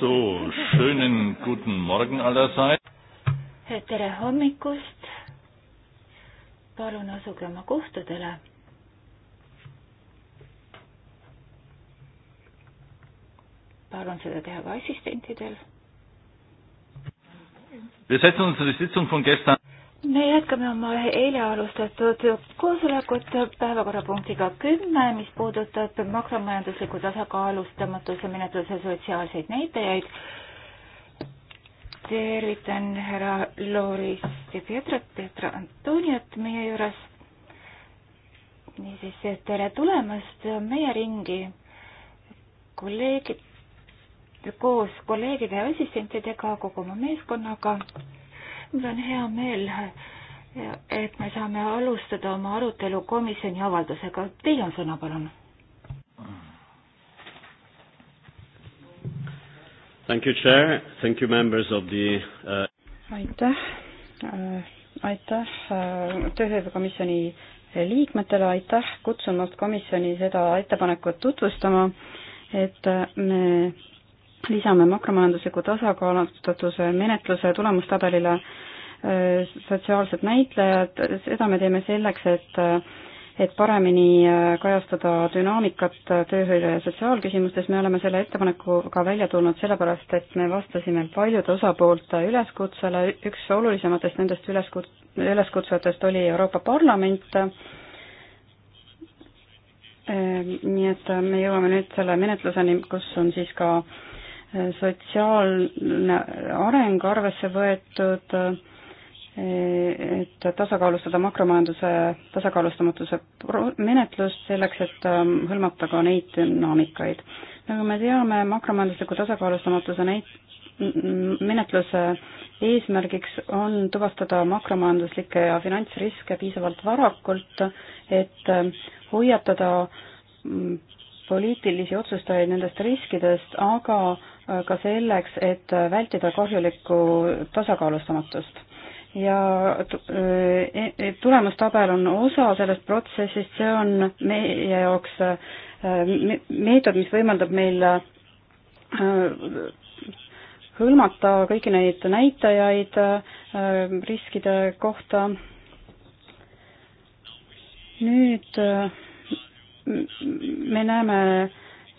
So, schönen guten Morgen allerseits. tere hommikust. palun asuge oma kohtadele. palun seda teha ka assistentidel. Wir setzen unsere Sitzung von gestern me jätkame oma eile alustatud koosolekut päevakorrapunktiga kümme, mis puudutab makromajandusliku tasakaalustamatuse menetluse sotsiaalseid näitajaid. tervitan härra Loris ja Pietrat, Pietra Antoniat meie juures. niisiis, tere tulemast meie ringi, kolleegid, koos kolleegide ja assistentidega, kogu oma meeskonnaga mul on hea meel, et me saame alustada oma arutelu komisjoni avaldusega. Teil on sõna, palun. Thank you, chair, thank you members of the uh... aitäh äh,, aitäh äh, tööhõivekomisjoni liikmetele, aitäh kutsumast komisjoni seda ettepanekut tutvustama, et uh, me lisame makromajandusliku tasakaalustatuse menetluse tulemustabelile äh, sotsiaalsed näitlejad, seda me teeme selleks, et äh, et paremini äh, kajastada dünaamikat tööhõive ja sotsiaalküsimustes, me oleme selle ettepanekuga välja tulnud sellepärast, et me vastasime paljude osapoolte üleskutsele, üks olulisematest nendest üleskut-, üleskutsujatest oli Euroopa Parlament, nii et me jõuame nüüd selle menetluseni, kus on siis ka äh, sotsiaalne areng arvesse võetud, et tasakaalustada makromajanduse tasakaalustamatuse menetlust selleks, et ähm, hõlmata ka neid dünaamikaid. nagu me teame, makromajandusliku tasakaalustamatuse näit-, menetluse eesmärgiks on tuvastada makromajanduslikke ja finantsriske piisavalt varakult, et ähm, hoiatada mm, poliitilisi otsustajaid nendest riskidest, aga äh, ka selleks, et äh, vältida kahjulikku tasakaalustamatust. ja äh, e-, e-, tulemustabel on osa sellest protsessist, see on meie jaoks meetod, mis võimaldab meil hõlmata kõiki neid näitajaid riskide kohta. nüüd me näeme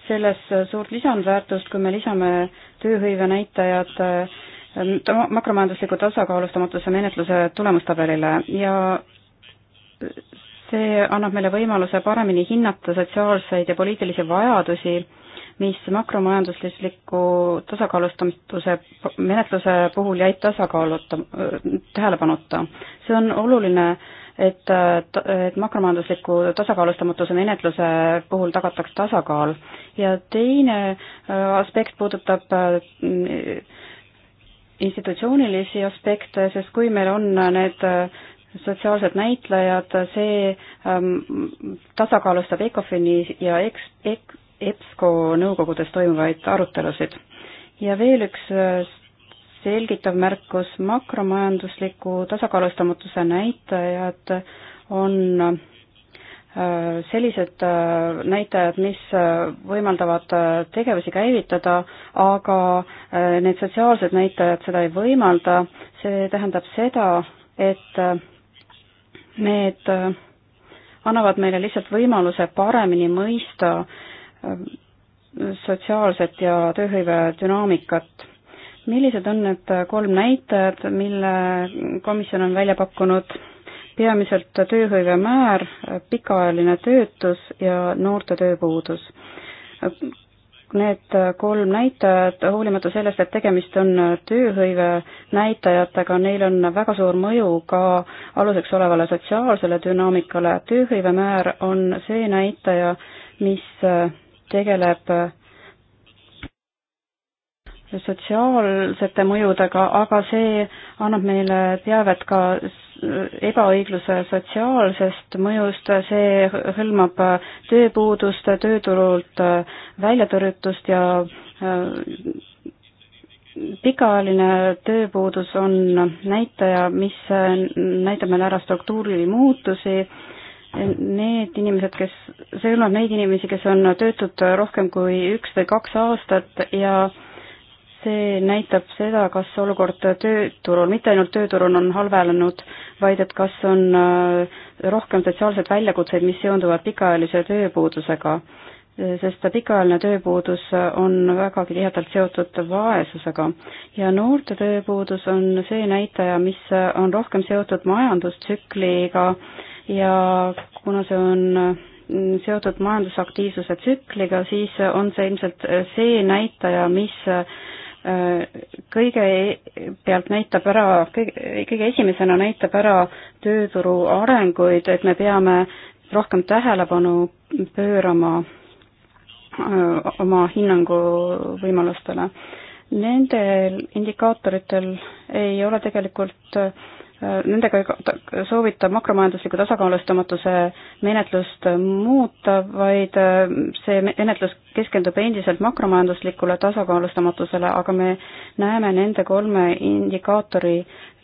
selles suurt lisandväärtust, kui me lisame tööhõive näitajad äh, makromajandusliku tasakaalustamatuse menetluse tulemustabelile ja see annab meile võimaluse paremini hinnata sotsiaalseid ja poliitilisi vajadusi, mis makromajandusliku tasakaalustamatuse menetluse puhul jäid tasakaaluta, äh, tähelepanuta. see on oluline äh, et, et makromajandusliku tasakaalustamatuse menetluse puhul tagatakse tasakaal ja teine äh, aspekt puudutab äh, institutsioonilisi aspekte, sest kui meil on need äh, sotsiaalsed näitlejad, see ähm, tasakaalustab ECOFIN-i ja EX, EX, EPSCO nõukogudes toimuvaid arutelusid. ja veel üks selgitav märkus, makromajandusliku tasakaalustamatuse näitajad on äh, sellised äh, näitajad, mis äh, võimaldavad tegevusi käivitada, aga need sotsiaalsed näitajad seda ei võimalda, see tähendab seda, et need annavad meile lihtsalt võimaluse paremini mõista sotsiaalset ja tööhõive dünaamikat millised on need kolm näitajat, mille komisjon on välja pakkunud? peamiselt tööhõive määr, pikaajaline töötus ja noorte tööpuudus. Need kolm näitajat, hoolimata sellest, et tegemist on tööhõive näitajatega, neil on väga suur mõju ka aluseks olevale sotsiaalsele dünaamikale. tööhõive määr on see näitaja, mis tegeleb äh, sotsiaalsete mõjudega, aga see annab meile teavet ka ebaõigluse sotsiaalsest mõjust, see hõlmab tööpuudust, tööturult väljatõrjutust ja äh, pikaajaline tööpuudus on näitaja, mis näitab meile ära struktuurilisi muutusi, need inimesed, kes, see hõlmab neid inimesi, kes on töötud rohkem kui üks või kaks aastat ja äh, see näitab seda, kas olukord tööturul, mitte ainult tööturul on halvenenud, vaid et kas on äh, rohkem sotsiaalseid väljakutseid, mis seonduvad pikaajalise tööpuudusega. sest pikaajaline tööpuudus on vägagi tihedalt seotud vaesusega ja noorte tööpuudus on see näitaja, mis on rohkem seotud majandustsükliga ja kuna see on äh, seotud majandusaktiivsuse tsükliga, siis on see ilmselt äh, see näitaja, mis kõigepealt näitab ära, kõige esimesena näitab ära tööturu arenguid, et me peame rohkem tähelepanu pöörama äh, oma hinnangu võimalustele. Nendel indikaatoritel ei ole tegelikult äh, nendega ei soovita makromajandusliku tasakaalustamatuse menetlust muuta, vaid äh, see menetlus keskendub endiselt makromajanduslikule tasakaalustamatusele, aga me näeme nende kolme indikaatori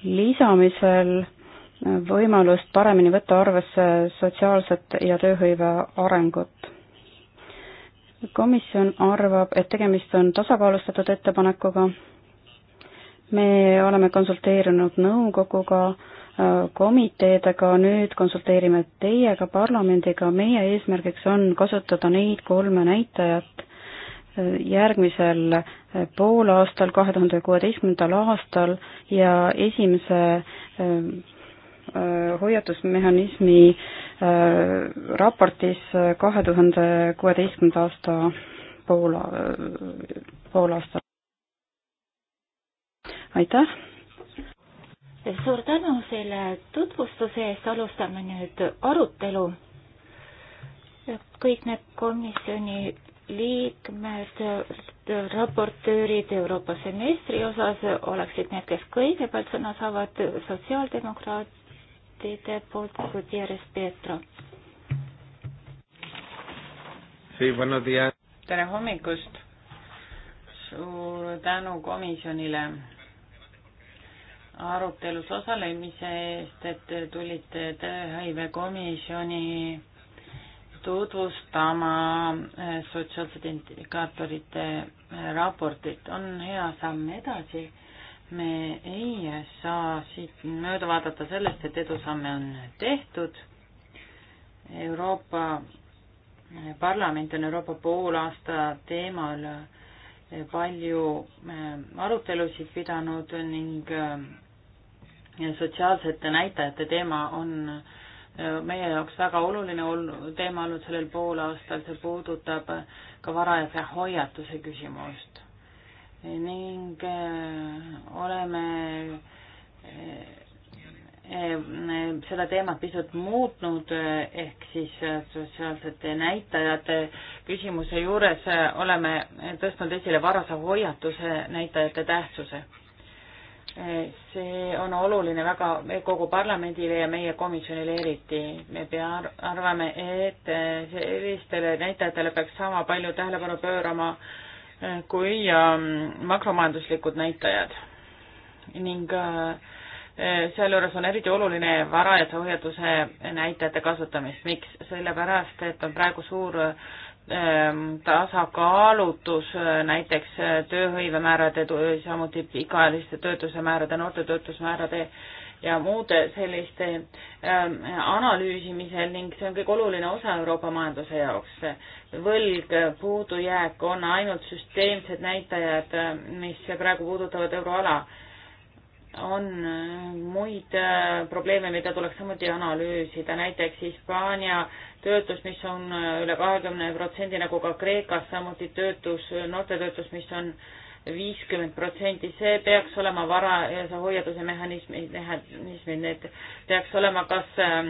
lisamisel äh, võimalust paremini võtta arvesse sotsiaalset ja tööhõive arengut komisjon arvab, et tegemist on tasakaalustatud ettepanekuga me oleme konsulteerinud nõukoguga, äh, komiteedega, nüüd konsulteerime teiega, parlamendiga, meie eesmärgiks on kasutada neid kolme näitajat äh, järgmisel äh, poolaastal, kahe tuhande kuueteistkümnendal aastal ja esimese hoiatusmehhanismi raportis kahe tuhande kuueteistkümnenda aasta pool, poolaastal aitäh! suur tänu selle tutvustuse eest, alustame nüüd arutelu. kõik need komisjoni liikmed, raportöörid Euroopa semestri osas oleksid need, kes kõigepealt sõna saavad, sotsiaaldemokraatide poolt Gutierrez Pietro sí,. tere hommikust! suur tänu komisjonile arutelus osalemise eest, et tulite tööhõive komisjoni tutvustama äh, sotsiaalsete indikaatorite äh, raportit. on hea samm edasi. me ei saa siit mööda vaadata sellest, et edusamme on tehtud. Euroopa äh, Parlament on Euroopa poolaasta teemal palju arutelusid pidanud ning sotsiaalsete näitajate teema on äh, meie jaoks väga oluline teema olnud sellel poolaastal, see puudutab ka varajase hoiatuse küsimust ning äh, oleme äh, seda teemat pisut muutnud, ehk siis sotsiaalsete näitajate küsimuse juures oleme tõstnud esile varase hoiatuse näitajate tähtsuse see on oluline väga kogu parlamendile ja meie komisjonile eriti. me pea, arvame, et sellistele näitajatele peaks sama palju tähelepanu pöörama eh, kui ähm, makromajanduslikud näitajad. ning äh, eh, sealjuures on eriti oluline varajase hoiatuse näitajate kasutamist. miks? sellepärast, et on praegu suur Ähm, tasakaalutus äh, näiteks äh, tööhõivemäärade, äh, samuti pikaajaliste töötuse määrade, noorte töötusmäärade ja muude selliste ähm, analüüsimisel ning see on kõige oluline osa Euroopa majanduse jaoks. võlg, puudujääk on ainult süsteemsed näitajad, mis praegu puudutavad euroala on äh, muid äh, probleeme, mida tuleks samuti analüüsida, näiteks Hispaania töötus, mis on äh, üle kahekümne protsendi, nagu ka Kreekas, samuti töötus, noorte töötus, mis on viiskümmend protsenti, see peaks olema varajase hoiatuse mehhanismid, mehhanismid, need peaks olema kas ähm,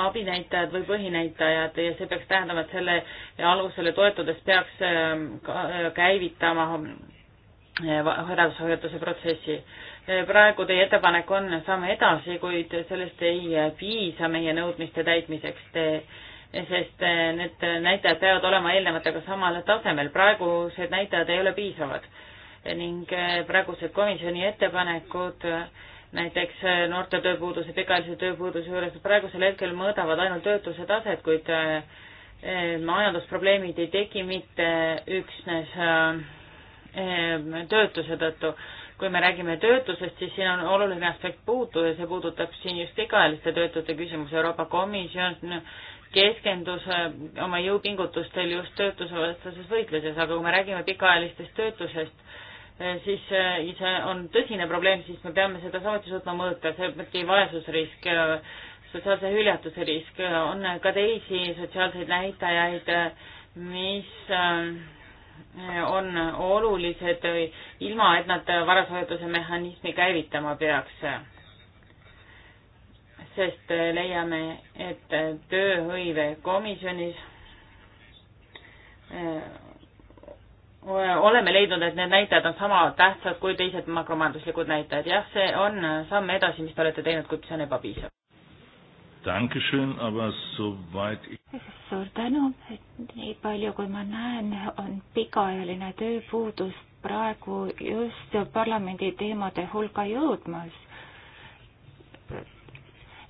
abinäitajad või põhinäitajad ja see peaks tähendama, et selle alusele toetudes peaks ähm, käivitama varajase hoiatuse protsessi praegu teie ettepanek on, saame edasi, kuid sellest ei piisa meie nõudmiste täitmiseks, sest eh, need näitajad peavad olema eelnevatega samal tasemel, praegused näitajad ei ole piisavad ning eh, praegused komisjoni ettepanekud näiteks eh, noorte tööpuuduse, pikaajalise tööpuuduse juures praegusel hetkel mõõdavad ainult töötuse taset, kuid majandusprobleemid ei teki mitte üksnes töötuse tõttu kui me räägime töötusest, siis siin on oluline aspekt puudu ja see puudutab siin just pikaajaliste töötute küsimusi. Euroopa Komisjon keskendus äh, oma jõupingutustel just töötusevastases võitluses, aga kui me räägime pikaajalistest töötusest, äh, siis äh, see on tõsine probleem, siis me peame seda samuti suutma mõõta, see vaesusrisk, sotsiaalse hüljatuse risk, on ka teisi sotsiaalseid näitajaid, mis äh, on olulised ilma, et nad varasoojutuse mehhanismi käivitama peaks. sest leiame, et tööhõive komisjonis äh, oleme leidnud, et need näitajad on sama tähtsad kui teised makromajanduslikud näitajad. jah, see on samm edasi, mis te olete teinud, kuid see on ebapiisav. Dankeschön, aber soweit ich... suur tänu, et nii palju, kui ma näen, on pikaajaline tööpuudus praegu just parlamendi teemade hulka jõudmas.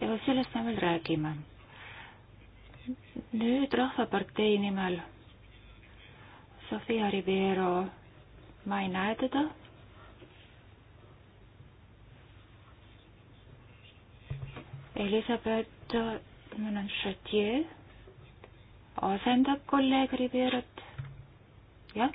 ja sellest me veel räägime. nüüd Rahvapartei nimel Sofia Ribeiro, ma ei näe teda Elisabeth Äh, mõnel Chatier asendab kolleeg Rivierat. jah?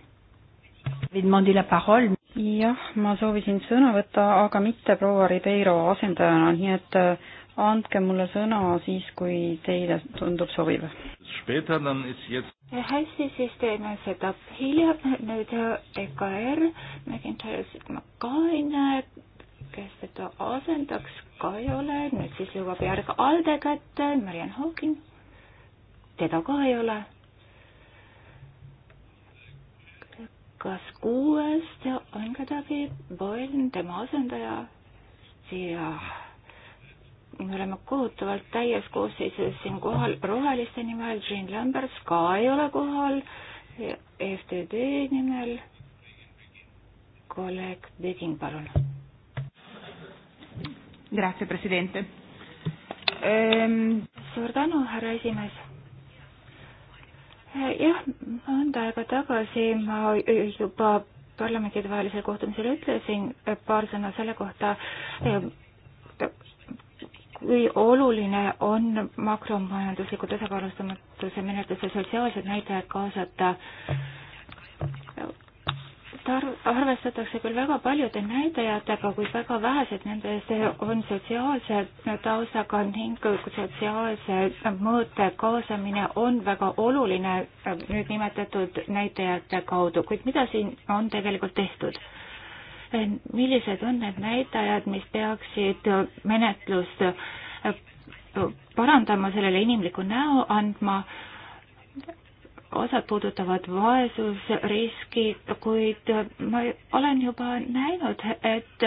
jah, ma soovisin sõna võtta, aga mitte proua Ribeiro asendajana, nii et äh, andke mulle sõna siis, kui teile tundub sobiv. hästi, siis teeme seda hiljem, nüüd EKR, ma kindlasti ka ei näe, kes teda asendaks, ka ei ole, nüüd siis jõuab järg Alde kätte, Marianne Hawking. teda ka ei ole. kas kuuest on kedagi, Boylen, tema asendaja? jah, me oleme kohutavalt täies koosseisus siin kohal, roheliste nimel, Jean Lambers ka ei ole kohal, FTD nimel kolleeg Begin, palun Grazie, president ehm.... suur tänu, härra esimees. Eh, jah, mõnda aega tagasi ma juba parlamentidevahelisel kohtumisel ütlesin eh, paar sõna selle kohta, eh, kui oluline on makromajandusliku tasakaalustamatuse menetluse sotsiaalsed näitajad kaasata et arv, arvestatakse küll väga paljude näitajatega, kuid väga vähesed nendest on sotsiaalse taustaga ning sotsiaalse mõõte kaasamine on väga oluline nüüd nimetatud näitajate kaudu, kuid mida siin on tegelikult tehtud? millised on need näitajad, mis peaksid menetlust parandama, sellele inimliku näo andma osad puudutavad vaesusriski, kuid ma olen juba näinud, et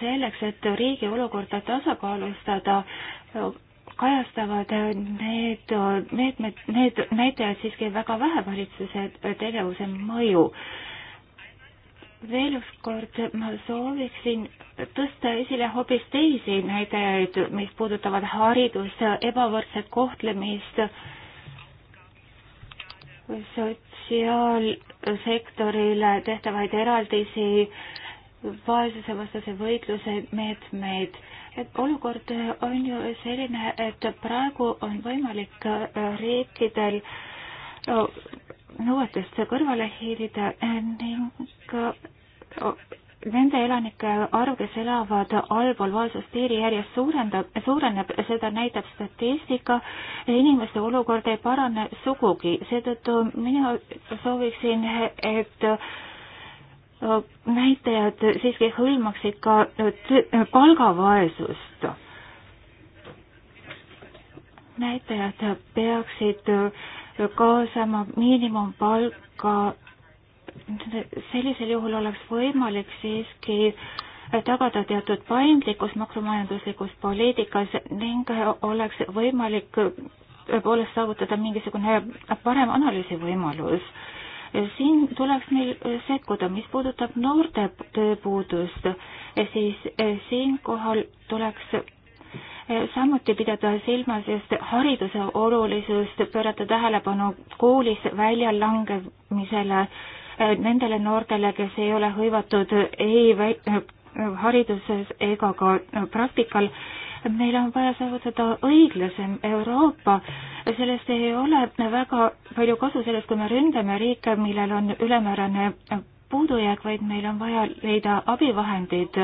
selleks, et riigi olukorda tasakaalustada, kajastavad need meetmed, need näitajad siiski väga vähe valitsuse tegevuse mõju veel ükskord ma sooviksin tõsta esile hoopis teisi näitajaid, mis puudutavad haridust, ebavõrdset kohtlemist, sotsiaalsektorile tehtavaid eraldisi, vaesusevastase võitluse meetmeid. et olukord on ju selline, et praegu on võimalik riikidel nõuetest kõrvale hiilida eh, ning eh, nende elanike arv, kes elavad allpool vaesuspiiri järjest suurendab, suureneb, seda näitab statistika. inimeste olukord ei parane sugugi, seetõttu mina sooviksin, et eh, näitajad siiski hõlmaksid ka palgavaesust. näitajad peaksid kaasama miinimumpalka, sellisel juhul oleks võimalik siiski tagada teatud paindlikkus makromajanduslikus poliitikas ning oleks võimalik tõepoolest saavutada mingisugune parem analüüsivõimalus. siin tuleks meil sekkuda, mis puudutab noorte tööpuudust, siis siinkohal tuleks samuti pidada silmas just hariduse olulisust, pöörata tähelepanu koolis välja langemisele, eh, nendele noortele, kes ei ole hõivatud ei eh, hariduses ega ka eh, praktikal, meil on vaja saavutada õiglasem Euroopa. sellest ei ole väga palju kasu sellest, kui me ründame riike, millel on ülemäärane puudujääk, vaid meil on vaja leida abivahendid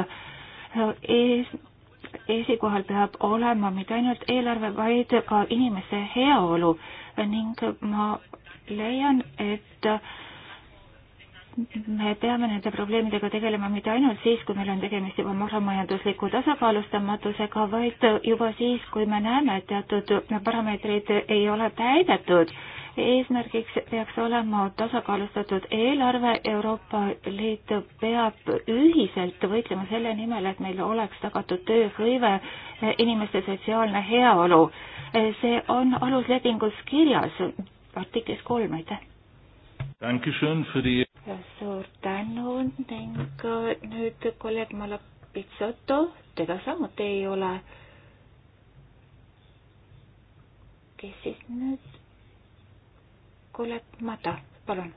esikohal peab olema mitte ainult eelarve, vaid ka inimese heaolu ning ma leian, et me peame nende probleemidega tegelema mitte ainult siis, kui meil on tegemist juba makromajandusliku tasakaalustamatusega, vaid juba siis, kui me näeme, et teatud parameetrid ei ole täidetud eesmärgiks peaks olema tasakaalustatud eelarve. Euroopa Liit peab ühiselt võitlema selle nimel, et meil oleks tagatud tööhõive, inimeste sotsiaalne heaolu. see on aluslepingus kirjas artiklis kolm, aitäh. suur tänu ning nüüd kolleeg Malapitsoto, teda samuti ei ole. kes siis nüüd? Colette Mata, palun.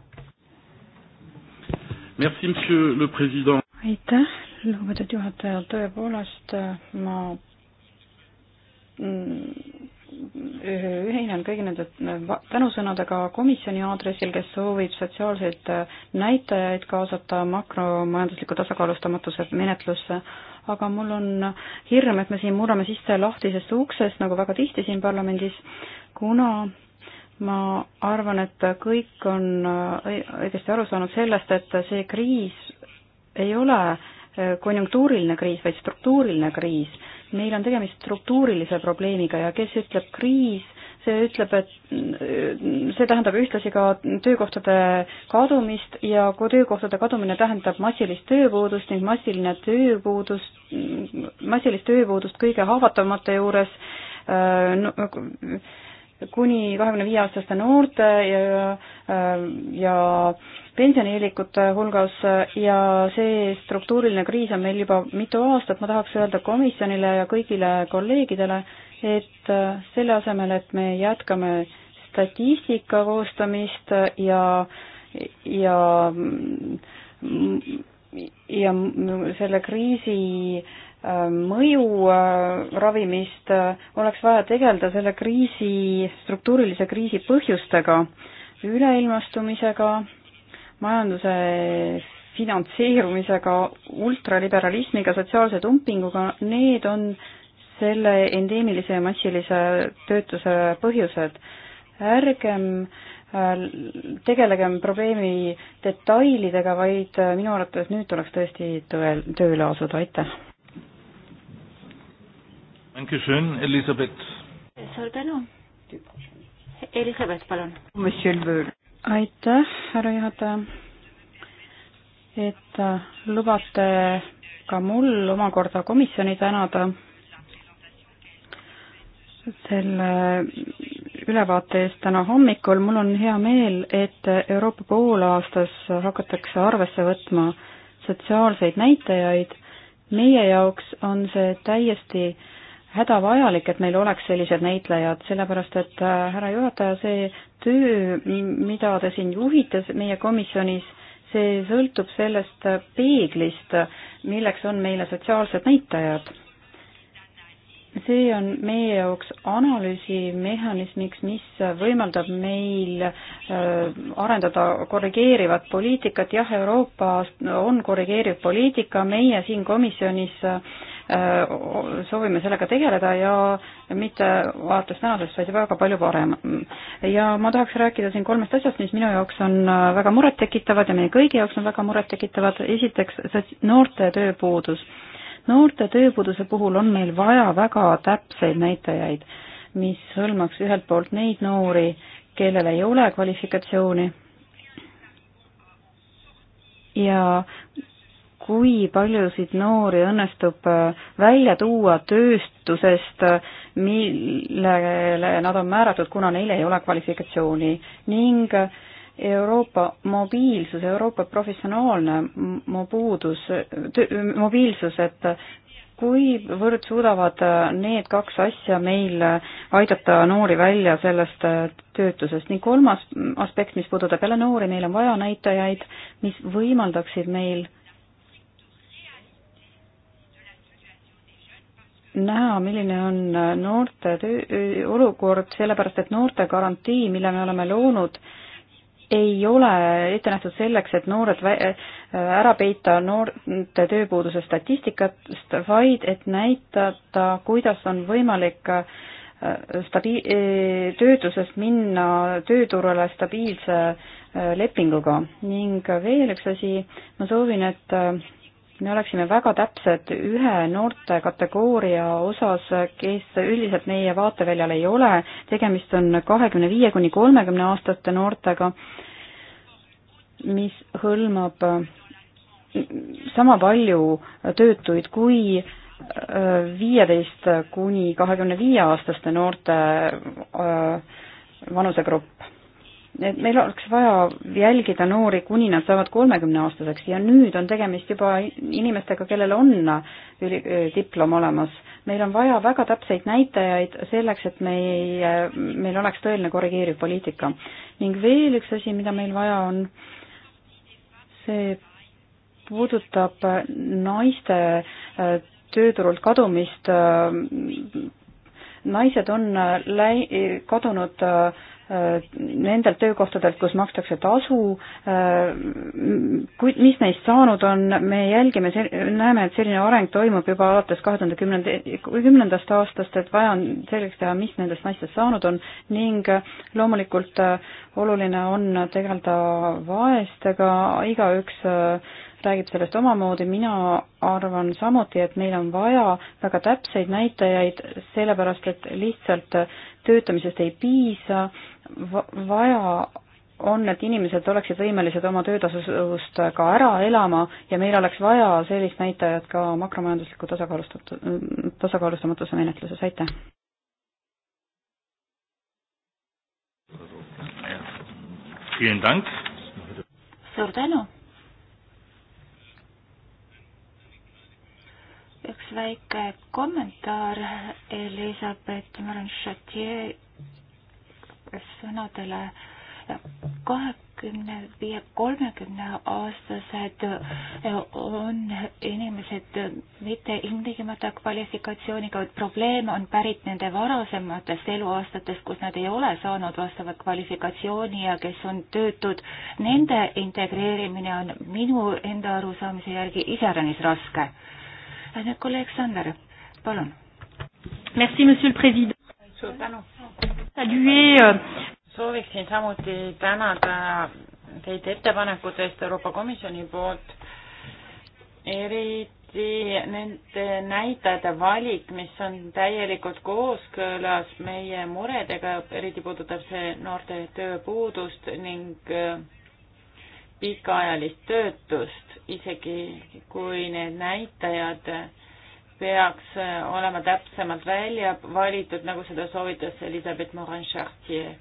Merci, monsieur le president. aitäh, lugupeetud juhataja, tõepoolest ma mm, ühinen kõigi nende tänusõnadega komisjoni aadressil, kes soovib sotsiaalseid näitajaid kaasata makromajandusliku tasakaalustamatuse menetlusse, aga mul on hirm, et me siin murrame sisse lahtisest uksest, nagu väga tihti siin parlamendis, kuna ma arvan, et kõik on äh, õigesti aru saanud sellest, et see kriis ei ole äh, konjunktuuriline kriis, vaid struktuuriline kriis. meil on tegemist struktuurilise probleemiga ja kes ütleb kriis, see ütleb, et äh, see tähendab ühtlasi ka töökohtade kadumist ja kui töökohtade kadumine tähendab massilist tööpuudust ning massiline tööpuudus, massilist tööpuudust kõige haavatavamate juures, kuni kahekümne viie aastaste noorte ja, ja pensionieelikute hulgas ja see struktuuriline kriis on meil juba mitu aastat, ma tahaks öelda komisjonile ja kõigile kolleegidele, et selle asemel, et me jätkame statistika koostamist ja, ja ja selle kriisi mõju äh, ravimist, äh, oleks vaja tegeleda selle kriisi, struktuurilise kriisi põhjustega, üleilmastumisega, majanduse finantseerumisega, ultraliberalismiga, sotsiaalse dumpinguga, need on selle endeemilise ja massilise töötuse põhjused. ärgem äh, tegelegem probleemi detailidega, vaid minu arvates nüüd tuleks tõesti tõel, tööle asuda, aitäh! Dankeschön, Elisabeth. suur tänu. Elisabeth, palun. aitäh, härra juhataja, et äh, lubate ka mul omakorda komisjoni tänada selle ülevaate eest täna hommikul. mul on hea meel, et Euroopa poolaastas hakatakse arvesse võtma sotsiaalseid näitajaid. meie jaoks on see täiesti äh, hädavajalik, et meil oleks sellised näitlejad, sellepärast et äh, härra juhataja, see töö, mida te siin juhite meie komisjonis, see sõltub sellest äh, peeglist, milleks on meile sotsiaalsed näitajad. see on meie jaoks analüüsimehhanismiks, mis võimaldab meil äh, arendada korrigeerivat poliitikat, jah, Euroopa on korrigeeriv poliitika, meie siin komisjonis äh, Äh, soovime sellega tegeleda ja mitte vaadates tänasest, vaid väga palju varem. ja ma tahaks rääkida siin kolmest asjast, mis minu jaoks on äh, väga murettekitavad ja meie kõigi jaoks on väga murettekitavad. esiteks, noorte tööpuudus. noorte tööpuuduse puhul on meil vaja väga täpseid näitajaid, mis hõlmaks ühelt poolt neid noori, kellel ei ole kvalifikatsiooni ja kui paljusid noori õnnestub äh, välja tuua tööstusest, äh, millele nad on määratud, kuna neil ei ole kvalifikatsiooni ning äh, Euroopa mobiilsus, Euroopa professionaalne mobuudus, mobiilsus, et kuivõrd suudavad need kaks asja meil aidata noori välja sellest töötusest ning kolmas aspekt, mis puudutab jälle noori, meil on vaja näitajaid, mis võimaldaksid meil näha, milline on äh, noorte töö, äh, olukord, sellepärast et noorte garantii, mille me oleme loonud, ei ole ette nähtud selleks, et noored äh, ära peita noorte tööpuuduse statistikast, vaid et näidata, kuidas on võimalik stabi-, töötusest minna tööturule stabiilse lepinguga. ning veel üks asi, ma soovin, et me oleksime väga täpsed ühe noorte kategooria osas, kes üldiselt meie vaateväljal ei ole, tegemist on kahekümne viie kuni kolmekümne aastaste noortega, mis hõlmab sama palju töötuid kui äh, viieteist kuni kahekümne viie aastaste noorte äh, vanusegrupp et meil oleks vaja jälgida noori, kuni nad saavad kolmekümneaastaseks ja nüüd on tegemist juba inimestega, kellel on üli, diplom olemas. meil on vaja väga täpseid näitajaid selleks, et meie, meil oleks tõeline korrigeeriv poliitika. ning veel üks asi, mida meil vaja on, see puudutab naiste tööturult kadumist. naised on läi-, kadunud äh, Äh, nendelt töökohtadelt, kus makstakse tasu, äh, kui, mis neist saanud on, me jälgime, näeme, et selline areng toimub juba alates kahe tuhande kümnenda, kümnendast aastast, et vaja on selgeks teha, mis nendest naistest saanud on ning äh, loomulikult oluline on tegeleda vaestega, igaüks räägib sellest omamoodi, mina arvan samuti, et meil on vaja väga täpseid näitajaid, sellepärast et lihtsalt töötamisest ei piisa äh, vaja on, et inimesed oleksid võimelised oma töötasust ka ära elama ja meil oleks vaja sellist näitajat ka makromajandusliku tasakaalustatud, tasakaalustamatuse menetluses, aitäh. suur tänu. üks väike kommentaar Elizabeth Marin-Chatier sõnadele kahekümne viie, kolmekümne aastased on inimesed mitte ilmtingimata kvalifikatsiooniga, vaid probleem on pärit nende varasematest eluaastatest, kus nad ei ole saanud vastavat kvalifikatsiooni ja kes on töötud. Nende integreerimine on minu enda arusaamise järgi iseäranis raske. nüüd kolleeg Sander, palun. Merci, monsieur le president. suur tänu sooviksin samuti tänada teid ettepanekute eest Euroopa Komisjoni poolt, eriti nende näitajate valik, mis on täielikult kooskõlas meie muredega, eriti puudutab see noorte tööpuudust ning äh, pikaajalist töötust, isegi kui need näitajad peaks äh, olema täpsemalt välja valitud, nagu seda soovitas Elizabeth Morin-Chartier.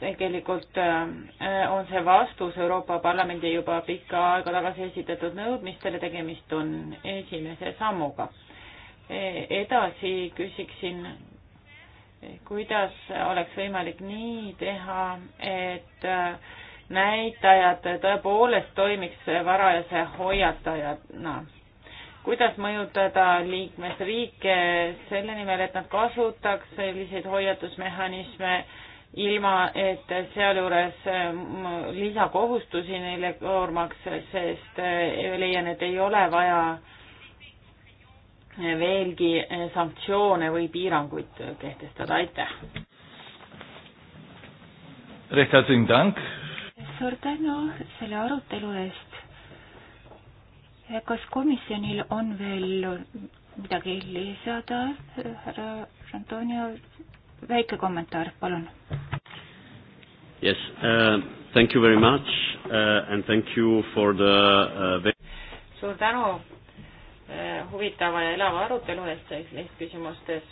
tegelikult äh, on see vastus Euroopa Parlamendi juba pikka aega tagasi esitatud nõudmistele, tegemist on esimese sammuga. E, edasi küsiksin, kuidas oleks võimalik nii teha, et äh, näitajad tõepoolest toimiks varajase hoiatajana no kuidas mõjutada liikmesriike selle nimel, et nad kasutaks selliseid hoiatusmehhanisme ilma, et sealjuures mm, lisakohustusi neile koormaks, sest eh, leian, et ei ole vaja veelgi eh, sanktsioone või piiranguid kehtestada, aitäh. suur tänu selle arutelu eest kas komisjonil on veel midagi lisada, härra Antonio? väike kommentaar, palun. Yes uh,, thank you very much uh, and thank you for the uh, suur tänu uh, huvitava ja elava arutelu eest neis küsimustes.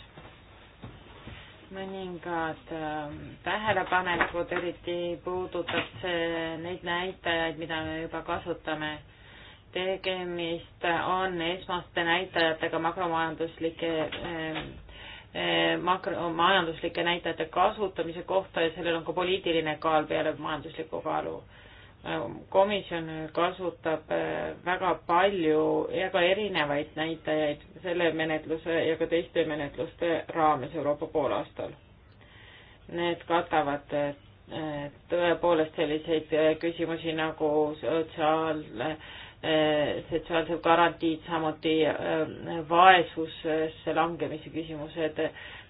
mõningad uh, tähelepanekud, eriti puudutab see neid näitajaid, mida me juba kasutame tegemist on esmaste näitajatega makromajanduslike ähm, ähm, makromajanduslike näitajate kasutamise kohta ja sellel on ka poliitiline kaal peale majandusliku kaalu. Ähm, komisjon kasutab äh, väga palju ja ka erinevaid näitajaid selle menetluse ja ka teiste menetluste raames Euroopa poolaastal. Need katavad äh, tõepoolest selliseid äh, küsimusi nagu sotsiaal- sotsiaalsed garantiid, samuti äh, vaesusesse äh, langemise küsimused,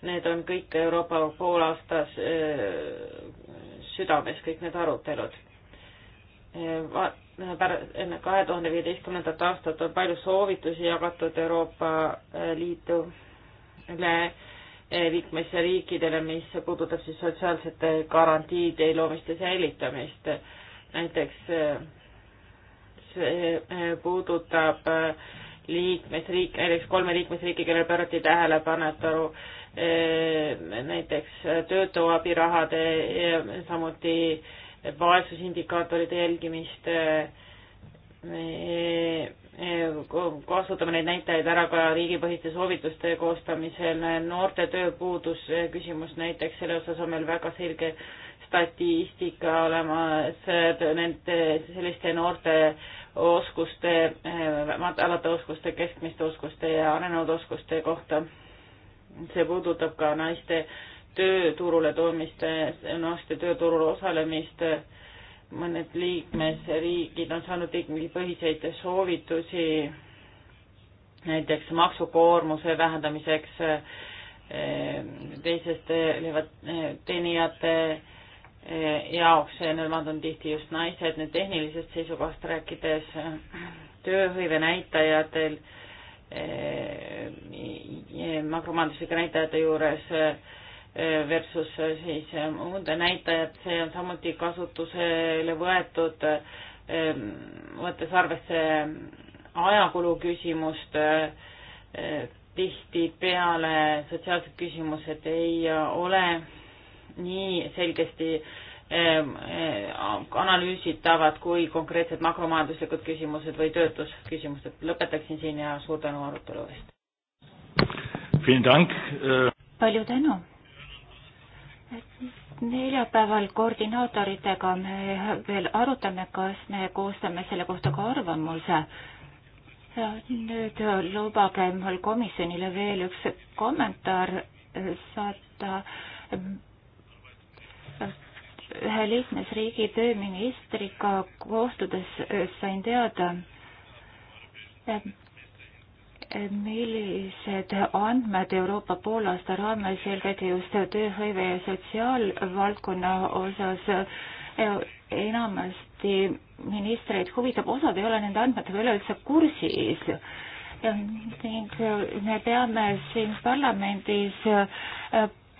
need on kõik Euroopa poolaastas äh, südames, kõik need arutelud. enne kahe tuhande viieteistkümnendat aastat on palju soovitusi jagatud Euroopa Liidule liikmesriikidele, mis puudutab siis sotsiaalsete garantiide loomist ja säilitamist. näiteks see eh, puudutab eh, liikmesriik, näiteks kolme liikmesriiki, kellele pöörati tähelepanu, et eh, aru näiteks töötuabirahade, samuti vaesusindikaatorite jälgimist, kasutame neid näitajaid ära ka riigipõhiste soovituste koostamisel, noorte tööpuudus küsimus näiteks, selle osas on meil väga selge statistika olemas, nende selliste noorte äh, oskuste, eh, madalate oskuste, keskmiste oskuste ja arenenud oskuste kohta. see puudutab ka naiste tööturule toomist, naiste tööturul osalemist. mõned liikmesriigid on saanud liikmepõhiseid soovitusi näiteks maksukoormuse vähendamiseks eh, teisest eh, teenijate Eh, jaoks, nemad on tihti just naised, nüüd tehnilisest seisukohast rääkides tööhõive näitajatel, eh, eh, makromajanduslike näitajate juures versus siis muude näitajad, see on samuti kasutusele võetud, võttes arvesse ajakulu küsimust, tihtipeale sotsiaalsed küsimused ei ole nii selgesti ähm, äh, analüüsitavad kui konkreetsed makromajanduslikud küsimused või töötusküsimused. lõpetaksin siin ja suur tänu arutelu eest. Äh. palju tänu. neljapäeval koordinaatoritega me veel arutame, kas me koostame selle kohta ka arvamuse. nüüd lubage mul komisjonile veel üks kommentaar saata ühe liikmesriigi tööministriga kohtudes äh, sain teada, äh, millised andmed Euroopa poolaasta raames eelkõige just tööhõive ja sotsiaalvaldkonna osas äh, enamasti ministreid huvitab, osad ei ole nende andmetega üleüldse kursis ning me peame siin parlamendis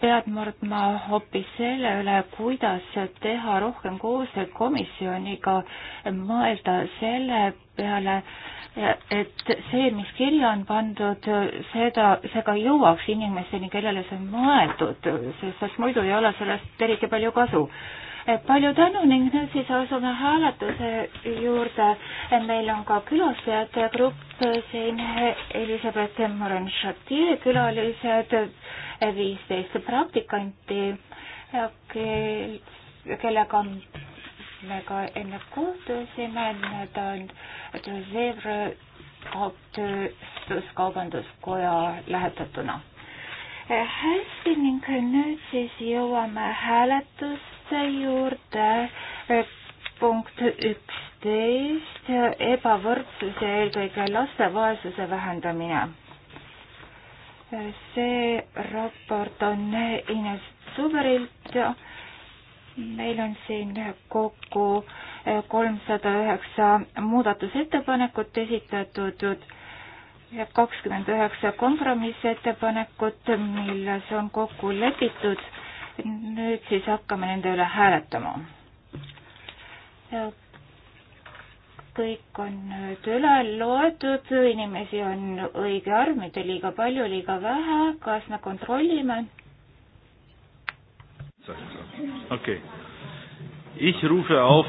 pead murdma hoopis selle üle, kuidas teha rohkem koostööd komisjoniga, mõelda selle peale, et see, mis kirja on pandud, seda, see ka jõuaks inimesteni, kellele see on mõeldud, sest muidu ei ole sellest eriti palju kasu palju tänu ning nüüd siis asume hääletuse juurde. meil on ka külastajate grupp siin, Elizabeth Morin-Chatier külalised, viisteist praktikanti, kellega me ka enne kohtusime, need on Reserve kaubanduskoja lähetatuna. hästi ning nüüd siis jõuame hääletusse muudatuste juurde, punkt üksteist, ebavõrdsus ja eelkõige laste vaesuse vähendamine. see raport on Ines Suverilt. meil on siin kokku kolmsada üheksa muudatusettepanekut esitatud ja kakskümmend üheksa kompromissettepanekut, milles on kokku lepitud nüüd siis hakkame nende üle hääletama. ja kõik on nüüd üle loetud, inimesi on õige arv, mitte liiga palju, liiga vähe, kas me kontrollime? okei okay., ich rufe auf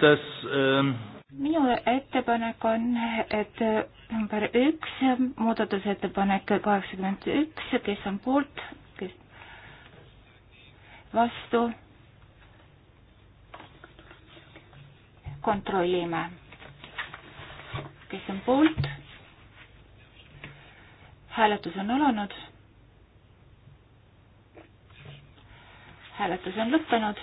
das ähm... minu ettepanek on, et number üks, muudatusettepanek kaheksakümmend üks, kes on poolt, kes vastu. kontrollime, kes on poolt. hääletus on alanud. hääletus on lõppenud.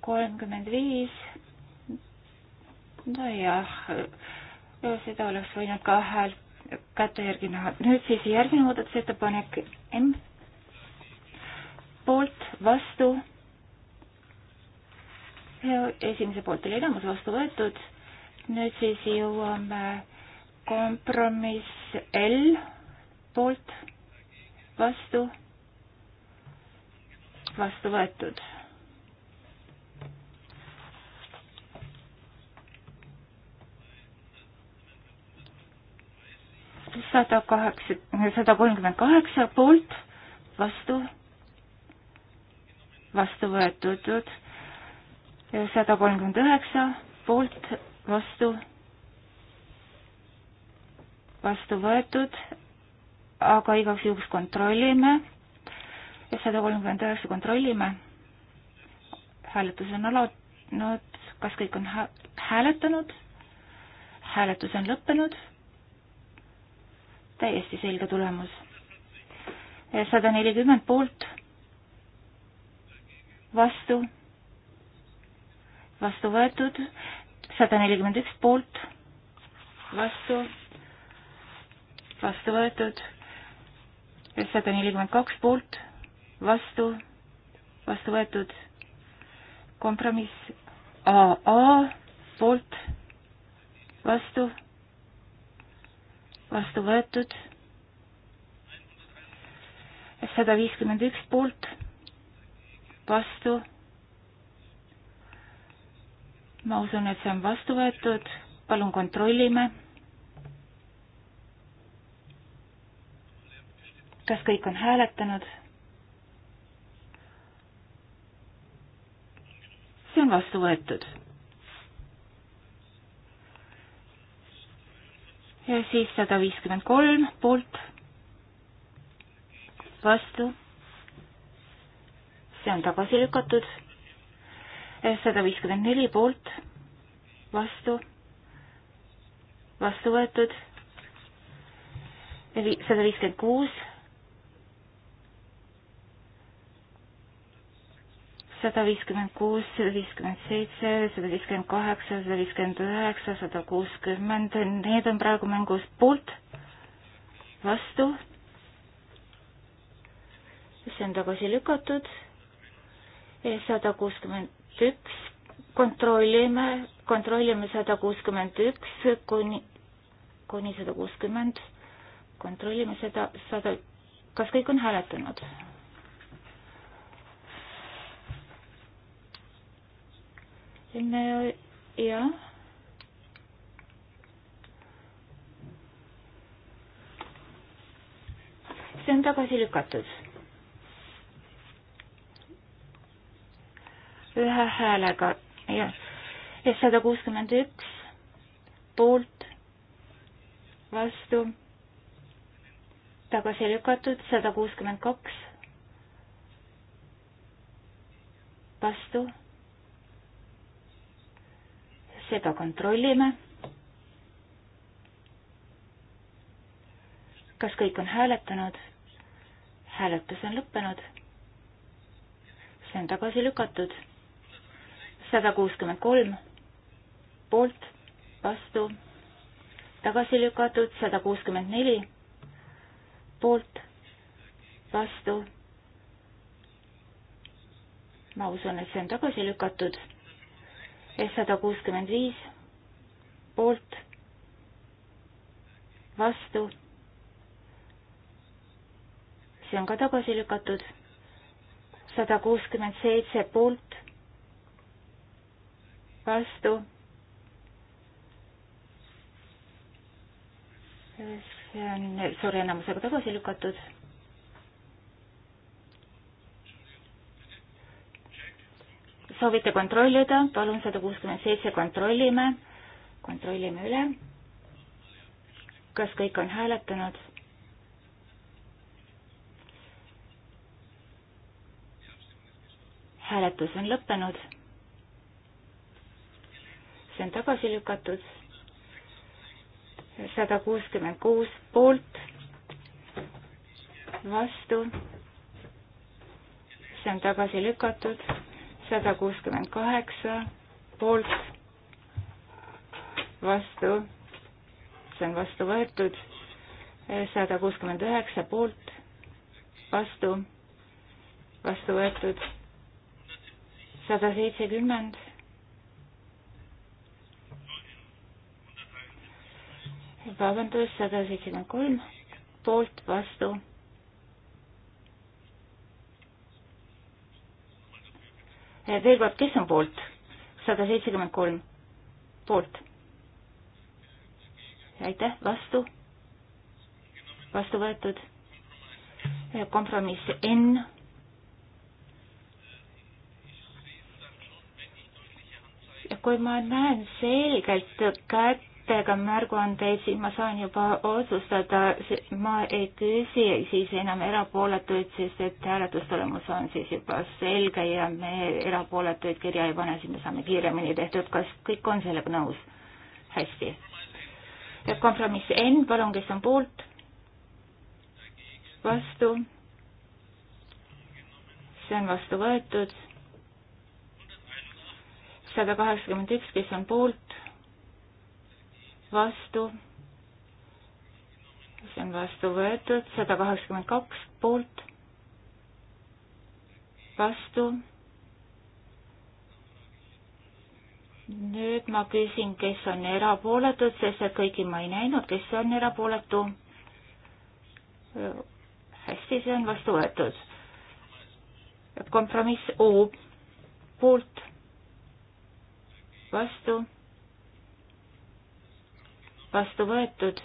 kolmkümmend viis nojah, seda oleks võinud ka häält käte järgi näha. nüüd siis järgmine muudatusettepanek M. poolt, vastu. esimese poolt oli enamus vastu võetud. nüüd siis jõuame kompromiss L poolt, vastu, vastu võetud sada kaheksa, sada kolmkümmend kaheksa poolt, vastu, vastu võetud, sada kolmkümmend üheksa poolt, vastu, vastu võetud, aga igaks juhuks kontrollime ja sada kolmkümmend üheksa kontrollime. hääletus on alanud, kas kõik on hääletanud? hääletus on lõppenud täiesti selge tulemus. sada nelikümmend poolt, vastu, vastu võetud, sada nelikümmend üks poolt, vastu, vastu võetud, sada nelikümmend kaks poolt, vastu, vastu võetud, kompromiss AA poolt, vastu vastu võetud. sada viiskümmend üks poolt, vastu. ma usun, et see on vastu võetud, palun kontrollime. kas kõik on hääletanud? see on vastu võetud ja siis sada viiskümmend kolm poolt, vastu, see on tagasi lükatud, sada viiskümmend neli poolt, vastu, vastu võetud, sada viiskümmend kuus sada viiskümmend kuus, sada viiskümmend seitse, sada viiskümmend kaheksa, sada viiskümmend üheksa, sada kuuskümmend, need on praegu mängus poolt, vastu, see on tagasi lükatud, sada kuuskümmend üks, kontrollime, kontrollime sada kuuskümmend üks kuni, kuni sada kuuskümmend, kontrollime seda sada, kas kõik on hääletanud? Ne, jah. see on tagasi lükatud. ühe häälega, jah. ja sada kuuskümmend üks poolt, vastu, tagasi lükatud, sada kuuskümmend kaks vastu seda kontrollime. kas kõik on hääletanud? hääletus on lõppenud. see on tagasi lükatud. sada kuuskümmend kolm poolt, vastu, tagasi lükatud, sada kuuskümmend neli poolt, vastu. ma usun, et see on tagasi lükatud sada kuuskümmend viis poolt, vastu. see on ka tagasi lükatud. sada kuuskümmend seitse poolt, vastu. see on suure enamusega tagasi lükatud soovite kontrollida, palun sada kuuskümmend seitse kontrollime, kontrollime üle. kas kõik on hääletanud? hääletus on lõppenud. see on tagasi lükatud. sada kuuskümmend kuus poolt, vastu. see on tagasi lükatud sada kuuskümmend kaheksa poolt, vastu, see on vastu võetud, sada kuuskümmend üheksa poolt, vastu, vastu võetud, sada seitsekümmend, vabandust, sada seitsekümmend kolm, poolt, vastu Eh, veel kord, kes on poolt? sada seitsekümmend kolm poolt. aitäh, vastu? vastu võetud. Eh, kompromiss N. kui ma näen selgelt kätt teiega märguandeid, siis ma saan juba otsustada, ma ei küsi siis enam erapooletuid, sest et hääletustulemus on siis juba selge ja me erapooletuid kirja ei pane, siis me saame kiiremini tehtud, kas kõik on sellega nõus? hästi. kompromiss N, palun, kes on poolt? vastu? see on vastu võetud. sada kaheksakümmend üks, kes on poolt? vastu, see on vastu võetud, sada kaheksakümmend kaks poolt, vastu. nüüd ma küsin, kes on erapooletud, sest et kõiki ma ei näinud, kes on erapooletu. hästi, see on vastu võetud. kompromiss O poolt, vastu vastu võetud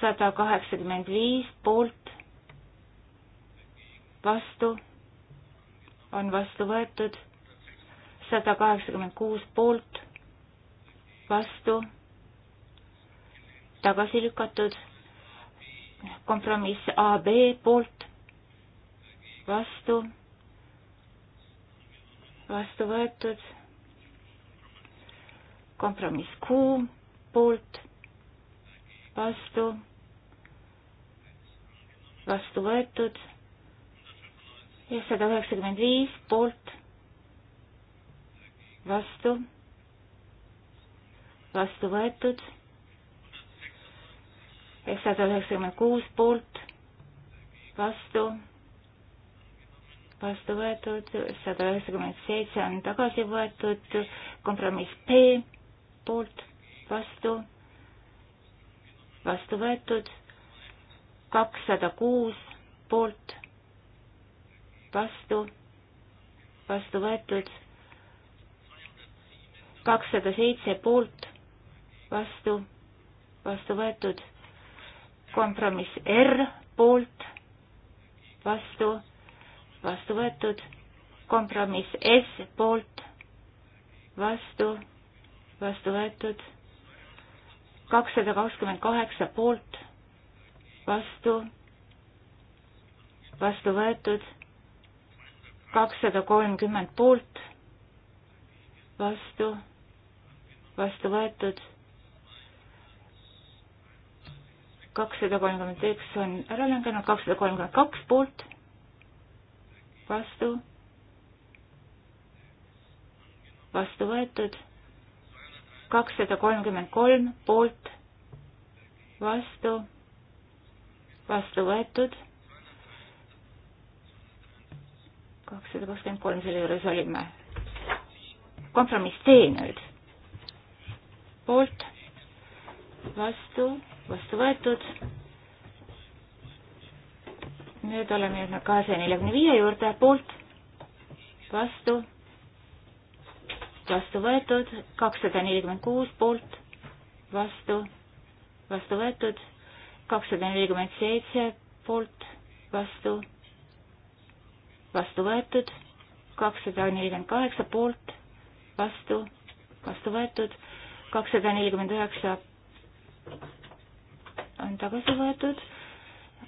sada kaheksakümmend viis poolt, vastu on vastu võetud sada kaheksakümmend kuus poolt, vastu tagasi lükatud kompromiss AB poolt, vastu, vastu võetud kompromiss Q poolt vastu, vastu võetud ja sada üheksakümmend viis poolt, vastu, vastu võetud ja sada üheksakümmend kuus poolt, vastu, vastu võetud, sada üheksakümmend seitse on tagasi võetud, kompromiss P poolt, vastu vastu võetud, kakssada kuus poolt, vastu, vastu võetud, kakssada seitse poolt, vastu, vastu võetud, kompromiss R poolt, vastu, vastu võetud, kompromiss S poolt, vastu, vastu võetud kakssada kakskümmend kaheksa poolt, vastu, vastu võetud, kakssada kolmkümmend poolt, vastu, vastu võetud, kakssada kolmkümmend üks on ära langenud, kakssada kolmkümmend kaks poolt, vastu, vastu võetud kakssada kolmkümmend kolm poolt, vastu, vastu võetud. kakssada kakskümmend kolm, selle juures olime. kompromiss C nüüd. poolt, vastu, vastu võetud. nüüd oleme jõudnud kahesaja neljakümne viie juurde, poolt, vastu vastu võetud, kakssada nelikümmend kuus poolt, vastu, vastu võetud, kakssada nelikümmend seitse poolt, vastu, vastu võetud, kakssada nelikümmend kaheksa poolt, vastu, vastu võetud, kakssada nelikümmend üheksa on tagasi võetud,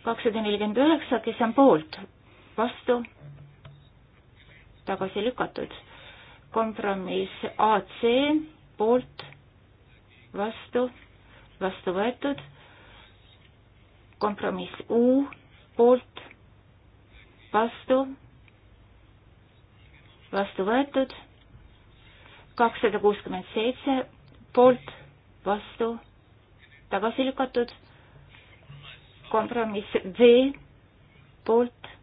kakssada nelikümmend üheksa, kes on poolt, vastu, tagasi lükatud kompromiss AC poolt, vastu, vastu võetud, kompromiss U poolt, vastu, vastu võetud, kakssada kuuskümmend seitse poolt, vastu, tagasi lükatud, kompromiss V poolt,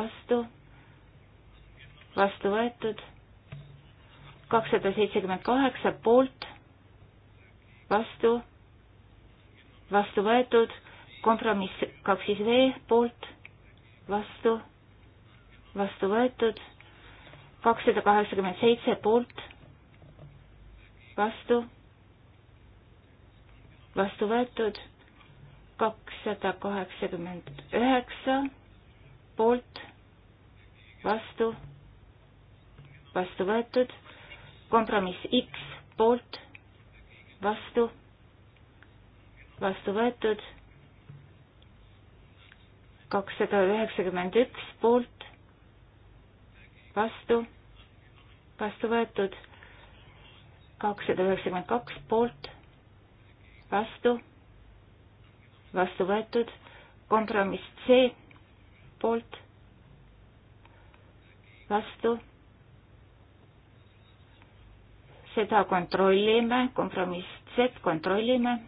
vastu, vastu võetud kakssada seitsekümmend kaheksa poolt, vastu, vastu võetud, kompromiss kaks siis V poolt, vastu, vastu võetud, kakssada kaheksakümmend seitse poolt, vastu, vastu võetud, kakssada kaheksakümmend üheksa poolt, vastu, vastu võetud kompromiss X poolt, vastu, vastu võetud, kakssada üheksakümmend üks poolt, vastu, vastu võetud, kakssada üheksakümmend kaks poolt, vastu, vastu võetud, kompromiss C poolt, vastu seda kontrollime, kompromiss Z kontrollime.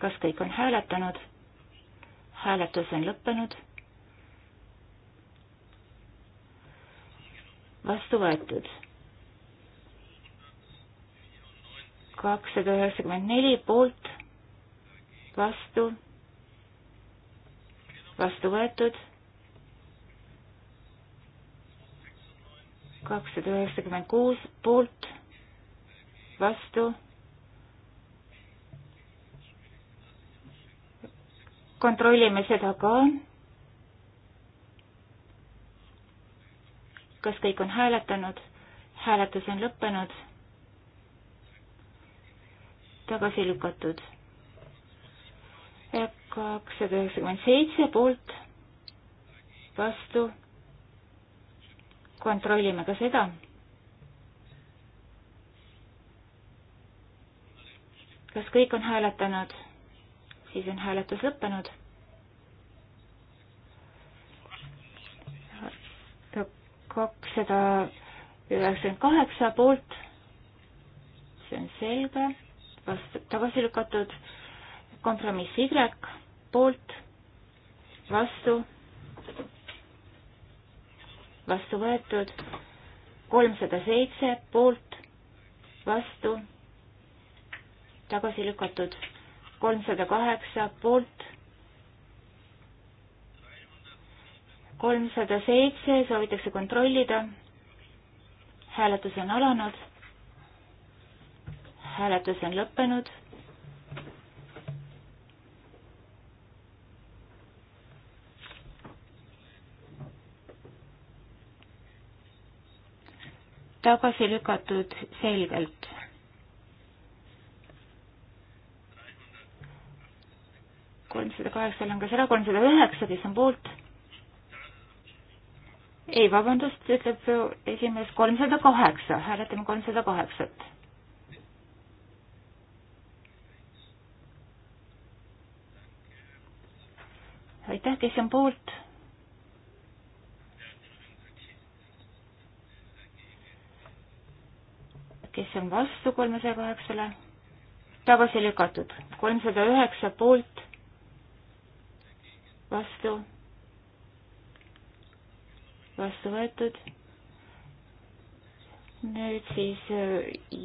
kas kõik on hääletanud? hääletus on lõppenud. vastu võetud. kakssada üheksakümmend neli poolt, vastu, vastu võetud kakssada üheksakümmend kuus poolt, vastu. kontrollime seda ka. kas kõik on hääletanud? hääletus on lõppenud. tagasi lükatud. kakssada üheksakümmend seitse poolt, vastu kontrollime ka seda. kas kõik on hääletanud? siis on hääletus lõppenud. kakssada üheksakümmend kaheksa poolt, see on selge, vastu, tagasi lükatud, kompromiss Y poolt, vastu, vastu võetud, kolmsada seitse poolt, vastu, tagasi lükatud, kolmsada kaheksa poolt, kolmsada seitse soovitakse kontrollida, hääletus on alanud, hääletus on lõppenud tagasi lükatud selgelt. kolmsada kaheksa langes ära, kolmsada üheksa, kes on poolt? ei, vabandust, ütleb esimees, kolmsada kaheksa, hääletame kolmsada kaheksat aitäh, kes on poolt, kes on vastu kolmesaja kaheksale, tagasi lükatud, kolmsada üheksa poolt, vastu, vastu võetud. nüüd siis äh,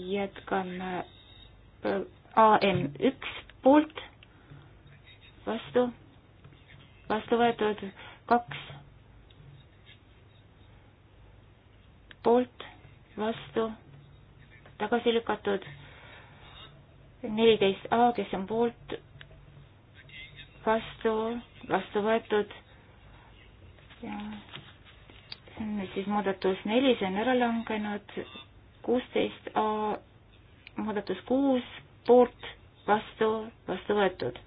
jätkame äh, AM üks poolt, vastu, vastu võetud kaks poolt, vastu tagasi lükatud. neliteist A, kes on poolt, vastu, vastu võetud. ja see on nüüd siis muudatus neli, see on ära langenud. kuusteist A, muudatus kuus, poolt, vastu, vastu võetud.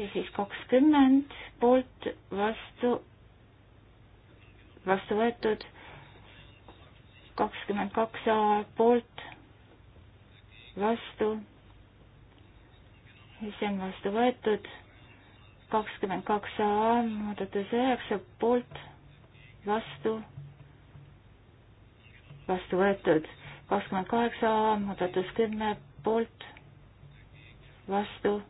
ja siis kakskümmend poolt, vastu, vastu võetud kakskümmend kaks poolt, vastu, see on vastu võetud, kakskümmend kaks A muudatus üheksa poolt, vastu, vastu võetud, kakskümmend kaheksa A muudatus kümme poolt, vastu,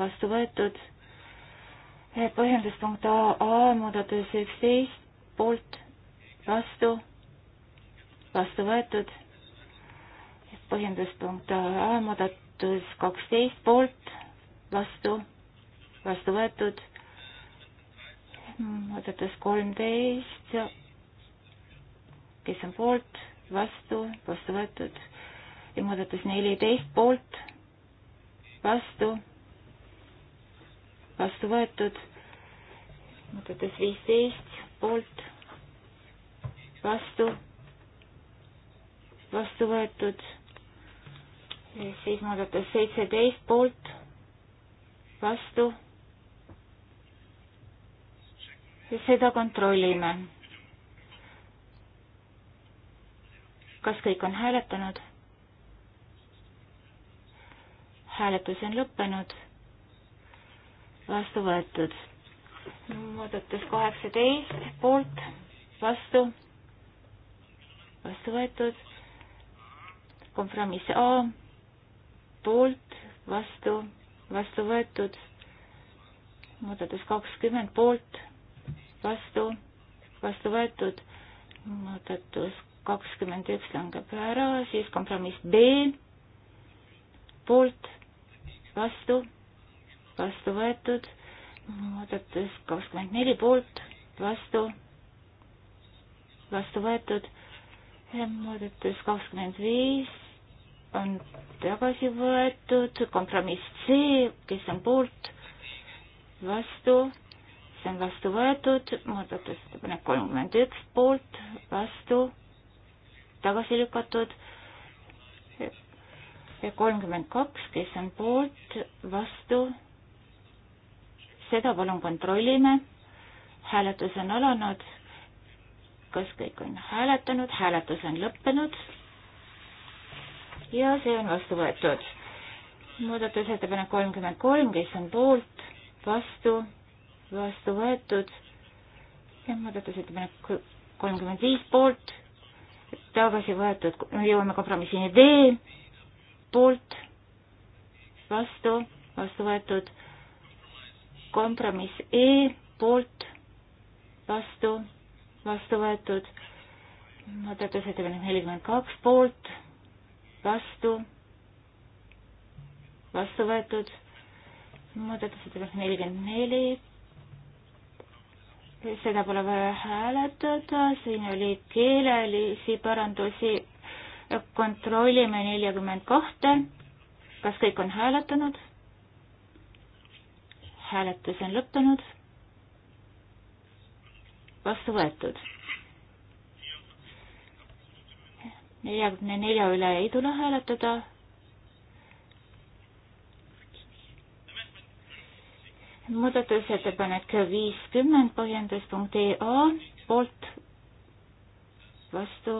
vastu võetud põhjenduspunkt A, A muudatus üksteist, poolt, vastu, vastu võetud. põhjenduspunkt A muudatus kaksteist poolt, vastu, vastu võetud. muudatus kolmteist, kes on poolt, vastu, vastu võetud. ja muudatus neliteist poolt, vastu, vastu võetud. muudatus viisteist poolt, vastu vastu võetud. siis muudatus seitseteist poolt, vastu. seda kontrollime. kas kõik on hääletanud? hääletus on lõppenud. vastu võetud. muudatus kaheksateist poolt, vastu. vastu võetud kompromiss A poolt, vastu, vastu võetud, muudatus kakskümmend poolt, vastu, vastu võetud, muudatus kakskümmend üks langeb ära, siis kompromiss B poolt, vastu, vastu võetud, muudatus kakskümmend neli poolt, vastu, vastu võetud, muudatus kakskümmend viis on tagasi võetud, kompromiss C, kes on poolt, vastu, see on vastu võetud, muudatusettepanek kolmkümmend üks poolt, vastu, tagasi lükatud, kolmkümmend kaks, kes on poolt, vastu, seda palun kontrollime, hääletus on alanud, kas kõik on hääletanud, hääletus on lõppenud ja see on vastu võetud. muudatusettepanek kolmkümmend kolm, kes on poolt, vastu, vastu võetud. muudatusettepanek kolmkümmend viis poolt, tagasi võetud, jõuame kompromissini D, poolt, vastu, vastu võetud, kompromiss E, poolt, vastu, vastu võetud, muudatusettepanek nelikümmend kaks, poolt vastu, vastu võetud, muudatusettepanek nelikümmend neli, seda pole vaja hääletada, siin oli keelelisi parandusi, kontrollime neljakümmend kahte, kas kõik on hääletanud? hääletus on lõppenud, vastu võetud neljakümne nelja üle ei tule hääletada. muudatusettepanek viiskümmend põhjendus.ea poolt vastu,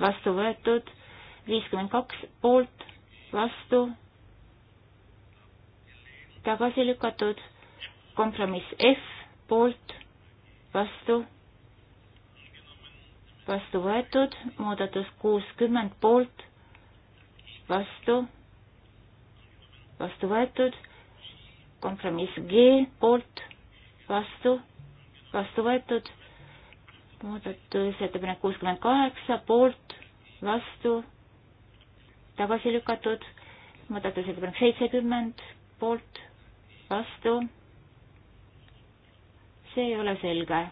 vastu võetud, viiskümmend kaks poolt vastu, tagasi lükatud, kompromiss F poolt vastu vastu võetud, muudatus kuuskümmend poolt, vastu, vastu võetud, kompromiss G poolt, vastu, vastu võetud, muudatusettepanek kuuskümmend kaheksa poolt, vastu, tagasi lükatud, muudatusettepanek seitsekümmend poolt, vastu, see ei ole selge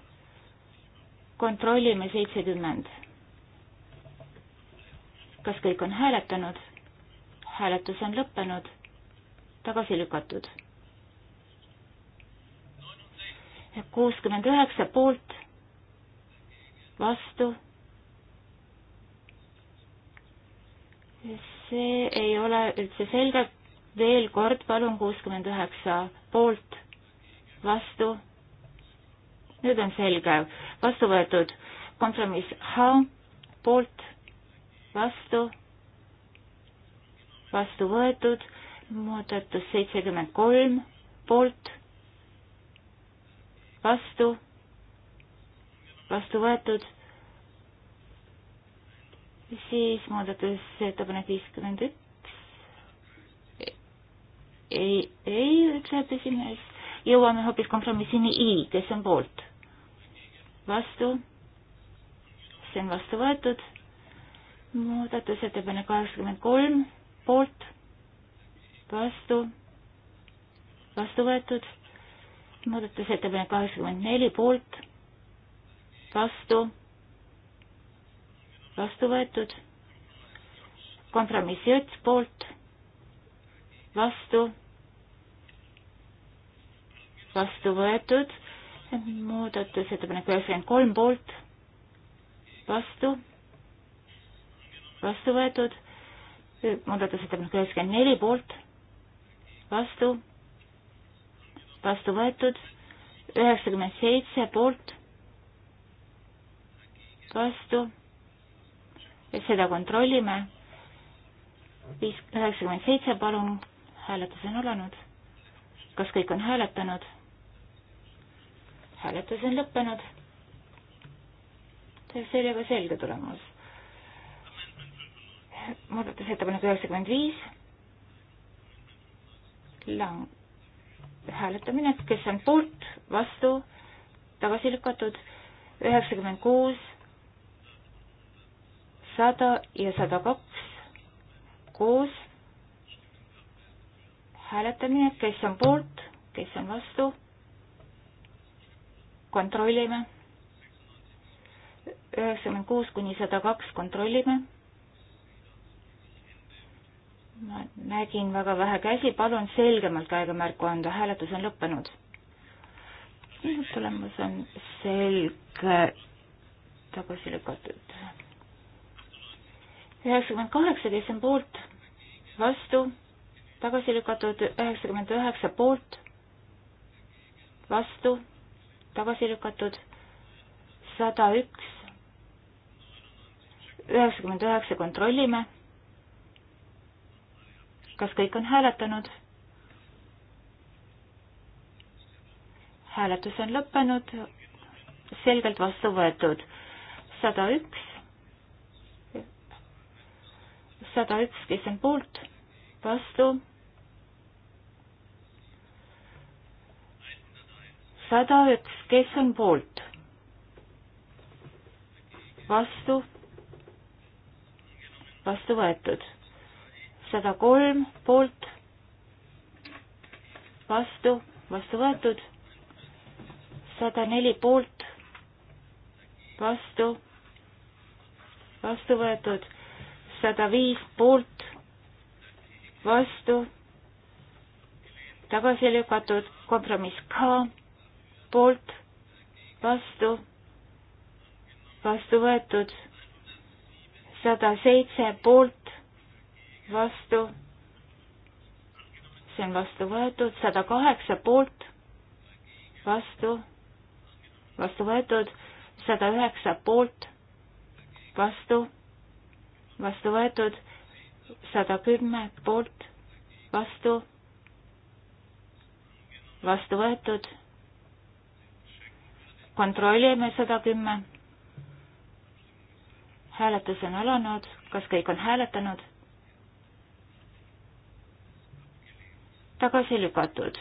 kontrollime seitsekümmend. kas kõik on hääletanud? hääletus on lõppenud, tagasi lükatud. kuuskümmend üheksa poolt, vastu. see ei ole üldse selge, veel kord palun kuuskümmend üheksa poolt, vastu nüüd on selge, vastu võetud kompromiss H poolt, vastu, vastu võetud, muudatus seitsekümmend kolm poolt, vastu, vastu võetud, siis muudatusettepanek viiskümmend üks, ei, ei, ütleb esimees, jõuame hoopis kompromissini I, kes on poolt vastu, see on vastu võetud. muudatusettepanek kaheksakümmend kolm, poolt, vastu, vastu võetud. muudatusettepanek kaheksakümmend neli, poolt, vastu, vastu võetud. kompromissi ots, poolt, vastu, vastu võetud muudatusettepanek üheksakümmend kolm poolt, vastu, vastu võetud, muudatusettepanek üheksakümmend neli poolt, vastu, vastu võetud, üheksakümmend seitse poolt, vastu, seda kontrollime, viis, üheksakümmend seitse, palun, hääletus on alanud. kas kõik on hääletanud? hääletus on lõppenud. see oli väga selge tulemus. muudatusettepanek üheksakümmend viis. lang-, hääletamine, kes on poolt, vastu, tagasi lükatud, üheksakümmend kuus, sada ja sada kaks koos. hääletamine, kes on poolt, kes on vastu kontrollime. üheksakümmend kuus kuni sada kaks kontrollime. ma nägin väga vähe käsi, palun selgemalt käega märku anda, hääletus on lõppenud. tulemus on selge, tagasi lükatud. üheksakümmend kaheksa, kes on poolt, vastu, tagasi lükatud, üheksakümmend üheksa poolt, vastu tagasi lükatud, sada üks, üheksakümmend üheksa kontrollime. kas kõik on hääletanud? hääletus on lõppenud, selgelt vastu võetud. sada üks, sada üks, kes on poolt, vastu sada üks, kes on poolt? vastu, vastu võetud. sada kolm poolt, vastu, vastu võetud. sada neli poolt, vastu, vastu võetud. sada viis poolt, vastu, tagasi lükatud, kompromiss ka poolt, vastu, vastu võetud, sada seitse poolt, vastu, see on vastu võetud, sada kaheksa poolt, vastu, vastu võetud, sada üheksa poolt, vastu, vastu võetud, sada kümme poolt, vastu, vastu võetud kontrollime sada kümme. hääletus on alanud, kas kõik on hääletanud? tagasi lükatud.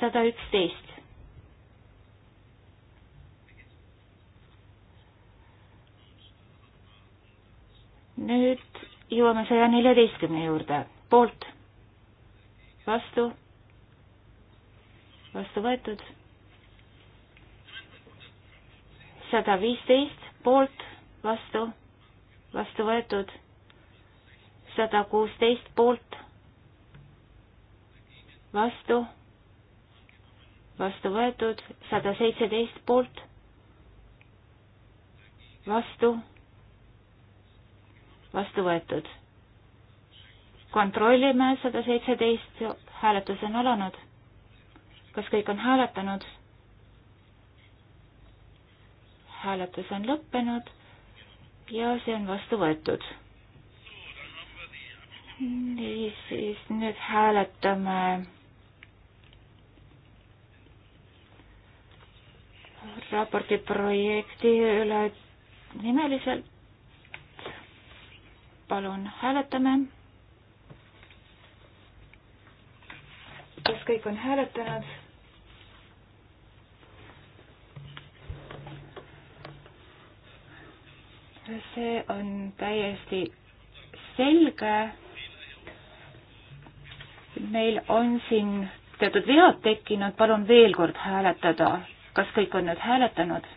sada üksteist. nüüd jõuame saja neljateistkümne juurde, poolt, vastu, vastu võetud, sada viisteist poolt, vastu, vastu võetud, sada kuusteist poolt, vastu, vastu võetud, sada seitseteist poolt, vastu vastu võetud. kontrollime sada seitseteist, hääletus on alanud. kas kõik on hääletanud? hääletus on lõppenud ja see on vastu võetud. niisiis, nüüd hääletame raporti projekti üle nimeliselt palun hääletame. kas kõik on hääletanud? see on täiesti selge. meil on siin teatud vead tekkinud, palun veel kord hääletada, kas kõik on nüüd hääletanud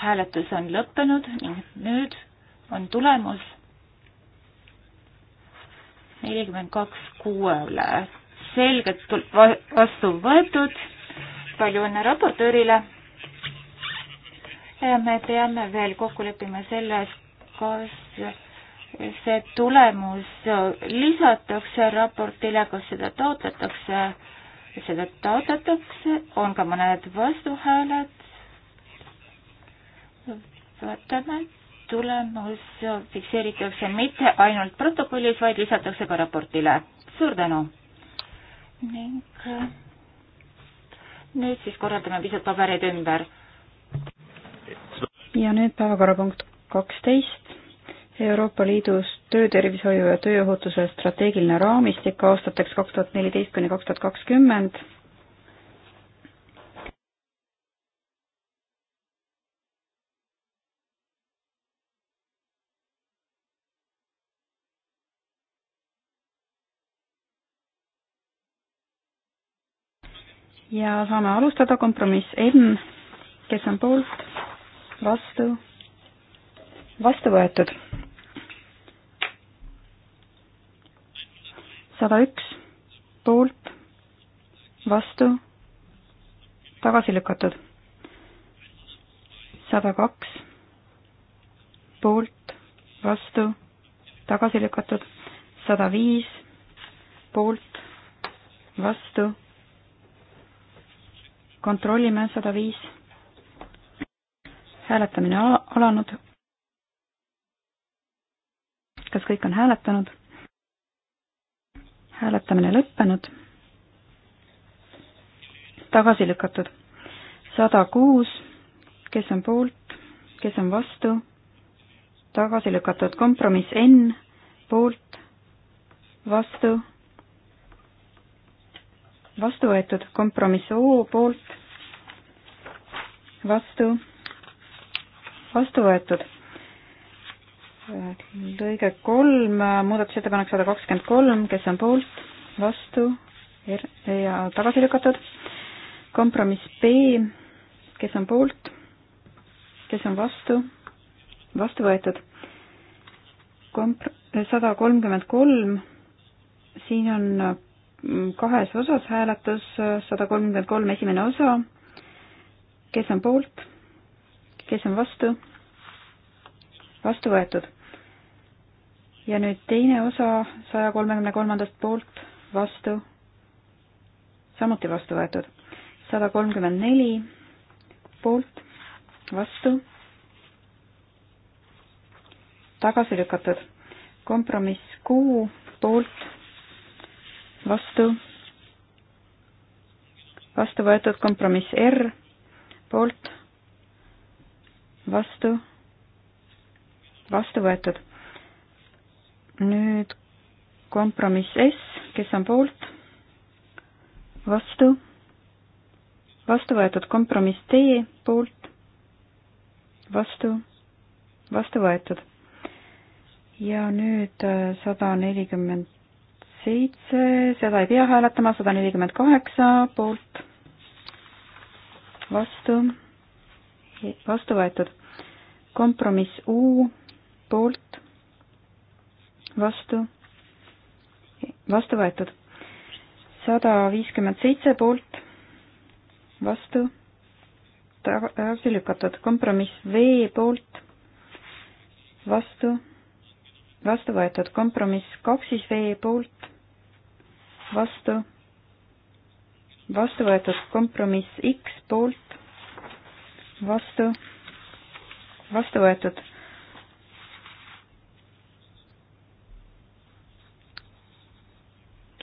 hääletus on lõppenud ning nüüd on tulemus nelikümmend kaks kuuele selgelt vastu võetud. palju õnne raportöörile. me peame veel kokku leppima selles, kas see tulemus lisatakse raportile, kas seda taotletakse, seda taotletakse, on ka mõned vastuhääled vaatame, tulemus fikseeritakse mitte ainult protokollis, vaid lisatakse ka raportile. suur tänu! ning äh, nüüd siis korraldame pisut pabereid ümber. ja nüüd päevakorrapunkt kaksteist. Euroopa Liidus töötervishoiu ja tööohutuse strateegiline raamistik aastateks kaks tuhat neliteist kuni kaks tuhat kakskümmend ja saame alustada, kompromiss M, kes on poolt, vastu, vastu võetud. sada üks poolt, vastu, tagasi lükatud. sada kaks poolt, vastu, tagasi lükatud. sada viis poolt, vastu kontrollime sada viis. hääletamine alanud. kas kõik on hääletanud? hääletamine lõppenud. tagasi lükatud. sada kuus, kes on poolt, kes on vastu, tagasi lükatud kompromiss N, poolt, vastu vastu võetud kompromiss O poolt, vastu, vastu võetud. lõige kolm, muudatusettepanek sada kakskümmend kolm, kes on poolt, vastu er, ja tagasi lükatud. kompromiss B, kes on poolt, kes on vastu, vastu võetud. komp-, sada kolmkümmend kolm, siin on kahes osas hääletus, sada kolmkümmend kolm esimene osa, kes on poolt, kes on vastu, vastu võetud. ja nüüd teine osa saja kolmekümne kolmandast poolt, vastu, samuti vastu võetud. sada kolmkümmend neli poolt, vastu, tagasi lükatud. kompromiss kuu poolt vastu, vastu võetud kompromiss R, poolt, vastu, vastu võetud. nüüd kompromiss S, kes on poolt, vastu, vastu võetud kompromiss T, poolt, vastu, vastu võetud. ja nüüd äh, sada nelikümmend seitse, seda ei pea hääletama, sada nelikümmend kaheksa poolt, vastu, vastu võetud. kompromiss U poolt, vastu, vastu võetud. sada viiskümmend seitse poolt, vastu, tagasi lükatud. kompromiss V poolt, vastu vastu võetud kompromiss kaks siis V poolt, vastu, vastu võetud kompromiss X poolt, vastu, vastu võetud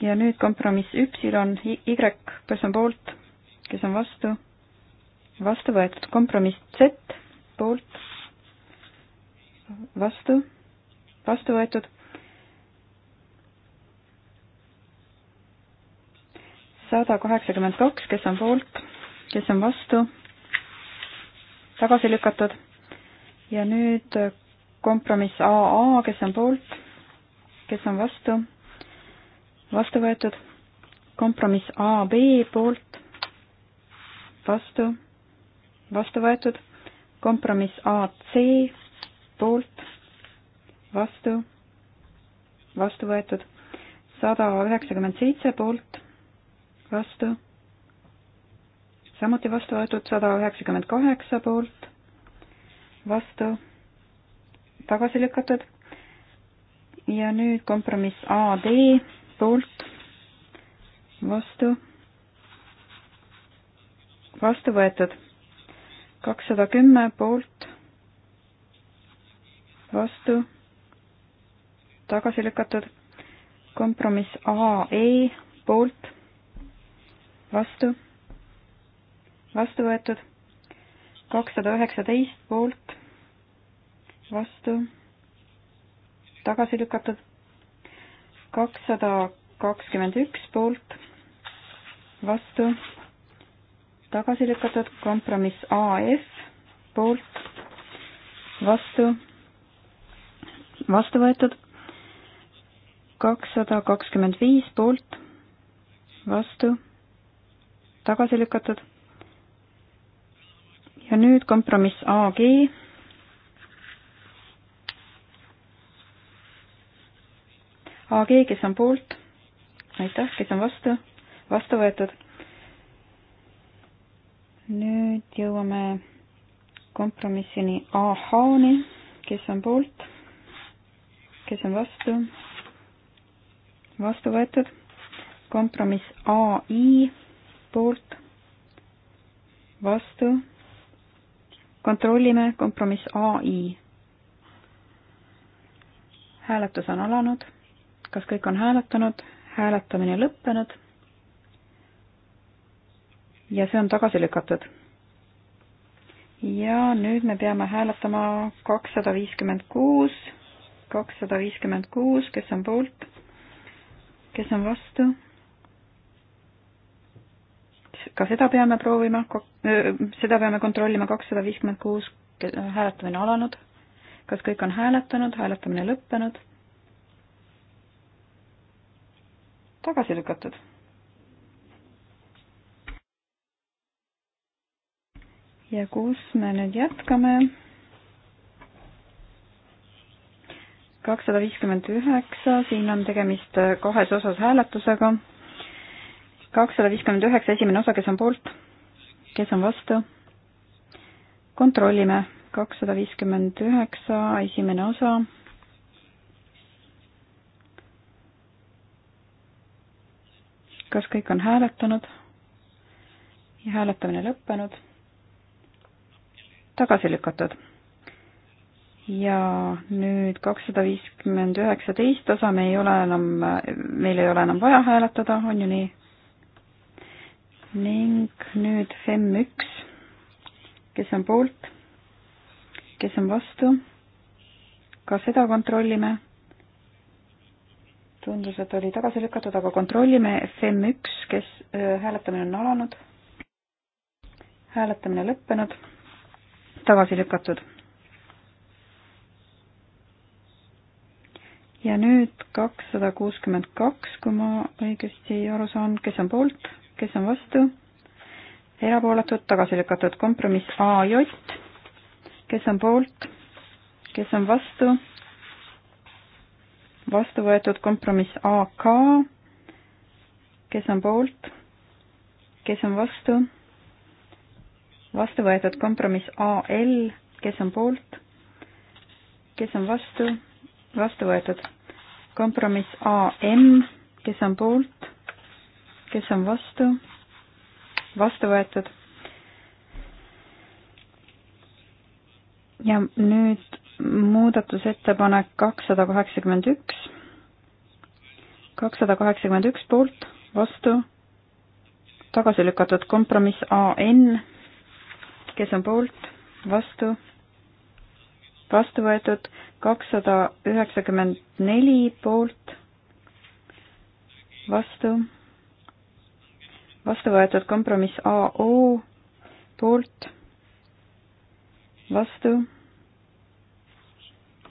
ja nüüd kompromiss üpsilon Y, kes on poolt, kes on vastu, vastu võetud, kompromiss Z poolt, vastu, vastu võetud, sada kaheksakümmend kaks, kes on poolt, kes on vastu, tagasi lükatud ja nüüd kompromiss AA, kes on poolt, kes on vastu, vastu võetud, kompromiss AB poolt, vastu, vastu võetud, kompromiss AC poolt, vastu, vastu võetud, sada üheksakümmend seitse poolt vastu. samuti vastu võetud sada üheksakümmend kaheksa poolt, vastu, tagasi lükatud. ja nüüd kompromiss AD poolt, vastu, vastu võetud. kakssada kümme poolt, vastu, tagasi lükatud. kompromiss AE poolt vastu, vastu võetud, kakssada üheksateist poolt, vastu, tagasi lükatud, kakssada kakskümmend üks poolt, vastu, tagasi lükatud, kompromiss AF poolt, vastu, vastu võetud, kakssada kakskümmend viis poolt, vastu tagasi lükatud. ja nüüd kompromiss AG. AG, kes on poolt, aitäh, kes on vastu, vastu võetud. nüüd jõuame kompromissini AH-ni, kes on poolt, kes on vastu, vastu võetud, kompromiss ai poolt, vastu, kontrollime kompromiss ai. hääletus on alanud, kas kõik on hääletanud, hääletamine lõppenud ja see on tagasi lükatud. ja nüüd me peame hääletama kakssada viiskümmend kuus, kakssada viiskümmend kuus, kes on poolt, kes on vastu ka seda peame proovima, seda peame kontrollima, kakssada viiskümmend kuus hääletamine alanud. kas kõik on hääletanud, hääletamine lõppenud? tagasi lükatud. ja kus me nüüd jätkame? kakssada viiskümmend üheksa, siin on tegemist kahes osas hääletusega kakssada viiskümmend üheksa, esimene osa, kes on poolt, kes on vastu? kontrollime, kakssada viiskümmend üheksa, esimene osa. kas kõik on hääletanud? ja hääletamine lõppenud. tagasi lükatud. ja nüüd kakssada viiskümmend üheksateist osa me ei ole enam, meil ei ole enam vaja hääletada, on ju nii? ning nüüd FEM üks, kes on poolt, kes on vastu, ka seda kontrollime. tundus, et oli tagasi lükatud, aga kontrollime FEM üks, kes äh,, hääletamine on alanud, hääletamine lõppenud, tagasi lükatud. ja nüüd kakssada kuuskümmend kaks, kui ma õigesti aru saan, kes on poolt kes on vastu, erapooletud, tagasi lükatud, kompromiss AJ, kes on poolt, kes on vastu, vastu võetud kompromiss AK, kes on poolt, kes on vastu, vastu võetud kompromiss AL, kes on poolt, kes on vastu, vastu võetud kompromiss AM, kes on poolt, kes on vastu, vastu võetud. ja nüüd muudatusettepanek kakssada kaheksakümmend üks, kakssada kaheksakümmend üks poolt, vastu, tagasi lükatud kompromiss AN, kes on poolt, vastu, vastu võetud kakssada üheksakümmend neli poolt, vastu vastu võetud kompromiss AO poolt, vastu.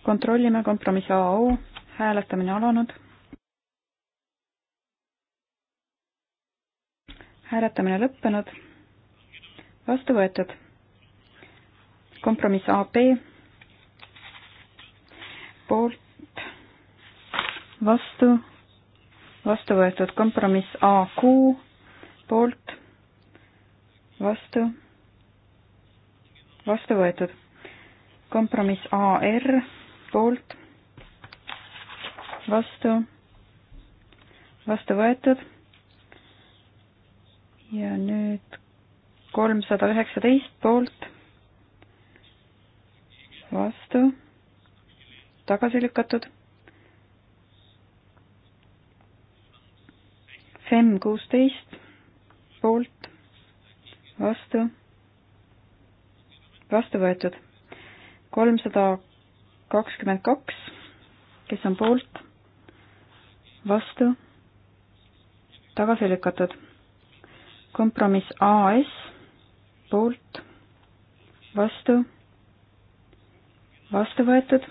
kontrollime kompromiss AO, hääletamine alanud. hääletamine lõppenud, vastu võetud. kompromiss AB poolt, vastu, vastu võetud kompromiss AQ poolt, vastu, vastu võetud. kompromiss AR poolt, vastu, vastu võetud. ja nüüd kolmsada üheksateist poolt, vastu, tagasi lükatud FEM kuusteist poolt, vastu, vastu võetud. kolmsada kakskümmend kaks, kes on poolt, vastu, tagasi lükatud. kompromiss AS, poolt, vastu, vastu võetud.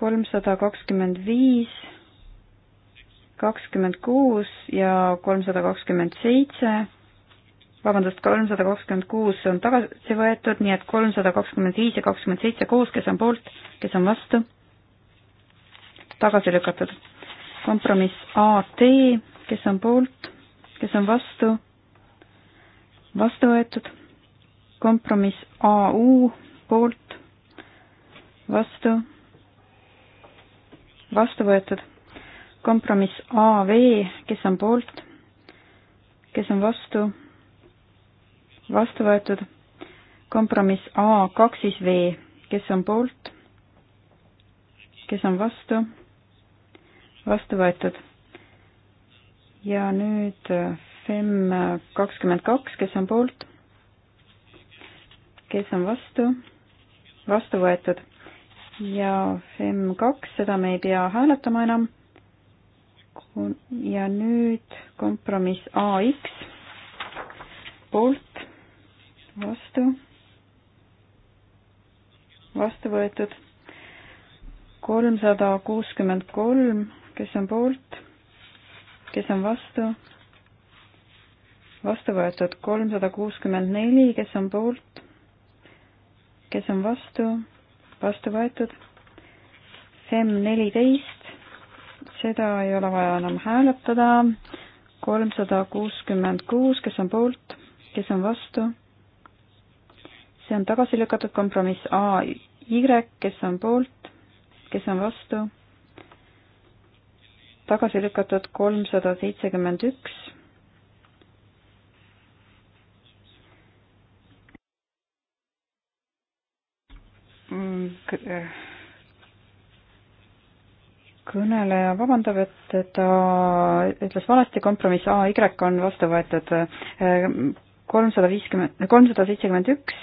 kolmsada kakskümmend viis kakskümmend kuus ja kolmsada kakskümmend seitse, vabandust, kolmsada kakskümmend kuus on tagasi võetud, nii et kolmsada kakskümmend viis ja kakskümmend seitse koos, kes on poolt, kes on vastu, tagasi lükatud. kompromiss AT, kes on poolt, kes on vastu, vastu võetud. kompromiss AU, poolt, vastu, vastu võetud kompromiss AV, kes on poolt, kes on vastu, vastu võetud, kompromiss A kaksis V, kes on poolt, kes on vastu, vastu võetud. ja nüüd äh, FEM kakskümmend kaks, kes on poolt, kes on vastu, vastu võetud ja FEM kaks, seda me ei pea hääletama enam ja nüüd kompromiss AX poolt, vastu, vastu võetud kolmsada kuuskümmend kolm, kes on poolt, kes on vastu, vastu võetud kolmsada kuuskümmend neli, kes on poolt, kes on vastu, vastu võetud, FEM neliteist, seda ei ole vaja enam hääletada. kolmsada kuuskümmend kuus, kes on poolt, kes on vastu? see on tagasi lükatud kompromiss A, Y, kes on poolt, kes on vastu? tagasi lükatud kolmsada seitsekümmend üks. Mm-hmm kõneleja vabandab, et ta ütles valesti, kompromiss AY on vastu võetud kolmsada viiskümmend, kolmsada seitsekümmend üks.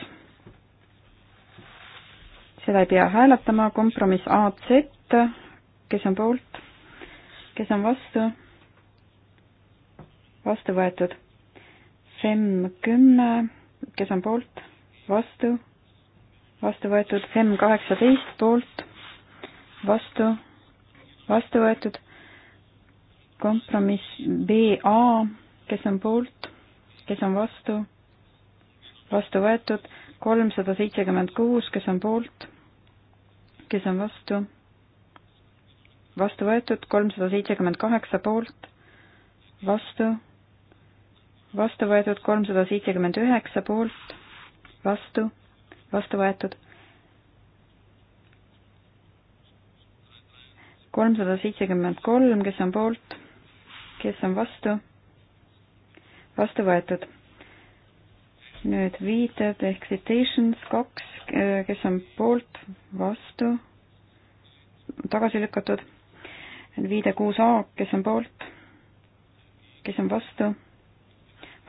seda ei pea hääletama, kompromiss AZ, kes on poolt, kes on vastu, vastu võetud. FEM kümme, kes on poolt, vastu, vastu võetud, FEM kaheksateist poolt, vastu vastu võetud. kompromiss BA, kes on poolt, kes on vastu, vastu võetud, kolmsada seitsekümmend kuus, kes on poolt, kes on vastu, vastu võetud, kolmsada seitsekümmend kaheksa poolt, vastu, vastu võetud, kolmsada seitsekümmend üheksa poolt, vastu, vastu võetud kolmsada seitsekümmend kolm, kes on poolt, kes on vastu, vastu võetud. nüüd viited ehk citations kaks, kes on poolt, vastu, tagasi lükatud. viide kuus A, kes on poolt, kes on vastu,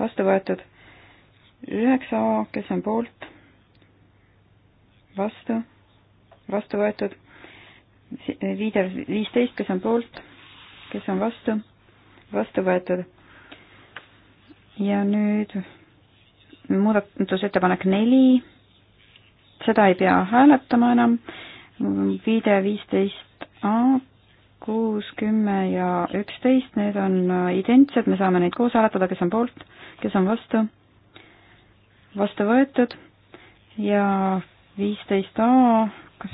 vastu võetud. üheksa A, kes on poolt, vastu, vastu võetud viide viisteist, kes on poolt, kes on vastu, vastu võetud. ja nüüd muudatusettepanek neli, seda ei pea hääletama enam, viide viisteist A, kuus, kümme ja üksteist, need on identsed, me saame neid koos hääletada, kes on poolt, kes on vastu, vastu võetud ja viisteist A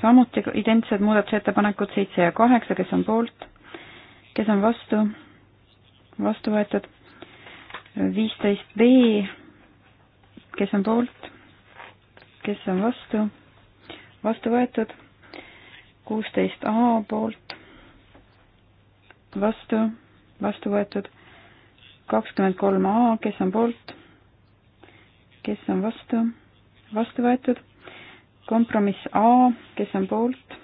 samuti identsed muudatusettepanekud seitse ja kaheksa, kes on poolt, kes on vastu, vastu võetud, viisteist B, kes on poolt, kes on vastu, vastu võetud, kuusteist A poolt, vastu, vastu võetud, kakskümmend kolm A, kes on poolt, kes on vastu, vastu võetud kompromiss A, kes on poolt,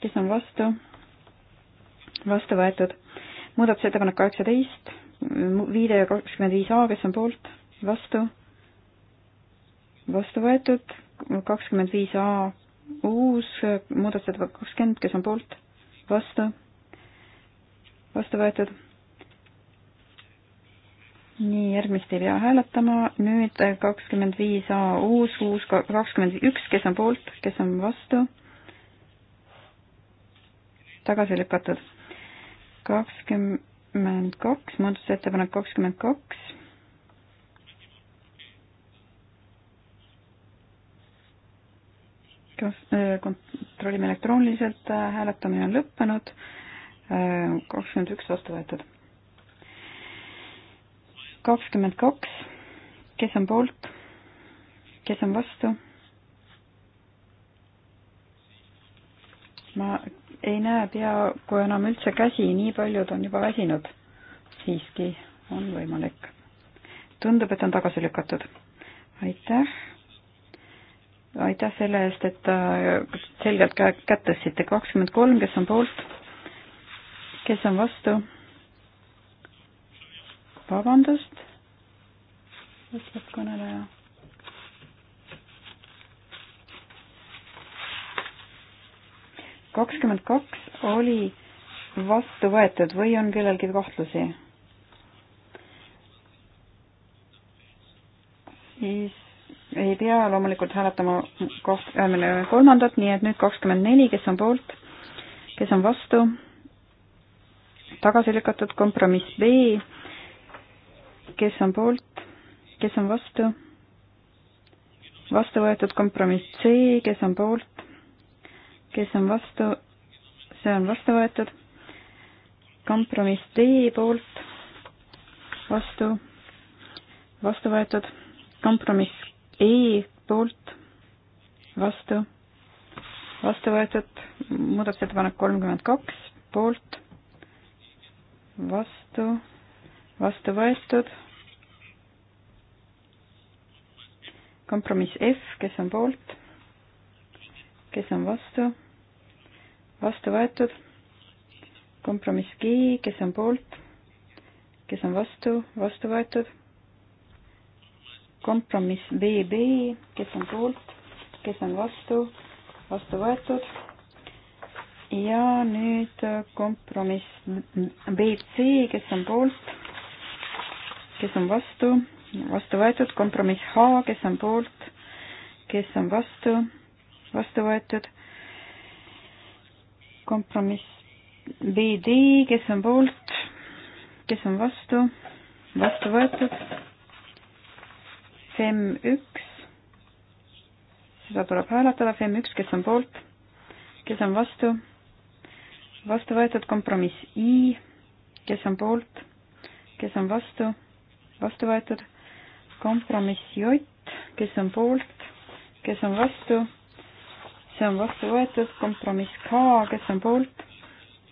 kes on vastu, vastu võetud. muudatusettepanek kaheksateist, viide ja kakskümmend viis A, kes on poolt, vastu, vastu võetud, kakskümmend viis A uus, muudatusettepanek kakskümmend, kes on poolt, vastu, vastu võetud nii, järgmist ei pea hääletama, nüüd kakskümmend viis A uus, uus kakskümmend üks, kes on poolt, kes on vastu? tagasi lükatud. kakskümmend kaks, muudatusettepanek kakskümmend kaks. kas äh, kontrollime elektrooniliselt, äh, hääletamine on lõppenud, äh, kakskümmend üks vastu võetud kakskümmend kaks, kes on poolt, kes on vastu? ma ei näe peaaegu enam üldse käsi, nii paljud on juba väsinud. siiski on võimalik. tundub, et on tagasi lükatud. aitäh. aitäh selle eest, et äh, selgelt kätt tõstsite. kakskümmend kolm, kes on poolt, kes on vastu? vabandust, ütleb kõneleja. kakskümmend kaks oli vastu võetud või on kellelgi kahtlusi? siis ei pea loomulikult hääletama koht-, kolmandat, nii et nüüd kakskümmend neli, kes on poolt, kes on vastu, tagasi lükatud kompromiss B kes on poolt, kes on vastu? vastu võetud kompromiss C, kes on poolt, kes on vastu, see on vastu võetud. kompromiss D poolt, vastu, vastu võetud. kompromiss E poolt, vastu, vastu võetud. muudatusettepanek kolmkümmend kaks poolt, vastu, vastu võetud kompromiss F, kes on poolt, kes on vastu, vastu võetud. kompromiss G, kes on poolt, kes on vastu, vastu võetud. kompromiss BB, kes on poolt, kes on vastu, vastu võetud. ja nüüd kompromiss BC, kes on poolt, kes on vastu vastu võetud, kompromiss H, kes on poolt, kes on vastu, vastu võetud, kompromiss BD, kes on poolt, kes on vastu, vastu võetud, FEM üks, seda tuleb hääletada, FEM üks, kes on poolt, kes on vastu, vastu võetud kompromiss I, kes on poolt, kes on vastu, vastu võetud, kompromiss J, kes on poolt, kes on vastu, see on vastu võetud, kompromiss K, kes on poolt,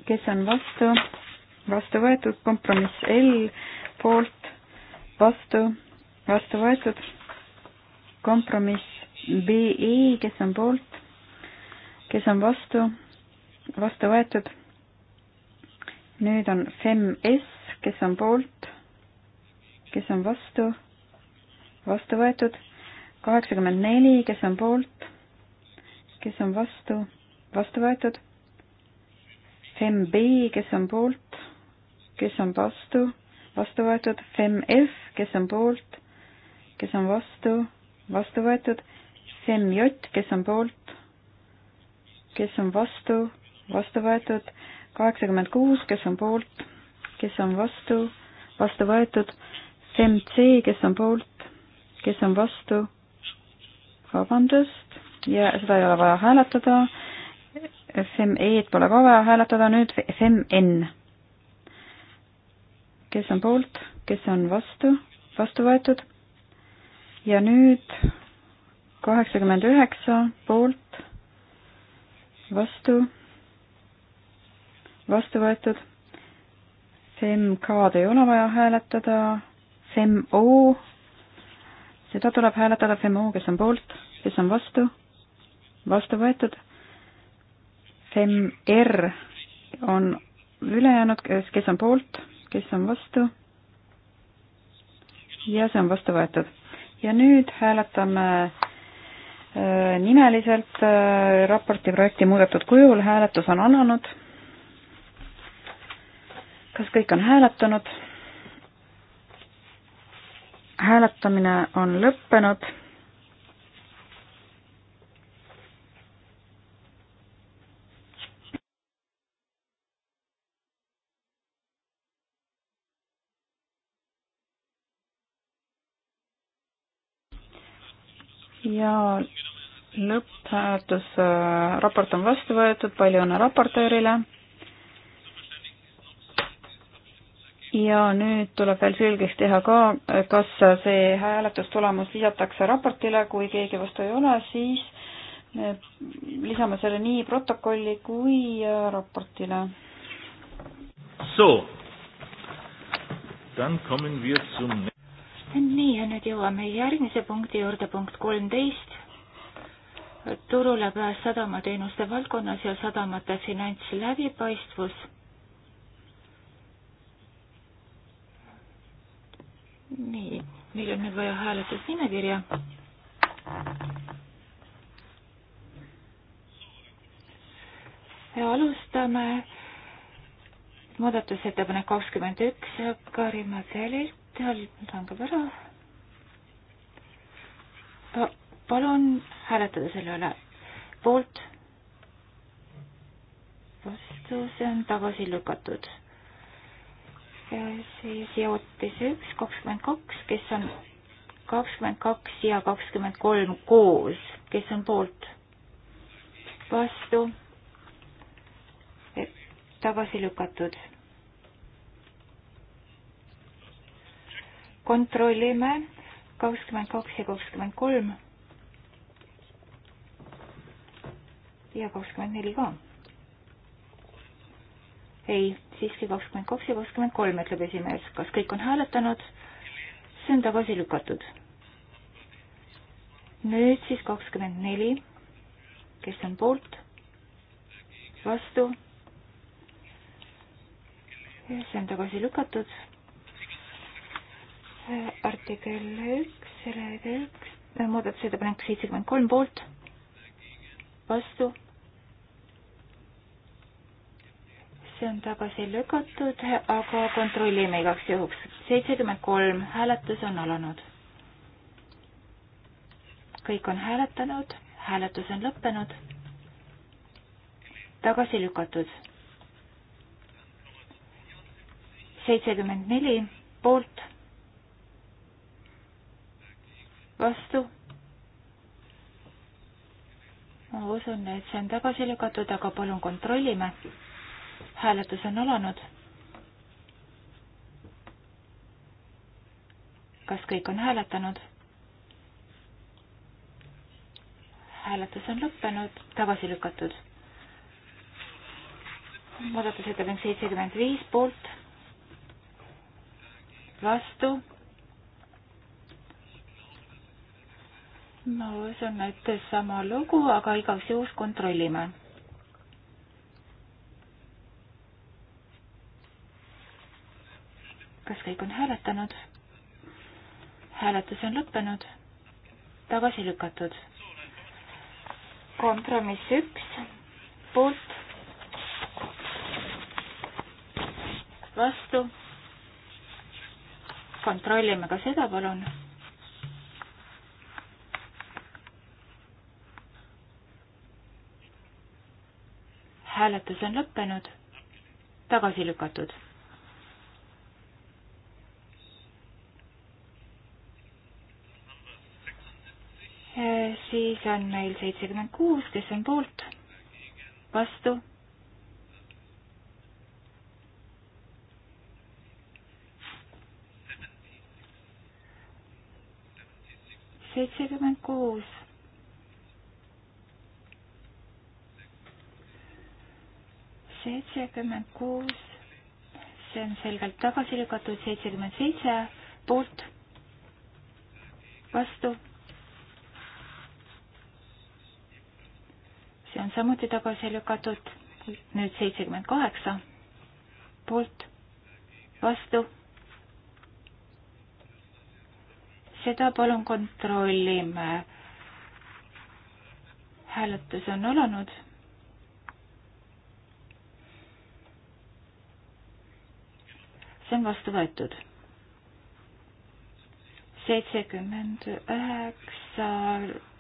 kes on vastu, vastu võetud, kompromiss L, poolt, vastu, vastu võetud, kompromiss BE, kes on poolt, kes on vastu, vastu võetud, nüüd on FEM S, kes on poolt, kes on vastu vastu võetud, kaheksakümmend neli, kes on poolt, kes on vastu, vastu võetud, FEMB, kes on poolt, kes on vastu, vastu võetud, FEMF, kes on poolt, kes on vastu, vastu võetud, FEMJ, kes on poolt, kes on vastu, vastu võetud, kaheksakümmend kuus, kes on poolt, kes on vastu, vastu võetud, FEMC, kes on poolt, kes on vastu, vabandust, ja seda ei ole vaja hääletada. FME-d pole ka vaja hääletada, nüüd FMN. kes on poolt, kes on vastu, vastu võetud. ja nüüd kaheksakümmend üheksa poolt, vastu, vastu võetud. FEMK-d ei ole vaja hääletada, FEMO seda tuleb hääletada FEMO, kes on poolt, kes on vastu, vastu võetud. FEMR on ülejäänud, kes on poolt, kes on vastu. ja see on vastu võetud. ja nüüd hääletame äh, nimeliselt äh, raporti projekti muudetud kujul, hääletus on alanud. kas kõik on hääletanud? hääletamine on lõppenud. ja lõpphääletus, äh, raport on vastu võetud, palju õnne raportöörile ja nüüd tuleb veel selgeks teha ka, kas see hääletustulemus lisatakse raportile, kui keegi vastu ei ole, siis me lisame selle nii protokolli kui äh, raportile. So, dann kommen wir zum nii ja nüüd jõuame järgmise punkti juurde, punkt kolmteist. turule pääs sadamateenuste valdkonnas ja sadamate finantsläbipaistvus nii, meil on nüüd vaja hääletusnimekirja. ja alustame muudatusettepanek kakskümmend üks Karima Selilt, langeb ära pa,. palun hääletada selle üle. poolt, vastu, see on tagasi lükatud siis jaotis üks, kakskümmend kaks, kes on kakskümmend kaks ja kakskümmend kolm koos, kes on poolt, vastu, tagasi lükatud. kontrollime kakskümmend kaks ja kakskümmend kolm ja kakskümmend neli ka ei, siiski kakskümmend kaks ja kakskümmend kolm, ütleb esimees. kas kõik on hääletanud? see on tagasi lükatud. nüüd siis kakskümmend neli, kes on poolt, vastu, see on tagasi lükatud. artikkel üks, lehekülg, muudatusettepanek seitsekümmend kolm poolt, vastu see on tagasi lükatud, aga kontrollime igaks juhuks. seitsekümmend kolm, hääletus on alanud. kõik on hääletanud, hääletus on lõppenud. tagasi lükatud. seitsekümmend neli, poolt, vastu ma usun, et see on tagasi lükatud, aga palun kontrollime hääletus on alanud. kas kõik on hääletanud? hääletus on lõppenud, tagasi lükatud. muudatusettepanek seitsekümmend viis poolt, vastu. ma usun, et sama lugu, aga igaks juhuks kontrollime kas kõik on hääletanud? hääletus on lõppenud, tagasi lükatud. kompromiss üks, poolt, vastu. kontrollime ka seda, palun. hääletus on lõppenud, tagasi lükatud siis on meil seitsekümmend kuus, kes on poolt, vastu. seitsekümmend kuus. seitsekümmend kuus, see on selgelt tagasi lükatud, seitsekümmend seitse poolt, vastu see on samuti tagasi lükatud. nüüd seitsekümmend kaheksa poolt, vastu. seda palun kontrollime. hääletus on alanud. see on vastu võetud. seitsekümmend üheksa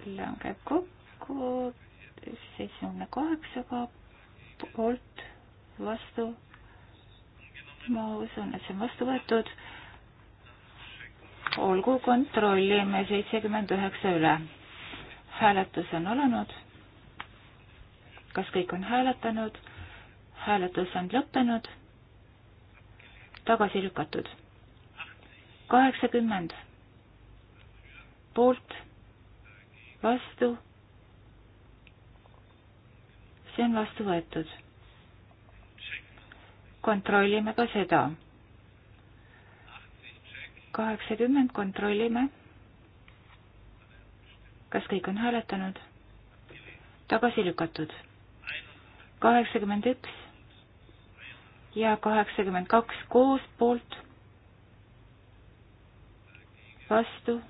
langeb kokku seitsmekümne kaheksaga poolt vastu. ma usun, et see on vastu võetud. olgu, kontrollime seitsekümmend üheksa üle. hääletus on alanud. kas kõik on hääletanud? hääletus on lõppenud. tagasi lükatud. kaheksakümmend poolt, vastu see on vastu võetud. kontrollime ka seda. kaheksakümmend kontrollime. kas kõik on hääletanud? tagasi lükatud. kaheksakümmend üks ja kaheksakümmend kaks koos poolt, vastu,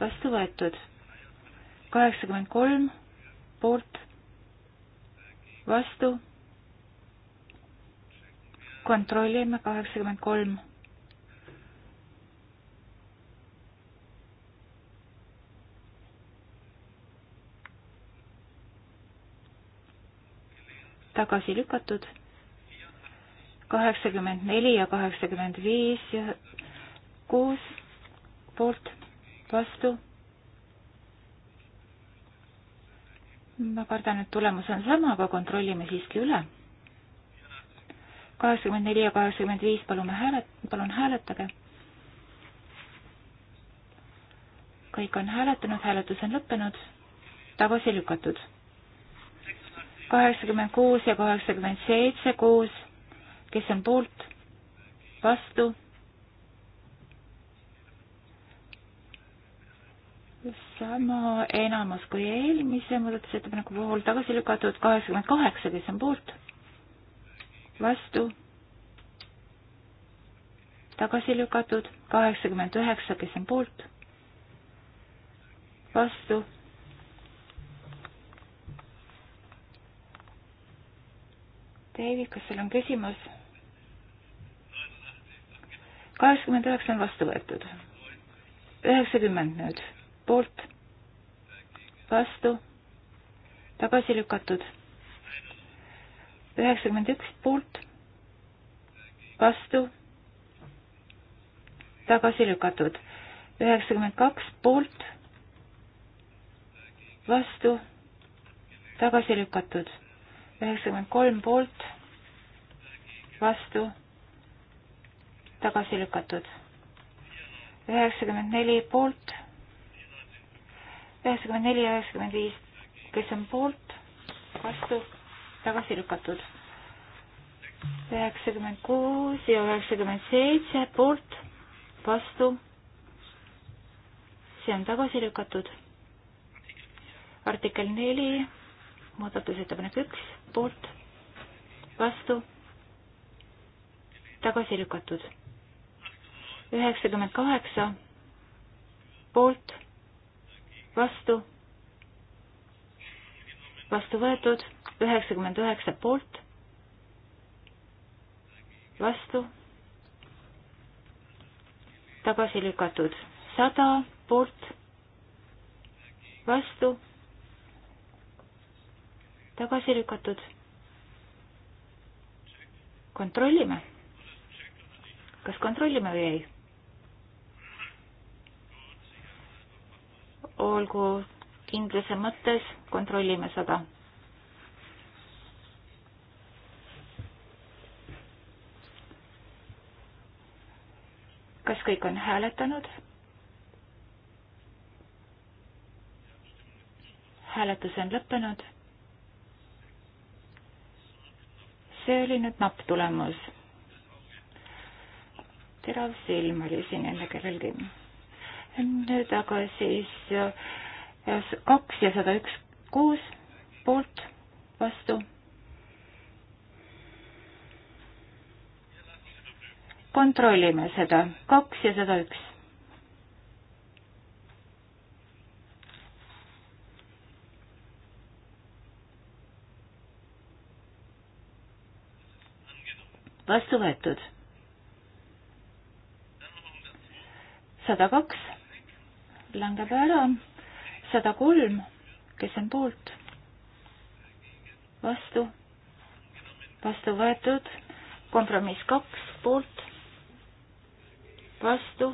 vastu võetud. kaheksakümmend kolm poolt, vastu. kontrollime kaheksakümmend kolm. tagasi lükatud kaheksakümmend neli ja kaheksakümmend viis ja kuus poolt vastu ma kardan, et tulemus on sama, aga kontrollime siiski üle. kaheksakümmend neli ja kaheksakümmend viis, palume häälet-, palun hääletage. kõik on hääletanud, hääletus on lõppenud, tagasi lükatud. kaheksakümmend kuus ja kaheksakümmend seitse koos, kes on poolt, vastu sama enamus kui eelmise muudatusettepaneku puhul tagasi lükatud kaheksakümmend kaheksa, kes on poolt, vastu, tagasi lükatud kaheksakümmend üheksa, kes on poolt, vastu, David, kas sul on küsimus? kaheksakümmend üheksa on vastu võetud. üheksakümmend nüüd poolt, vastu, tagasi lükatud. üheksakümmend üks poolt, vastu, tagasi lükatud. üheksakümmend kaks poolt, vastu, tagasi lükatud. üheksakümmend kolm poolt, vastu, tagasi lükatud. üheksakümmend neli poolt üheksakümmend neli ja üheksakümmend viis, kes on poolt, vastu, tagasi lükatud. üheksakümmend kuus ja üheksakümmend seitse poolt, vastu, see on tagasi lükatud. artikkel neli, muudatusettepanek üks, poolt, vastu, tagasi lükatud. üheksakümmend kaheksa poolt vastu, vastu võetud, üheksakümmend üheksa poolt, vastu, tagasi lükatud, sada poolt, vastu, tagasi lükatud. kontrollime, kas kontrollime või ei olgu kindluse mõttes, kontrollime seda. kas kõik on hääletanud? hääletus on lõppenud. see oli nüüd napp tulemus. terav silm oli siin enne kellelgi nüüd aga siis äh, kaks ja sada üks kuus poolt, vastu. kontrollime seda, kaks ja sada üks. vastu võetud. sada kaks langeb ära. sada kolm, kes on poolt? vastu? vastu võetud. kompromiss kaks, poolt? vastu?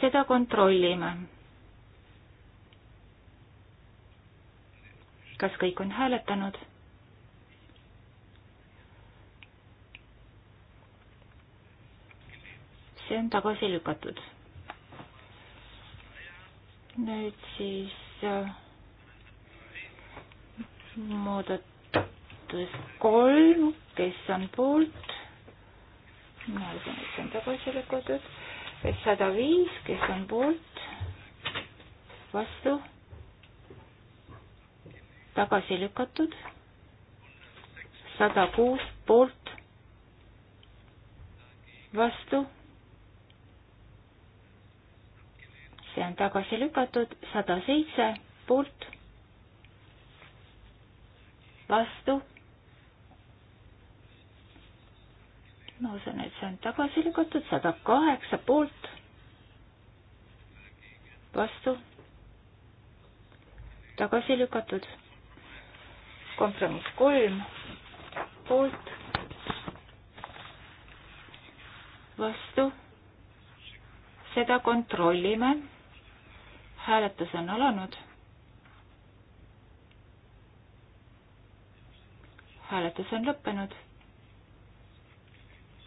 seda kontrollime. kas kõik on hääletanud? see on tagasi lükatud nüüd siis äh, muudatus kolm, kes on poolt, ma arvan, et see on tagasi lükatud, sada viis, kes on poolt, vastu, tagasi lükatud, sada kuus poolt, vastu see on tagasi lükatud, sada seitse poolt, vastu. ma usun, et see on tagasi lükatud, sada kaheksa poolt, vastu, tagasi lükatud, kompromiss kolm poolt, vastu seda kontrollime hääletus on alanud. hääletus on lõppenud.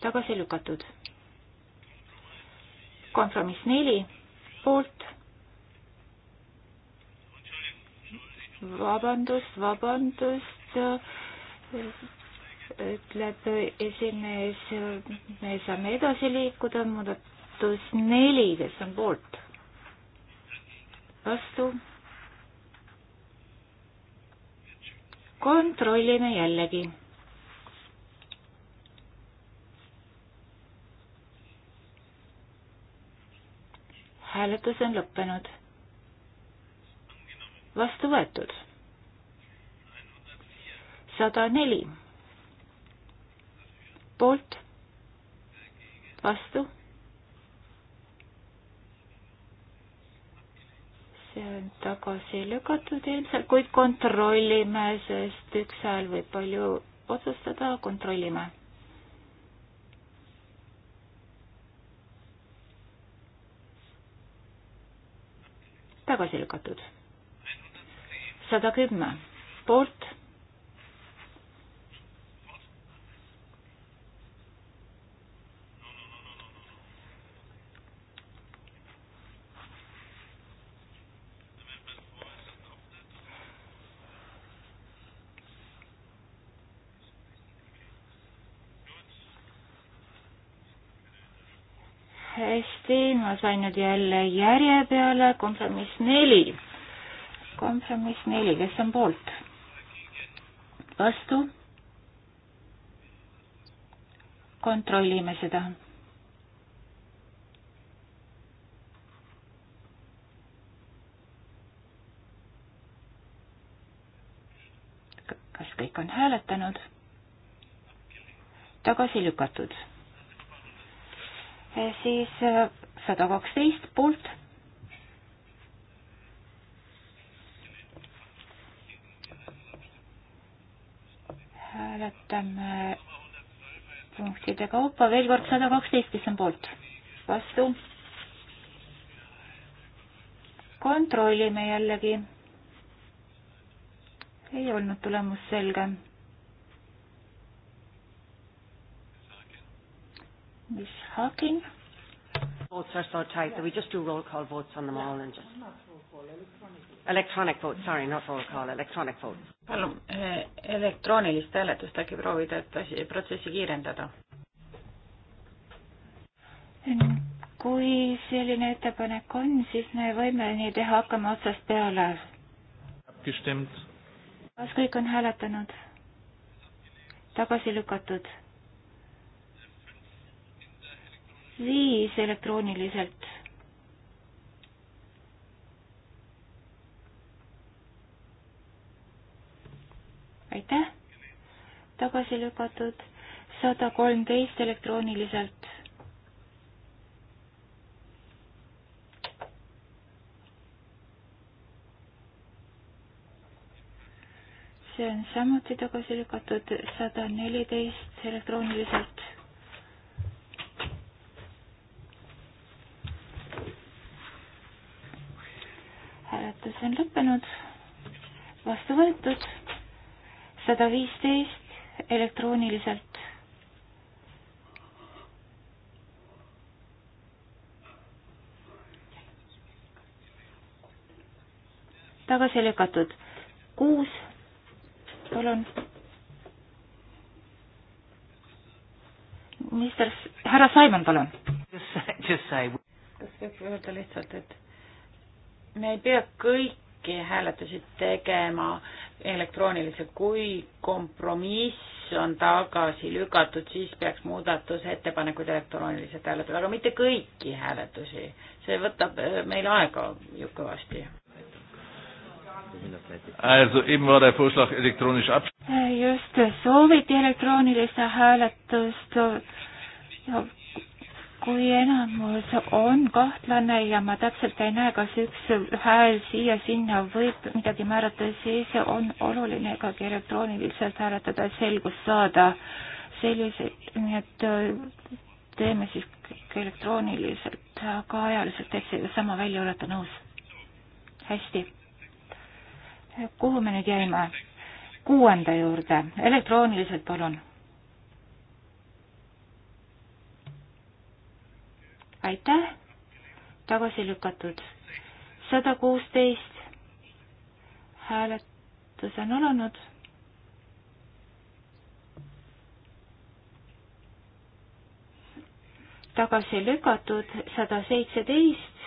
tagasi lükatud. kompromiss neli, poolt. vabandust, vabandust, ütleb esimees, me saame edasi liikuda, muudatus neli, kes on poolt vastu. kontrollime jällegi. hääletus on lõppenud. vastu võetud. sada neli. poolt, vastu see on tagasi lükatud ilmselt, kuid kontrollime, sest üks hääl võib palju otsustada, kontrollime. tagasi lükatud. sada kümme poolt hästi, ma sain nüüd jälle järje peale, kompromiss neli. kompromiss neli, kes on poolt? vastu? kontrollime seda. kas kõik on hääletanud? tagasi lükatud siis äh, sada kaksteist poolt. hääletame punktide kaupa veel kord sada kaksteist, kes on poolt, vastu. kontrollime jällegi. ei olnud tulemus selge. mis Hakin? Votes are so tight that we just do roll call votes on them all and just. Electronic vote, sorry, not roll call, electronic vote. palun eh, elektroonilist hääletust äkki proovida, et asi, protsessi kiirendada. kui selline ettepanek on, siis me võime nii teha, hakkame otsast peale. kas kõik on hääletanud? tagasi lükatud viis elektrooniliselt. aitäh, tagasi lükatud sada kolmteist elektrooniliselt. see on samuti tagasi lükatud sada neliteist elektrooniliselt. hääletus on lõppenud, vastu võetud, sada viisteist elektrooniliselt. tagasi lükatud, kuus, palun. minister, härra Simon, palun. kas võib öelda lihtsalt, et me ei pea kõiki hääletusi tegema elektrooniliselt, kui kompromiss on tagasi lükatud, siis peaks muudatusettepanekuid elektrooniliselt hääletada, aga mitte kõiki hääletusi. see võtab äh, meil aega ju kõvasti. Also eben war der Vorschlag elektronisch ab-. just, sooviti elektroonilise hääletust kui enamus on kahtlane ja ma täpselt ei näe, kas üks hääl siia-sinna võib midagi määrata, siis on oluline ikkagi elektrooniliselt hääletada, et selgust saada. sellise, nii et äh, teeme siis elektrooniliselt, aga ajaliselt teeks sama välja, olete nõus? hästi. kuhu me nüüd jäime? kuuenda juurde, elektrooniliselt palun aitäh, tagasi lükatud. sada kuusteist hääletus on alanud. tagasi lükatud sada seitseteist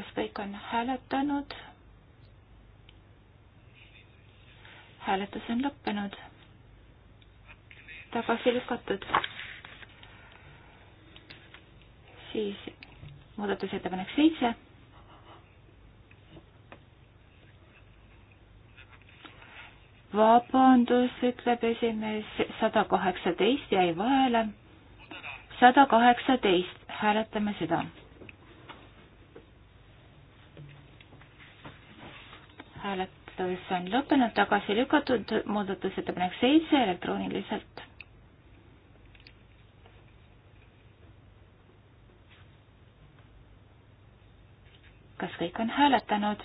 kas kõik on hääletanud? hääletus on lõppenud. tagasi lükatud. siis muudatusettepanek seitse. vabandus, ütleb esimees, sada kaheksateist jäi vahele. sada kaheksateist, hääletame seda hääletus on lõppenud, tagasi lükatud, muudatusettepanek seitse elektrooniliselt. kas kõik on hääletanud?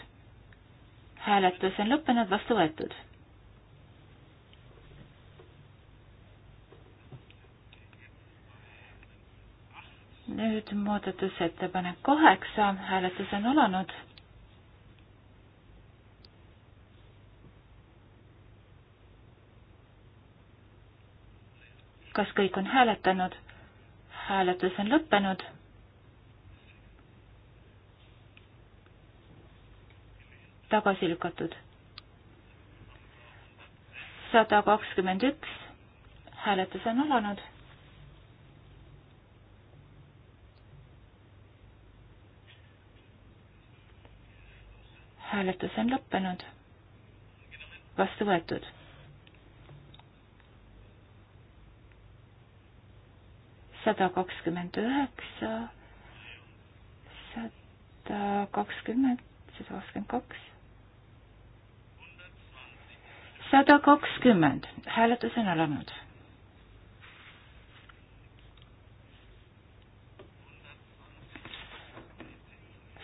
hääletus on lõppenud, vastu võetud. nüüd muudatusettepanek kaheksa, hääletus on alanud kas kõik on hääletanud? hääletus on lõppenud. tagasi lükatud. sada kakskümmend üks, hääletus on alanud. hääletus on lõppenud. vastu võetud sada kakskümmend üheksa, sada kakskümmend, sada kakskümmend kaks, sada kakskümmend, hääletus on alanud.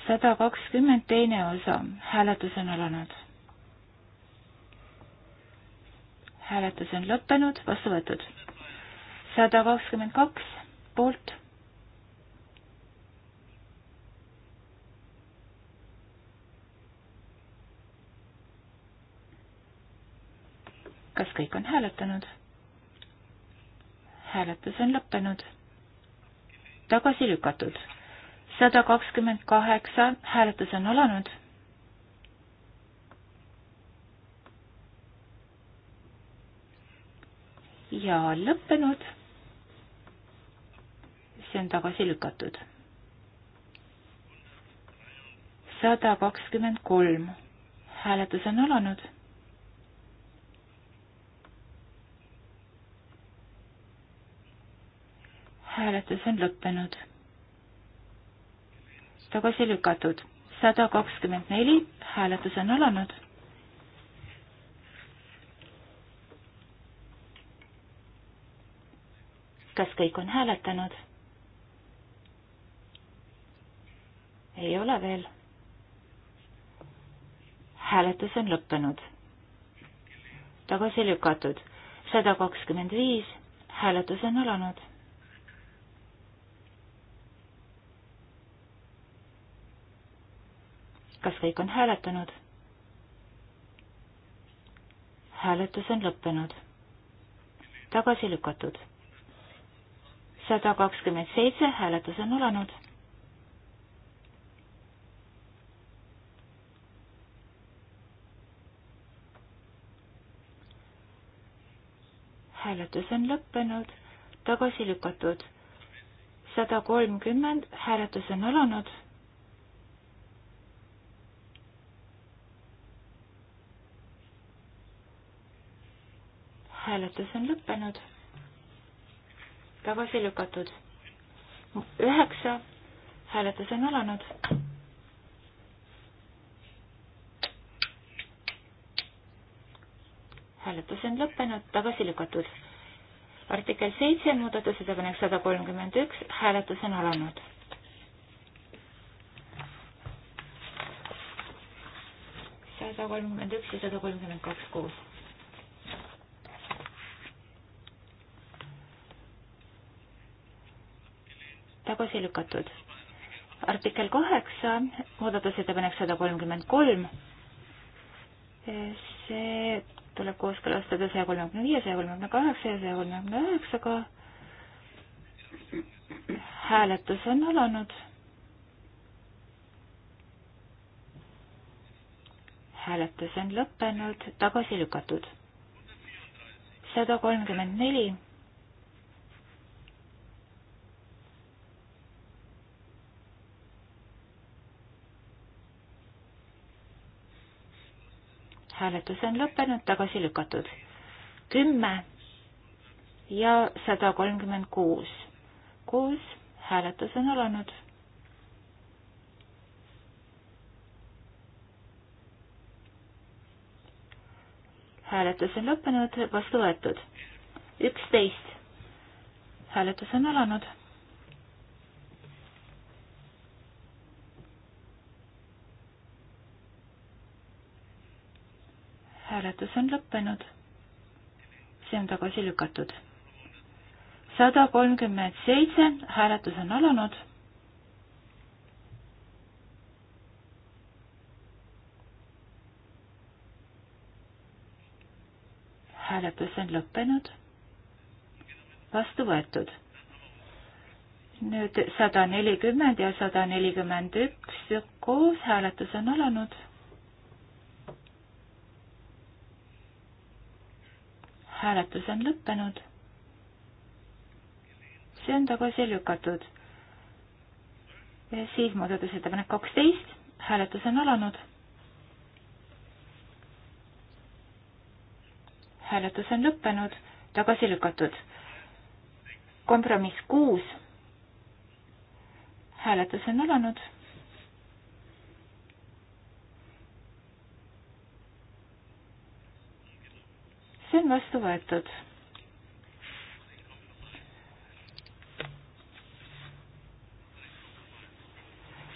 sada kakskümmend teine osa, hääletus on alanud. hääletus on lõppenud, vastu võetud. sada kakskümmend kaks, poolt kas kõik on hääletanud? hääletus on lõppenud. tagasi lükatud. sada kakskümmend kaheksa, hääletus on alanud. ja lõppenud see on tagasi lükatud. sada kakskümmend kolm, hääletus on alanud. hääletus on lõppenud. tagasi lükatud, sada kakskümmend neli, hääletus on alanud kas kõik on hääletanud? ei ole veel. hääletus on lõppenud. tagasi lükatud sada kakskümmend viis, hääletus on alanud. kas kõik on hääletanud? hääletus on lõppenud. tagasi lükatud. sada kakskümmend seitse, hääletus on alanud. hääletus on lõppenud, tagasi lükatud. sada kolmkümmend, hääletus on alanud. hääletus on lõppenud, tagasi lükatud. üheksa, hääletus on alanud. hääletus on lõppenud, tagasi lükatud. artikkel seitse, muudatusettepanek sada kolmkümmend üks, hääletus on alanud. sada kolmkümmend üks ja sada kolmkümmend kaks koos. tagasi lükatud. artikkel kaheksa, muudatusettepanek sada kolmkümmend kolm. see tuleb kooskõlastada saja kolmekümne viie, saja kolmekümne kaheksa ja saja kolmekümne üheksaga. hääletus on alanud. hääletus on lõppenud, tagasi lükatud. sada kolmkümmend neli hääletus on lõppenud, tagasi lükatud. kümme ja sada kolmkümmend kuus. kuus, hääletus on alanud. hääletus on lõppenud, vastu võetud. üksteist, hääletus on alanud hääletus on lõppenud. see on tagasi lükatud. sada kolmkümmend seitse, hääletus on alanud. hääletus on lõppenud. vastu võetud nüüd sada nelikümmend ja sada nelikümmend üks koos hääletus on alanud hääletus on lõppenud. see on tagasi lükatud. siis muudatusettepanek kaksteist, hääletus on alanud. hääletus on lõppenud, tagasi lükatud. kompromiss kuus, hääletus on alanud see on vastu võetud.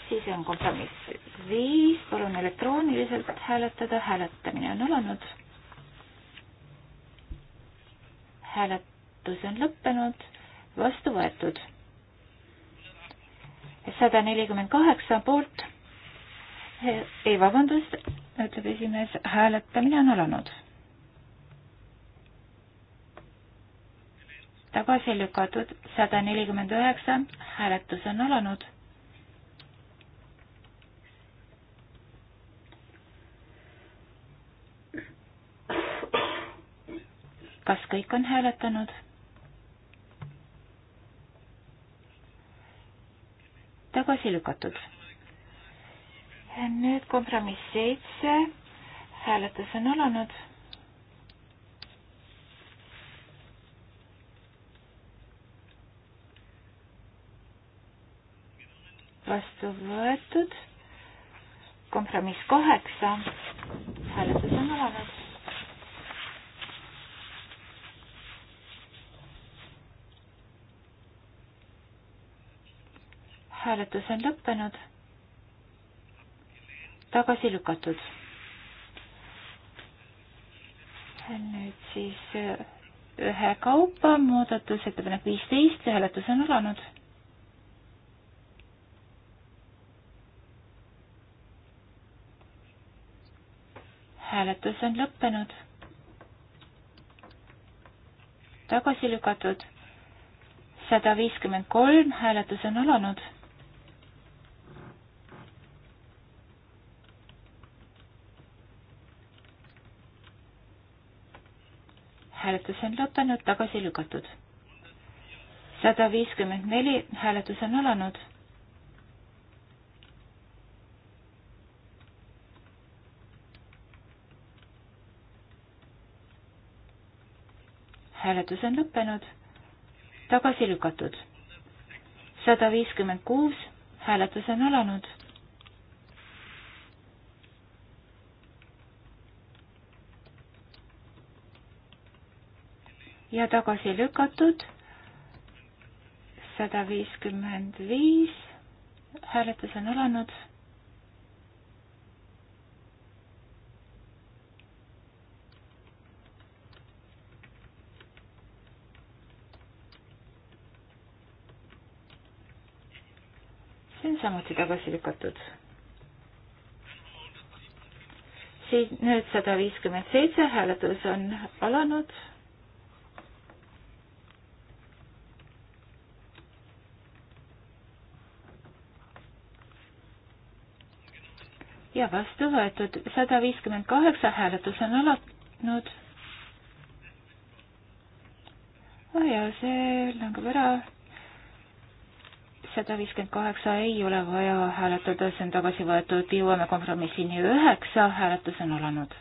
siis on kompromiss viis, palun elektrooniliselt hääletada, hääletamine on alanud. hääletus on lõppenud, vastu võetud. sada nelikümmend kaheksa poolt, ei vabandust, ütleb esimees, hääletamine on alanud tagasi lükatud, sada nelikümmend üheksa, hääletus on alanud. kas kõik on hääletanud? tagasi lükatud. nüüd kompromiss seitse, hääletus on alanud vastu võetud. kompromiss kaheksa, hääletus on alanud. hääletus on lõppenud. tagasi lükatud. nüüd siis äh, ühekaupa muudatusettepanek viisteist, hääletus on alanud hääletus on lõppenud. tagasi lükatud. sada viiskümmend kolm, hääletus on alanud. hääletus on lõppenud, tagasi lükatud. sada viiskümmend neli, hääletus on alanud hääletus on lõppenud, tagasi lükatud. sada viiskümmend kuus, hääletus on alanud. ja tagasi lükatud sada viiskümmend viis, hääletus on alanud on samuti tagasi lükatud. siin nüüd sada viiskümmend seitse, hääletus on alanud. ja vastu võetud sada viiskümmend kaheksa, hääletus on alanud. ja see langeb ära sada viiskümmend kaheksa ei ole vaja hääletada, see on tagasi võetud, jõuame kompromissini üheksa, hääletus on alanud.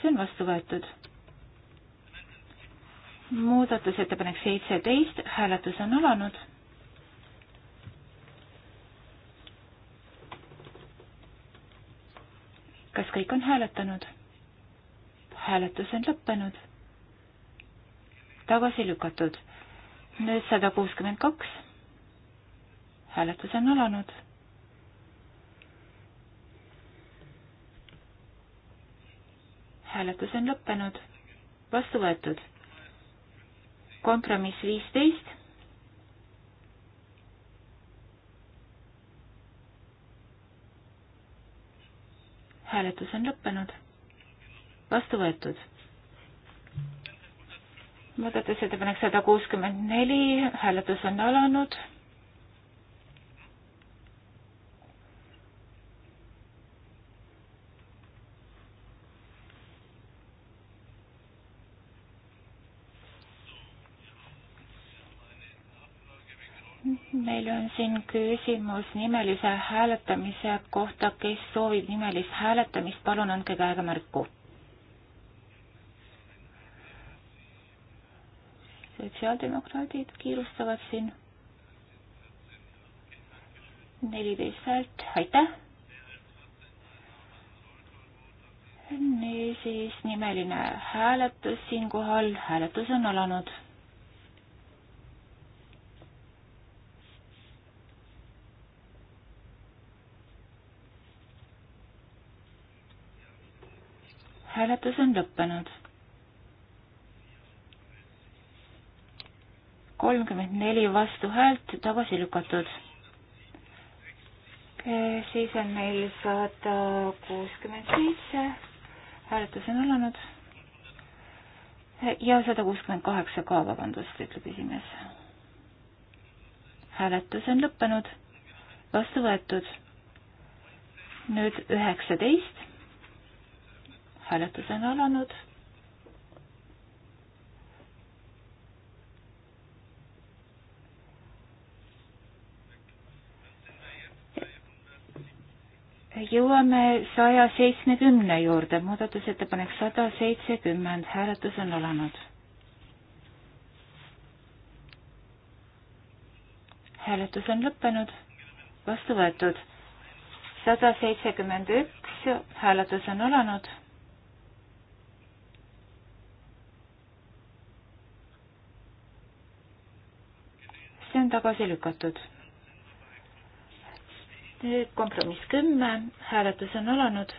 see on vastu võetud. muudatusettepanek seitseteist, hääletus on alanud kas kõik on hääletanud? hääletus on lõppenud. tagasi lükatud. nüüd sada kuuskümmend kaks. hääletus on alanud. hääletus on lõppenud. vastu võetud. kompromiss viisteist hääletus on lõppenud vastu võetud. muudatusettepanek sada kuuskümmend neli, hääletus on alanud. meil on siin küsimus nimelise hääletamise kohta, kes soovib nimelist hääletamist, palun andke käega märku sotsiaaldemokraadid kiirustavad siin. neliteist häält, aitäh. niisiis, nimeline hääletus siinkohal, hääletus on alanud hääletus on lõppenud. kolmkümmend neli vastuhäält tagasi lükatud. siis on meil sada kuuskümmend seitse, hääletus on alanud. ja sada kuuskümmend kaheksa ka, vabandust, ütleb esimees. hääletus on lõppenud, vastu võetud. nüüd üheksateist, hääletus on alanud jõuame saja seitsmekümne juurde, muudatusettepanek sada seitsekümmend, hääletus on alanud. hääletus on lõppenud, vastu võetud. sada seitsekümmend üks, hääletus on alanud. see on tagasi lükatud nüüd kompromiss kümme, hääletus on alanud.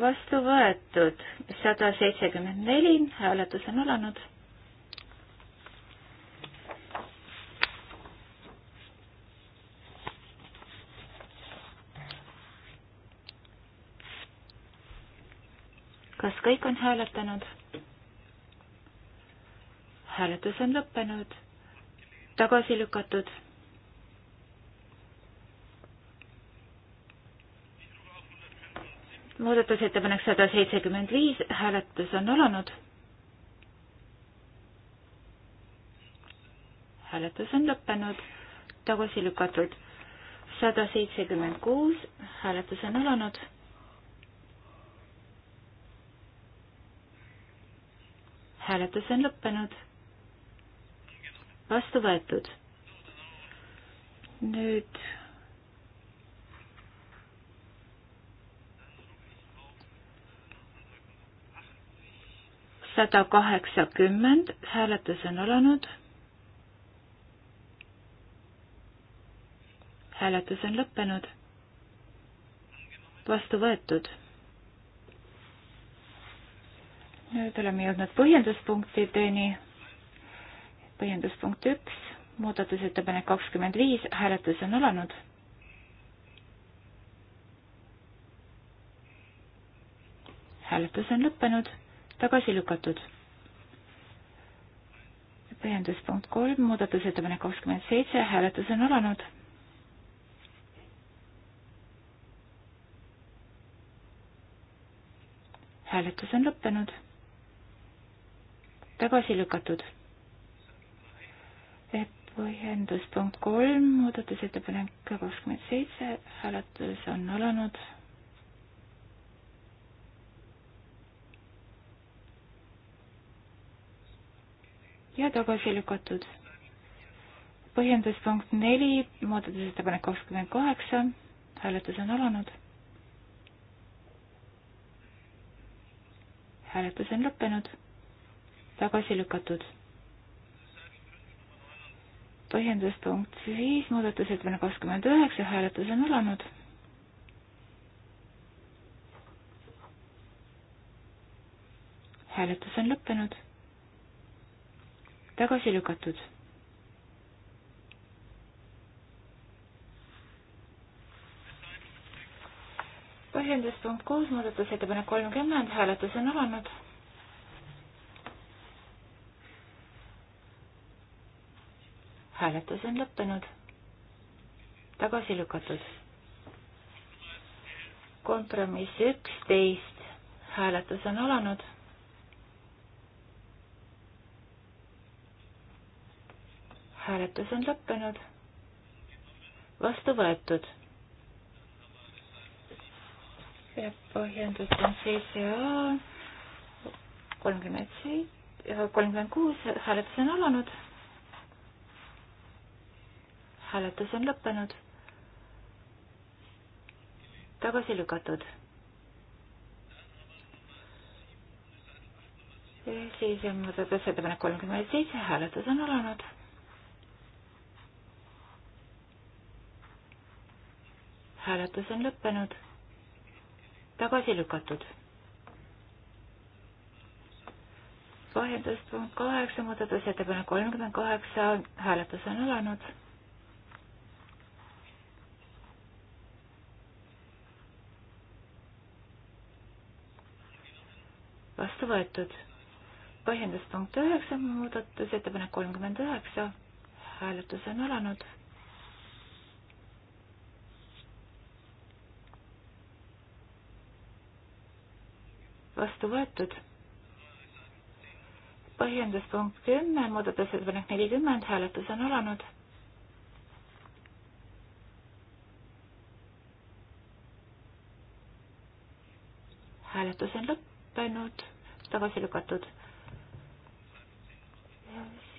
vastu võetud sada seitsekümmend neli, hääletus on alanud kas kõik on hääletanud? hääletus on lõppenud, tagasi lükatud. muudatusettepanek sada seitsekümmend viis, hääletus on alanud. hääletus on lõppenud, tagasi lükatud. sada seitsekümmend kuus, hääletus on alanud hääletus on lõppenud. vastu võetud. nüüd sada kaheksakümmend, hääletus on alanud. hääletus on lõppenud. vastu võetud nüüd oleme jõudnud põhjenduspunktideni. põhjenduspunkt üks, muudatusettepanek kakskümmend viis, hääletus on alanud. hääletus on lõppenud, tagasi lükatud. põhjenduspunkt kolm, muudatusettepanek kakskümmend seitse, hääletus on alanud hääletus on lõppenud tagasi lükatud. põhjendus punkt kolm, muudatusettepanek kakskümmend seitse, hääletus on alanud. ja tagasi lükatud. põhjendus punkt neli, muudatusettepanek kakskümmend kaheksa, hääletus on alanud. hääletus on lõppenud tagasi lükatud. põhjendus punkt viis, muudatusettepanek kakskümmend üheksa, hääletus on alanud. hääletus on lõppenud. tagasi lükatud. põhjendus punkt kuus, muudatusettepanek kolmkümmend, hääletus on alanud hääletus on lõppenud. tagasi lükatud. kompromiss üksteist, hääletus on alanud. hääletus on lõppenud. vastu võetud. ja põhjendus on seitse A kolmkümmend seitse, kolmkümmend kuus, hääletus on alanud hääletus on lõppenud. tagasi lükatud. siis on muudatusettepanek kolmkümmend seitse, hääletus on alanud. hääletus on lõppenud. tagasi lükatud põhjendus punkt kaheksa, muudatusettepanek kolmkümmend kaheksa, hääletus on alanud. vastu võetud. põhjendus punkt üheksa, muudatusettepanek kolmkümmend üheksa, hääletus on alanud. vastu võetud. põhjendus punkt kümme, muudatusettepanek nelikümmend, hääletus on alanud hääletus on lõppenud tagasi lükatud.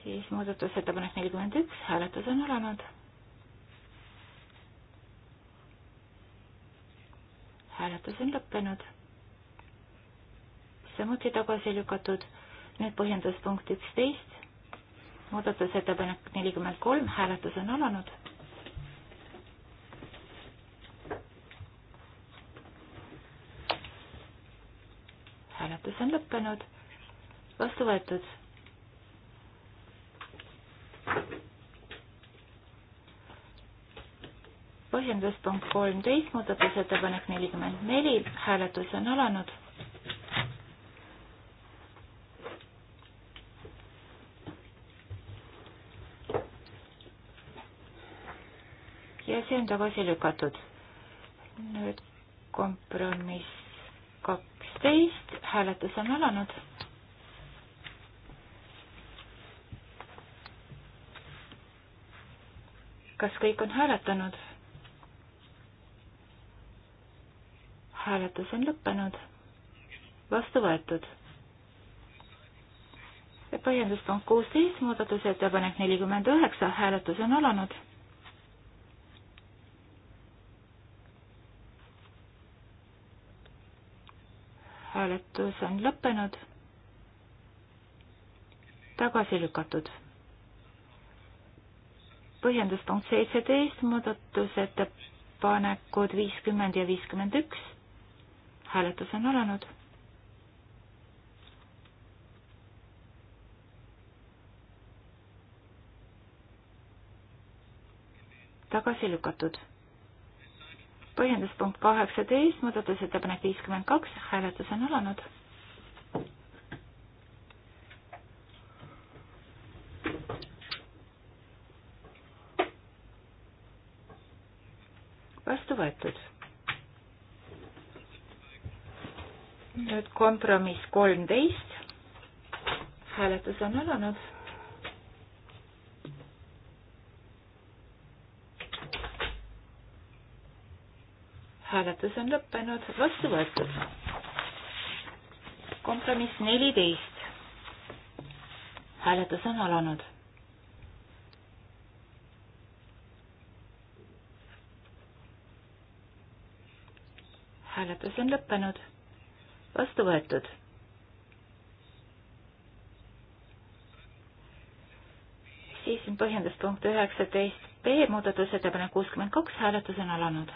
siis muudatusettepanek nelikümmend üks, hääletus on alanud. hääletus on lõppenud. samuti tagasi lükatud. nüüd põhjenduspunkt üksteist, muudatusettepanek nelikümmend kolm, hääletus on alanud hääletus on lõppenud, vastu võetud. põhjendus punkt kolmteist, muudatusettepanek nelikümmend neli, hääletus on alanud. ja see on tagasi lükatud. nüüd kompromiss kaksteist, hääletus on alanud. kas kõik on hääletanud? hääletus on lõppenud. vastu võetud. põhjenduspunkt kuusteist, muudatusettepanek nelikümmend üheksa, hääletus on alanud hääletus on lõppenud. tagasi lükatud. põhjendus punkt seitseteist, muudatusettepanekud viiskümmend ja viiskümmend üks. hääletus on alanud tagasi lükatud. põhjenduspunkt kaheksateist, muudatusettepanek viiskümmend kaks, hääletus on alanud võetud. nüüd kompromiss kolmteist. hääletus on alanud. hääletus on lõppenud, vastu võetud. kompromiss neliteist. hääletus on alanud. hääletus on lõppenud. vastu võetud. siis on põhjenduspunkt üheksateist B muudatusettepanek kuuskümmend kaks, hääletus on alanud.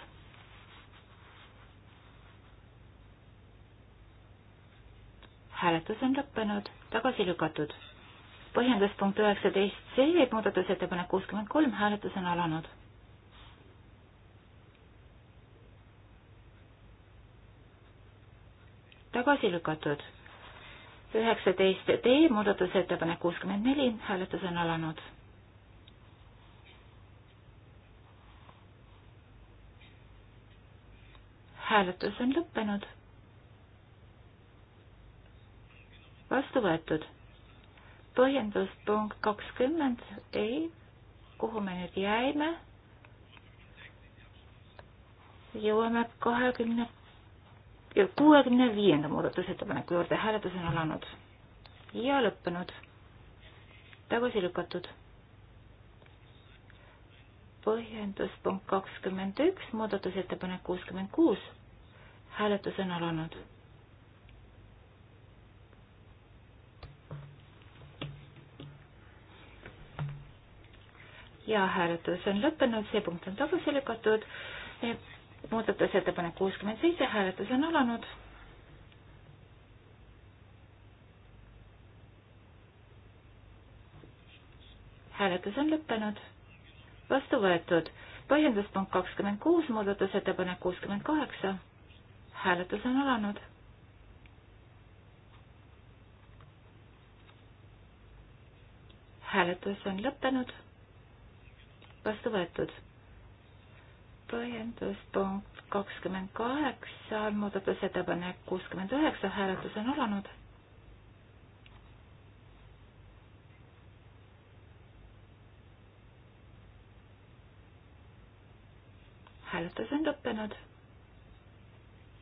hääletus on lõppenud, tagasi lükatud. põhjenduspunkt üheksateist C muudatusettepanek kuuskümmend kolm, hääletus on alanud tagasi lükatud. üheksateist D muudatusettepanek kuuskümmend neli, hääletus on alanud. hääletus on lõppenud. vastu võetud. põhjendus punkt kakskümmend, ei, kuhu me nüüd jäime? jõuame kahekümne ja kuuekümne viienda muudatusettepaneku juurde hääletus on alanud ja lõppenud. tagasi lükatud. põhjendus punkt kakskümmend üks, muudatusettepanek kuuskümmend kuus. hääletus on alanud. ja hääletus on lõppenud, see punkt on tagasi lükatud muudatusettepanek kuuskümmend seitse, hääletus on alanud. hääletus on lõppenud. vastu võetud põhjenduspunkt kakskümmend kuus, muudatusettepanek kuuskümmend kaheksa. hääletus on alanud. hääletus on lõppenud. vastu võetud põhjendus punkt kakskümmend kaheksa, muudatusettepanek kuuskümmend üheksa, hääletus on alanud. hääletus on lõppenud.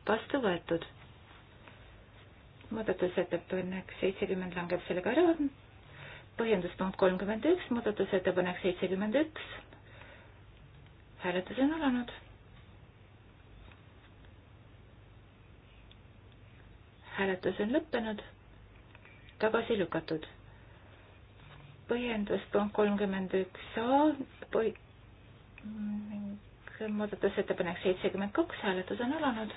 vastu võetud. muudatusettepanek seitsekümmend langeb sellega ära. põhjendus punkt kolmkümmend üks, muudatusettepanek seitsekümmend üks, hääletus on alanud. hääletus on lõppenud, tagasi lükatud. põhjenduspunkt kolmkümmend üks A, muudatusettepanek seitsekümmend kaks, hääletus on alanud.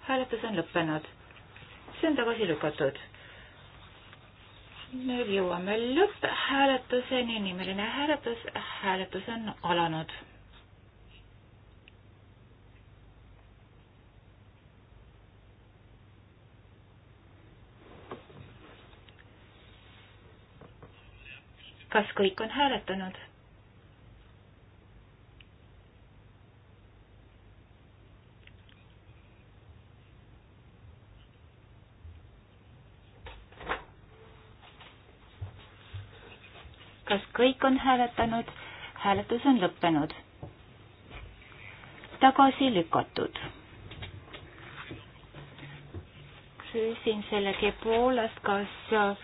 hääletus on lõppenud, see on tagasi lükatud nüüd jõuame lõpphääletuseni, nimeline hääletus, hääletus on alanud. kas kõik on hääletanud? kõik on hääletanud, hääletus on lõppenud. tagasi lükatud. küsin sellegi poolest, kas äh,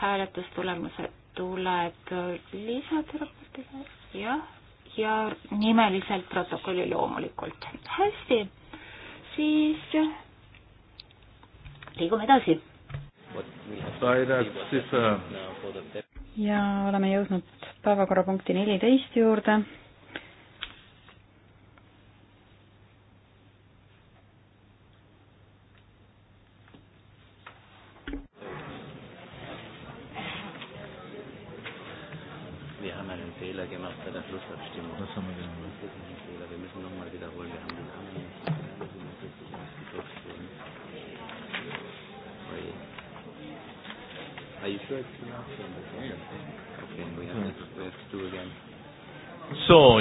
hääletustulemused tuleb lisada raportile, jah, ja nimeliselt protokolli loomulikult. hästi, siis äh, liigume edasi ja oleme jõudnud päevakorrapunkti neliteist juurde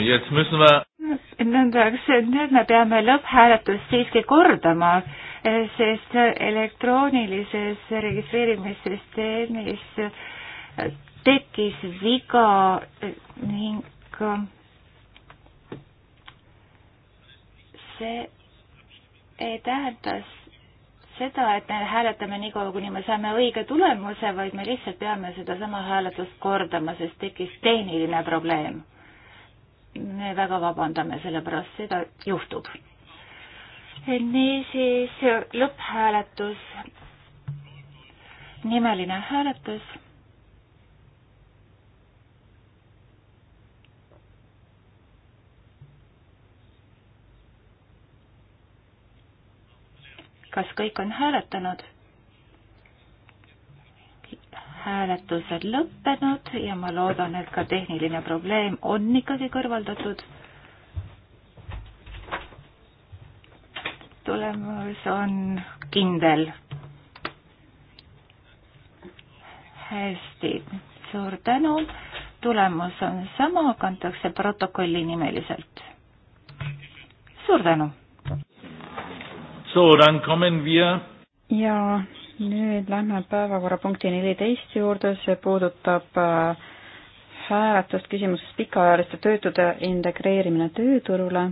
jetzt müssen wir nõndaks, nüüd me peame lõpphääletust siiski kordama, sest elektroonilises registreerimissüsteemis tekkis viga ning see ei tähenda seda, et me hääletame niikaua, kuni me saame õige tulemuse, vaid me lihtsalt peame sedasama hääletust kordama, sest tekkis tehniline probleem me väga vabandame selle pärast, seda juhtub. niisiis lõpphääletus, nimeline hääletus. kas kõik on hääletanud? hääletused lõppenud ja ma loodan, et ka tehniline probleem on ikkagi kõrvaldatud. tulemus on kindel. hästi, suur tänu. tulemus on sama, kantakse protokolli nimeliselt. suur tänu. So, dann kommen wir. Ja, nüüd lähme päevakorrapunkti neliteist juurde, see puudutab äh, hääletust küsimuses pikaajaliste töötude integreerimine tööturule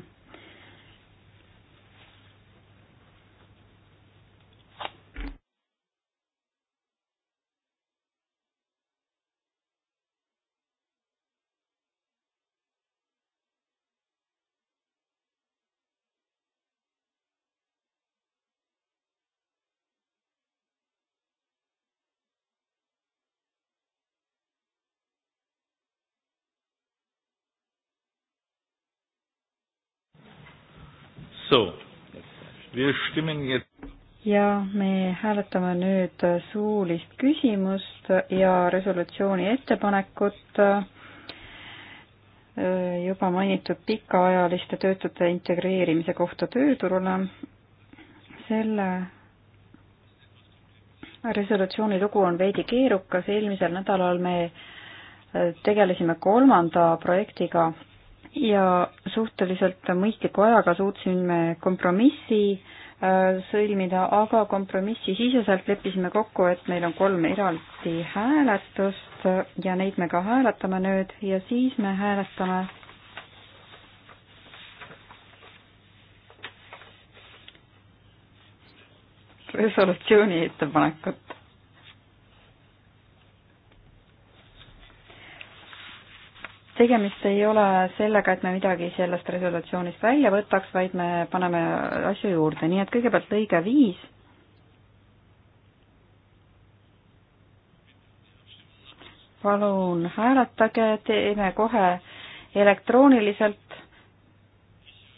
So, wir stimmen jetzt ja me hääletame nüüd suulist küsimust ja resolutsiooni ettepanekut äh, juba mainitud pikaajaliste töötute integreerimise kohta tööturule. selle resolutsiooni lugu on veidi keerukas, eelmisel nädalal me äh, tegelesime kolmanda projektiga ja suhteliselt mõistliku ajaga suutsime kompromissi äh, sõlmida, aga kompromissi siseselt leppisime kokku, et meil on kolm eraldi hääletust ja neid me ka hääletame nüüd ja siis me hääletame resolutsiooni ettepanekut. tegemist ei ole sellega, et me midagi sellest resolutsioonist välja võtaks, vaid me paneme asju juurde, nii et kõigepealt lõige viis. palun hääletage, teeme kohe elektrooniliselt.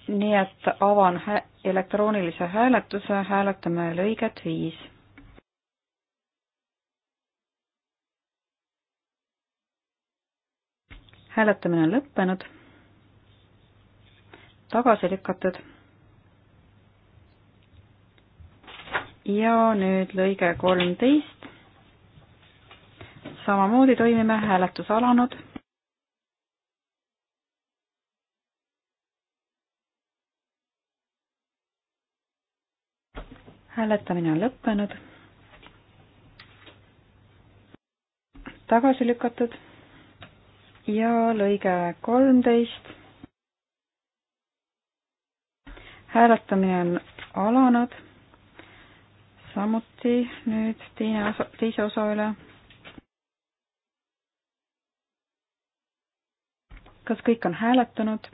nii et avan hä elektroonilise hääletuse, hääletame lõiget viis hääletamine on lõppenud, tagasi lükatud. ja nüüd lõige kolmteist. samamoodi toimime, hääletus alanud hääletamine on lõppenud. tagasi lükatud ja lõige kolmteist. hääletamine on alanud. samuti nüüd teine osa, teise osa üle. kas kõik on hääletanud?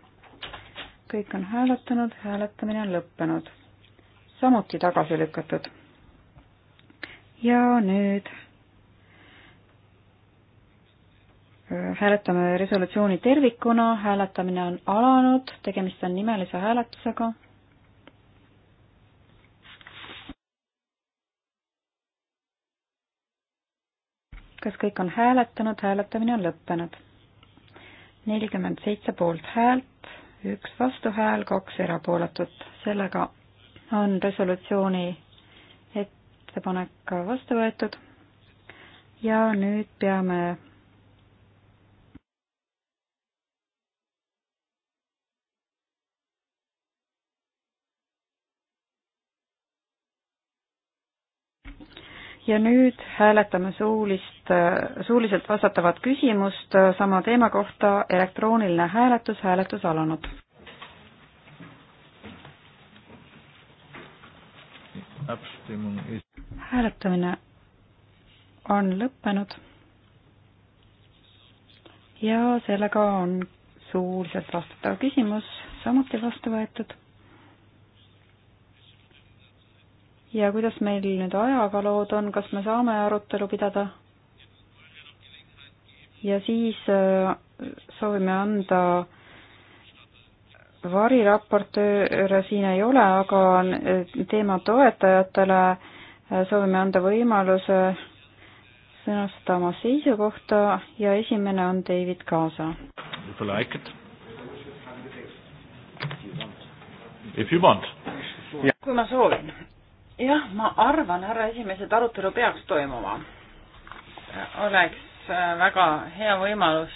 kõik on hääletanud, hääletamine on lõppenud. samuti tagasi lükatud. ja nüüd hääletame resolutsiooni tervikuna, hääletamine on alanud, tegemist on nimelise hääletusega. kas kõik on hääletanud, hääletamine on lõppenud. nelikümmend seitse poolthäält, üks vastuhääl, kaks erapooletut, sellega on resolutsiooni ettepanek vastu võetud ja nüüd peame ja nüüd hääletame suulist, suuliselt vastatavat küsimust sama teema kohta, elektrooniline hääletus, hääletus alanud. hääletamine on lõppenud. ja sellega on suuliselt vastatav küsimus samuti vastu võetud ja kuidas meil nüüd ajaga lood on, kas me saame arutelu pidada? ja siis äh, soovime anda variraportööre siin ei ole, aga äh, teema toetajatele äh, soovime anda võimaluse sõnastada oma seisukohta ja esimene on David Kaasa. kui ma soovin jah, ma arvan, härra esimees, et arutelu peaks toimuma. oleks äh, väga hea võimalus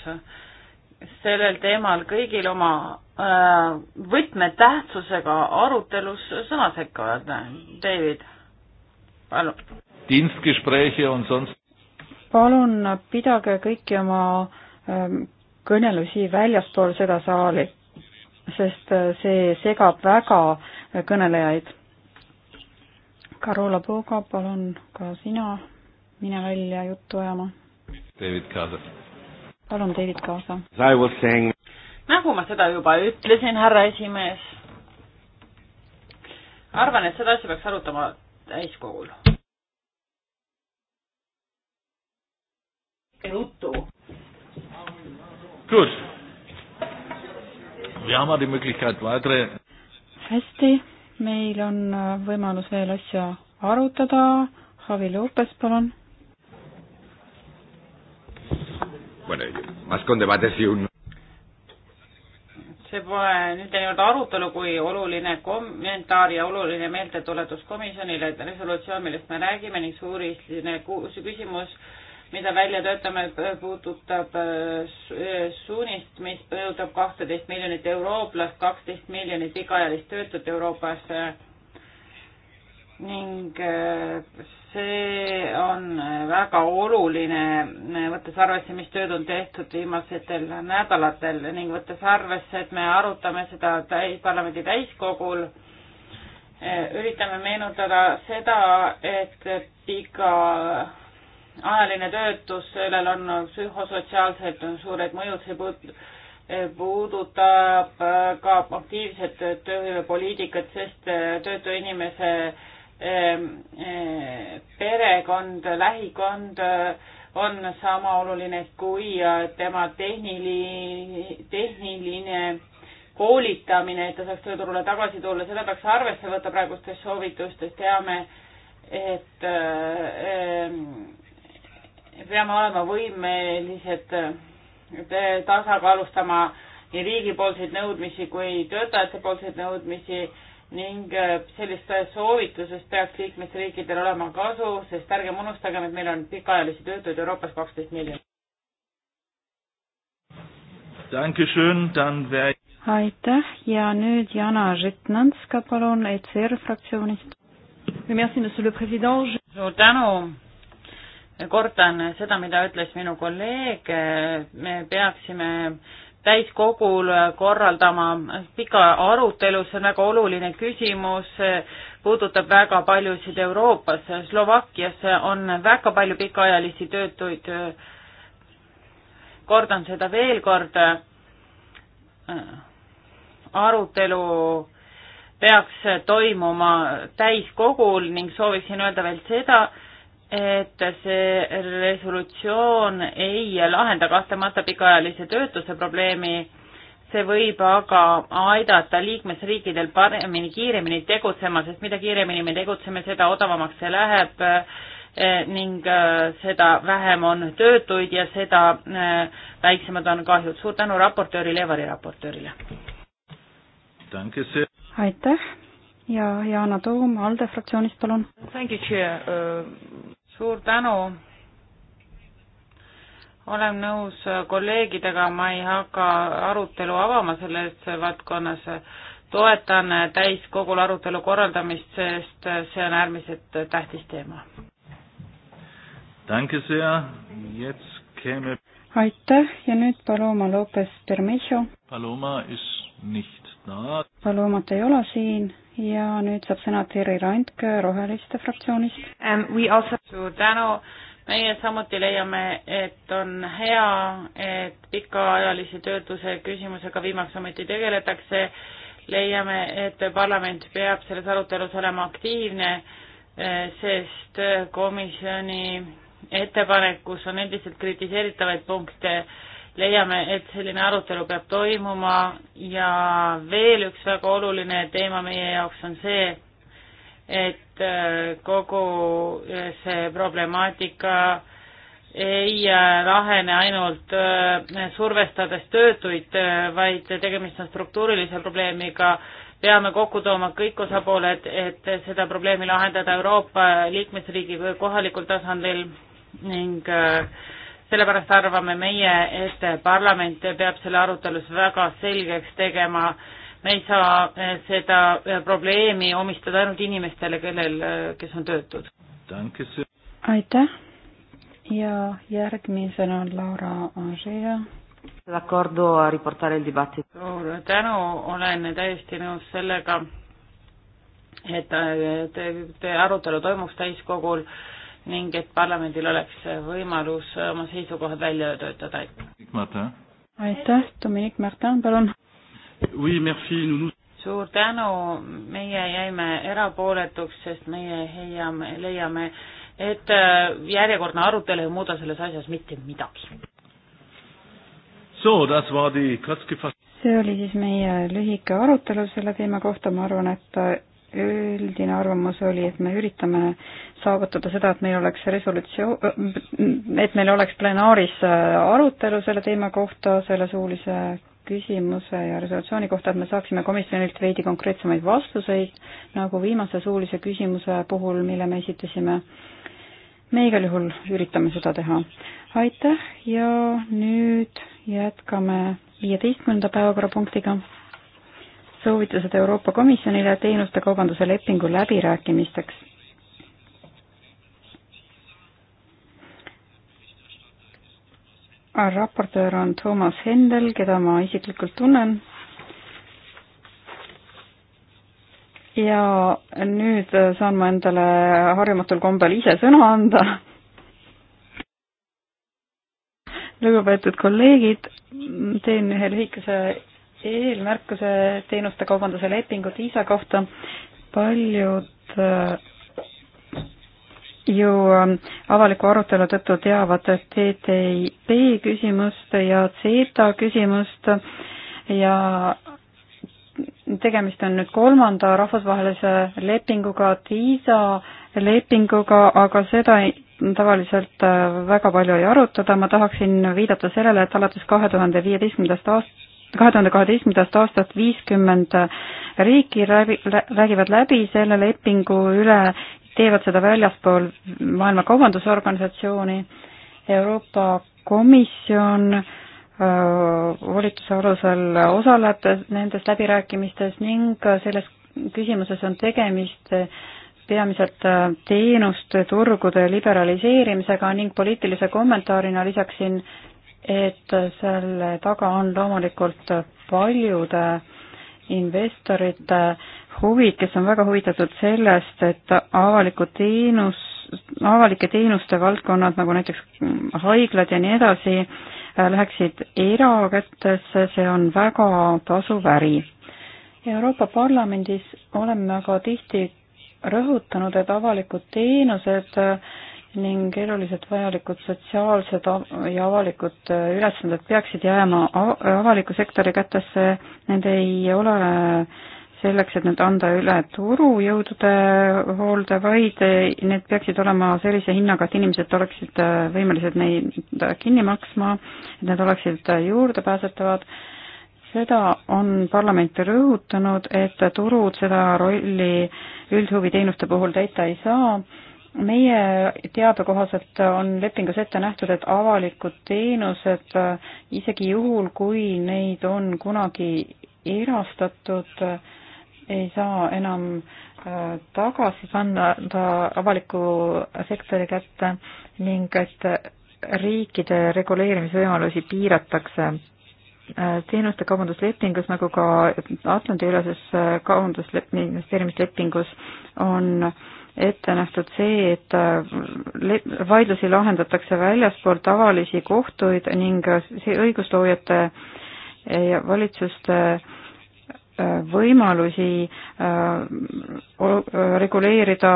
sellel teemal kõigil oma äh, võtmetähtsusega arutelus sõna sekka öelda. David, palun. Dienstgespräche und sonst. palun pidage kõiki oma ähm, kõnelusi väljaspool seda saali, sest äh, see segab väga kõnelejaid Karola Pooga, palun ka sina mine välja juttu ajama. David Kaasa. palun, David Kaasa. Saying... nagu ma seda juba ütlesin, härra esimees, arvan, et seda asja peaks arutama täiskogul. ruttu. Gut. Wir haben die Möglichkeit weitere hästi meil on äh, võimalus veel asja arutada. Javi Lopes, palun. see pole nüüd ainult arutelu kui oluline kommentaar ja oluline meeldetuletus komisjonile, et resolutsioon, millest me räägime ning suurisline küsimus mida välja töötame, puudutab äh, suunist, mis puudutab kahteteist miljonit eurooplast, kaksteist miljonit pikaajalist töötut Euroopas ning äh, see on väga oluline, võttes arvesse, mis tööd on tehtud viimasetel nädalatel ning võttes arvesse, et me arutame seda täis, parlamendi täiskogul, äh, üritame meenutada seda, et pika ajaline töötus, sellel on psühhosotsiaalsed suured mõjud, see puudutab äh, ka aktiivset tööhõivepoliitikat, sest äh, töötu inimese ähm, äh, perekond, lähikond on sama oluline kui tema tehnili-, tehniline koolitamine, et ta saaks tööturule tagasi tulla, seda peaks arvesse võtta praegustes soovitustes, teame, et äh, ähm, peame olema võimelised äh, tasakaalustama nii riigipoolseid nõudmisi kui töötajate poolseid nõudmisi ning äh, sellistest äh, soovitusest peaks liikmesriikidel olema kasu, sest ärgem unustagem, et meil on pikaajalisi töötuid Euroopas kaksteist miljonit. aitäh ja nüüd Jana Žitnanska, palun, ECR fraktsioonist. suur tänu kordan seda, mida ütles minu kolleeg, me peaksime täiskogul korraldama pika arutelu, see on väga oluline küsimus, puudutab väga paljusid Euroopas, Slovakkias on väga palju pikaajalisi töötuid, kordan seda veel kord, arutelu peaks toimuma täiskogul ning sooviksin öelda veel seda, et see resolutsioon ei lahenda kahtlemata pikaajalise töötuse probleemi, see võib aga aidata liikmesriikidel paremini, kiiremini tegutsema, sest mida kiiremini me tegutseme, seda odavamaks see läheb eh, ning eh, seda vähem on töötuid ja seda eh, väiksemad on kahjud. suur tänu raportöörile ja variraportöörile! aitäh ja Yana Toom ALDE fraktsioonist, palun! suur tänu. olen nõus kolleegidega, ma ei hakka arutelu avama selles valdkonnas. toetan täiskogul arutelu korraldamist, sest see on äärmiselt tähtis teema. aitäh ja nüüd Paloma Lopez Bermejo. Paloma is nicht da. Palomat ei ole siin ja nüüd saab sõna Terri Randke Roheliste fraktsioonist um,. Also... suur tänu, meie samuti leiame, et on hea, et pikaajalise töötuse küsimusega viimaks ometi tegeletakse. leiame, et parlament peab selles arutelus olema aktiivne, eh, sest komisjoni ettepanekus on endiselt kritiseeritavaid punkte leiame, et selline arutelu peab toimuma ja veel üks väga oluline teema meie jaoks on see, et äh, kogu äh, see problemaatika ei äh, lahene ainult survestades töötuid, vaid tegemist on struktuurilise probleemiga, peame kokku tooma kõik osapooled, et seda probleemi lahendada Euroopa liikmesriigi või kohalikul tasandil ning äh, sellepärast arvame meie, et parlament peab selle arutelus väga selgeks tegema, me ei saa eh, seda eh, probleemi omistada ainult inimestele, kellel, eh, kes on töötud. aitäh ja järgmisena on Laura Ažea. suur tänu, olen täiesti nõus sellega, et te, te arutelu toimuks täiskogul ning et parlamendil oleks võimalus oma seisukohad välja töötada. aitäh, Dominique Martin, palun oui,. suur tänu, meie jäime erapooletuks, sest meie heiame, leiame, et äh, järjekordne arutelu ei muuda selles asjas mitte midagi. see oli siis meie lühike arutelu selle teema kohta, ma arvan, et äh, üldine arvamus oli, et me üritame saavutada seda, et meil oleks resolutsioon, et meil oleks plenaaris äh, arutelu selle teema kohta, selle suulise küsimuse ja resolutsiooni kohta, et me saaksime komisjonilt veidi konkreetsemaid vastuseid, nagu viimase suulise küsimuse puhul, mille me esitasime. me igal juhul üritame seda teha. aitäh ja nüüd jätkame viieteistkümnenda päevakorrapunktiga soovitused Euroopa Komisjonile teenuste kaubanduse lepingu läbirääkimisteks. raportöör on Toomas Hendel, keda ma isiklikult tunnen. ja nüüd saan ma endale harjumatul kombel ise sõna anda. lugupeetud kolleegid, teen ühe lühikese eelmärkuse teenuste kaubanduse lepingu TISA kohta paljud äh, ju äh, avaliku arutelu tõttu teavad TTIP küsimust ja CETA küsimust ja tegemist on nüüd kolmanda rahvusvahelise lepinguga, TISA lepinguga, aga seda tavaliselt äh, väga palju ei arutada, ma tahaksin viidata sellele, et alates kahe tuhande viieteistkümnendast aast-, kahe tuhande kaheteistkümnendast aastast viiskümmend riiki läbi, räägivad läbi selle lepingu üle, teevad seda väljaspool Maailma Kaubandusorganisatsiooni, Euroopa Komisjon volituse alusel osaleb nendes läbirääkimistes ning selles küsimuses on tegemist peamiselt teenuste turgude liberaliseerimisega ning poliitilise kommentaarina lisaksin et selle taga on loomulikult paljude investorite huvid, kes on väga huvitatud sellest, et avalikud teenus, avalike teenuste valdkonnad, nagu näiteks haiglad ja nii edasi, läheksid erakätesse, see on väga tasuv äri. Euroopa Parlamendis oleme aga tihti rõhutanud, et avalikud teenused äh, ning eluliselt vajalikud sotsiaalsed ja avalikud äh, ülesanded peaksid jääma avaliku sektori kätesse, need ei ole selleks, et nüüd anda üle turujõudude hoolde, vaid äh, need peaksid olema sellise hinnaga, et inimesed oleksid äh, võimelised neid kinni maksma, et need oleksid juurdepääsetavad. seda on parlament rõhutanud, et turud seda rolli üldhuviteenuste puhul täita ei saa meie teabe kohaselt on lepingus ette nähtud, et avalikud teenused, isegi juhul, kui neid on kunagi erastatud, ei saa enam äh, tagasi panna ta avaliku sektori kätte ning et riikide reguleerimisvõimalusi piiratakse äh, teenuste kaubanduslepingus nagu ka Atlandi-üleses äh, kaubandusleping, investeerimislepingus on äh, ette nähtud see, et äh, vaidlusi lahendatakse väljaspool tavalisi kohtuid ning õigusloojate äh, ja valitsuste äh, võimalusi reguleerida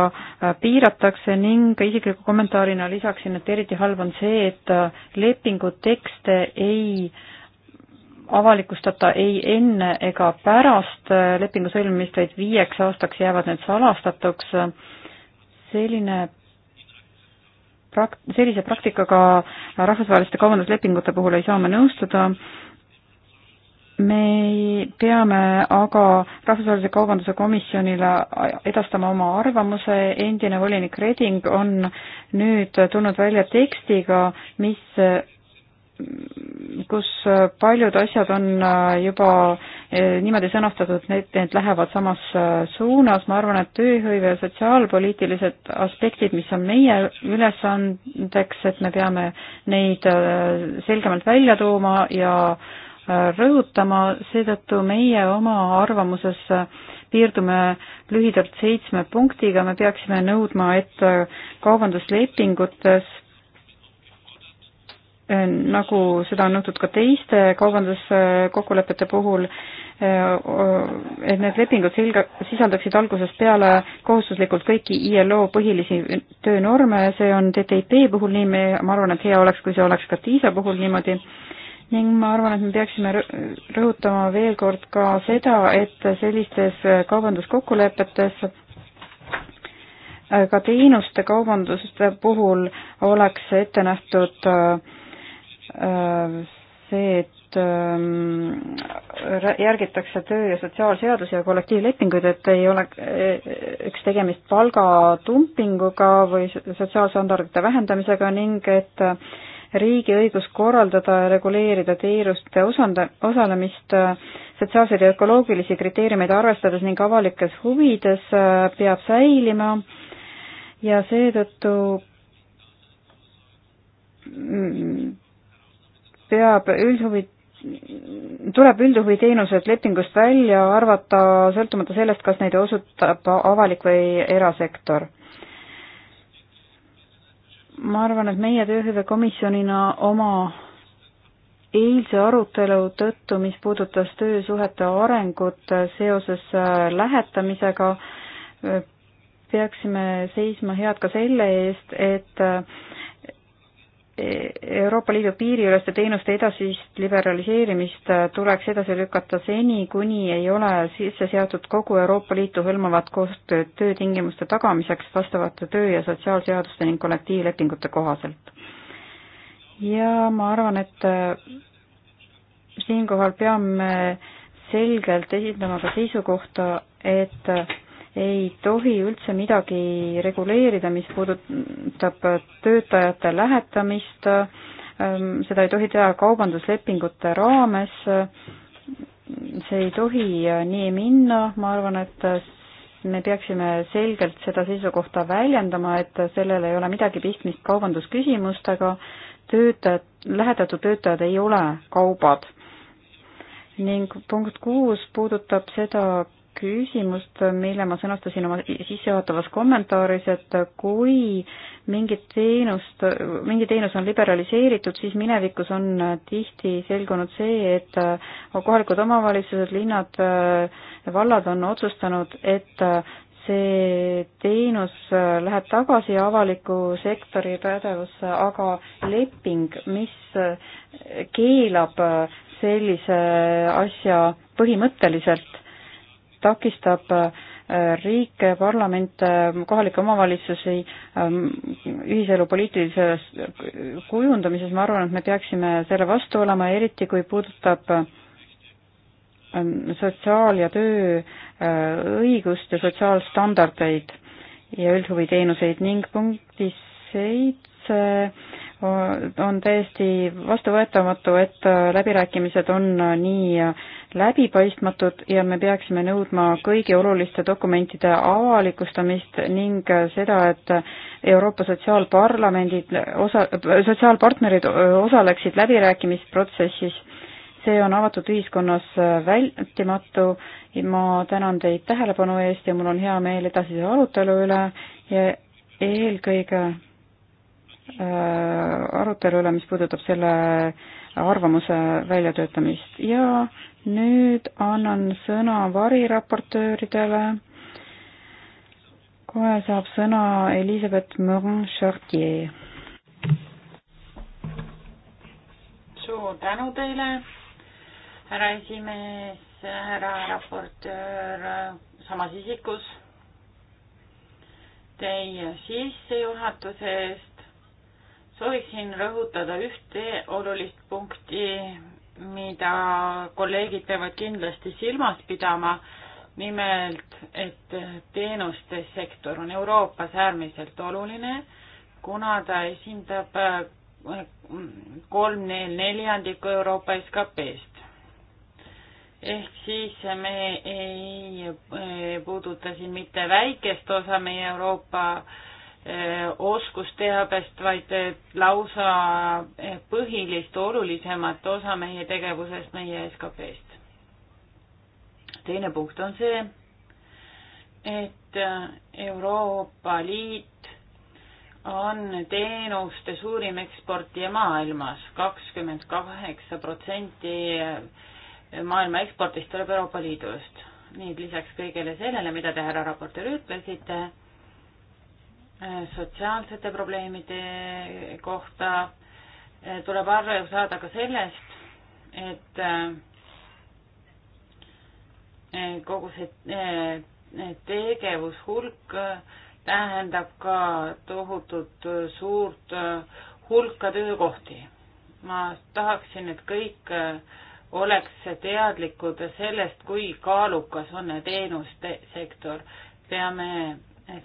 piiratakse ning isikliku kommentaarina lisaksin, et eriti halb on see, et lepingu tekste ei avalikustata ei enne ega pärast lepingu sõlmimist, vaid viieks aastaks jäävad need salastatuks selline prak-, sellise praktikaga rahvusvaheliste kaubanduslepingute puhul ei saa me nõustuda, me peame aga Rahvusvahelise Kaubanduse Komisjonile edastama oma arvamuse, endine volinik Reding on nüüd tulnud välja tekstiga, mis kus äh, paljud asjad on äh, juba äh, niimoodi sõnastatud, et need, need lähevad samas suunas, ma arvan, et tööhõive ja sotsiaalpoliitilised aspektid, mis on meie ülesandeks, et me peame neid selgemalt välja tooma ja rõhutama, seetõttu meie oma arvamuses piirdume lühidalt seitsme punktiga, me peaksime nõudma, et kaubanduslepingutes Äh, nagu seda on nõutud ka teiste kaubanduskokkulepete puhul, äh, et need lepingud selga, sisaldaksid algusest peale kohustuslikult kõiki ILO põhilisi töönorme, see on TTIP puhul nii, me, ma arvan, et hea oleks, kui see oleks ka TISA puhul niimoodi, ning ma arvan, et me peaksime rõhutama veel kord ka seda, et sellistes kaubanduskokkulepetes äh, ka teenuste kaubanduste puhul oleks ette nähtud äh, Äh, see, et ähm, järgitakse töö- ja sotsiaalseadusi ja kollektiivlepinguid, et ei ole äh, üks tegemist palgatumpinguga või sotsiaalstandardite vähendamisega ning et äh, riigi õigus korraldada ja reguleerida teenuste osanda-, osalemist sotsiaalseid ja ökoloogilisi kriteeriumeid arvestades ning avalikes huvides peab säilima ja seetõttu mm, peab üldhuvi, tuleb üldhuviteenused lepingust välja arvata sõltumata sellest, kas neid osutab avalik või erasektor. ma arvan, et meie tööhüve komisjonina oma eilse arutelu tõttu, mis puudutas töösuhete arengut seoses lähetamisega, peaksime seisma head ka selle eest, et Euroopa Liidu piiriüleste teenuste edasist liberaliseerimist tuleks edasi lükata seni, kuni ei ole sisse seatud kogu Euroopa Liitu hõlmavat koostööd töötingimuste tagamiseks vastavate töö- ja sotsiaalseaduste ning kollektiivlepingute kohaselt. ja ma arvan, et äh, siinkohal peame selgelt esindama ka seisukohta, et ei tohi üldse midagi reguleerida, mis puudutab töötajate lähetamist, ähm, seda ei tohi teha kaubanduslepingute raames, see ei tohi äh, nii minna, ma arvan, et äh, me peaksime selgelt seda seisukohta väljendama, et sellel ei ole midagi pistmist kaubandusküsimustega, töötajad, lähetatud töötajad ei ole kaubad ning punkt kuus puudutab seda, küsimust, mille ma sõnastasin oma sissejuhatavas kommentaaris, et kui mingit teenust, mingi teenus on liberaliseeritud, siis minevikus on tihti selgunud see, et kohalikud omavalitsused, linnad, vallad on otsustanud, et see teenus läheb tagasi avaliku sektori pädevusse, aga leping, mis keelab sellise asja põhimõtteliselt takistab äh, riike, parlamente, äh, kohalikke omavalitsusi ähm, ühiselu poliitilises kujundamises, ma arvan, et me peaksime selle vastu olema, eriti kui puudutab ähm, sotsiaal- ja tööõigust äh, ja sotsiaalstandardeid ja üldhuviteenuseid ning punktis seitse on täiesti vastuvõetamatu, et äh, läbirääkimised on äh, nii läbipaistmatud ja me peaksime nõudma kõigi oluliste dokumentide avalikustamist ning äh, seda, et Euroopa sotsiaalparlamendid osa, sotsiaalpartnerid osaleksid läbirääkimisprotsessis. see on avatud ühiskonnas vältimatu. ma tänan teid tähelepanu eest ja mul on hea meel edasise arutelu üle ja eelkõige Äh, arutelu üle, mis puudutab selle arvamuse väljatöötamist ja nüüd annan sõna variraportööridele. kohe saab sõna Elizabeth Morin-Chartier. suur tänu teile, härra esimees, härra raportöör samas isikus. Teie sissejuhatuse eest sooviksin rõhutada ühte olulist punkti, mida kolleegid peavad kindlasti silmas pidama, nimelt, et teenuste sektor on Euroopas äärmiselt oluline, kuna ta esindab äh, kolm neljandikku Euroopa SKP-st. ehk siis me ei äh, puuduta siin mitte väikest osa meie Euroopa äh, oskusteabest, vaid lausa põhilist, olulisemat osa meie tegevusest, meie SKP-st. teine punkt on see, et Euroopa Liit on teenuste suurim eksportija maailmas, kakskümmend kaheksa protsenti maailma ekspordist tuleb Euroopa Liidust. nii et lisaks kõigele sellele, mida te, härra raportöör, ütlesite, Äh, sotsiaalsete probleemide kohta äh, tuleb aru saada ka sellest, et äh, kogu see tegevushulk tähendab ka tohutut suurt hulka töökohti. ma tahaksin, et kõik oleks teadlikud sellest, kui kaalukas on teenuste sektor. peame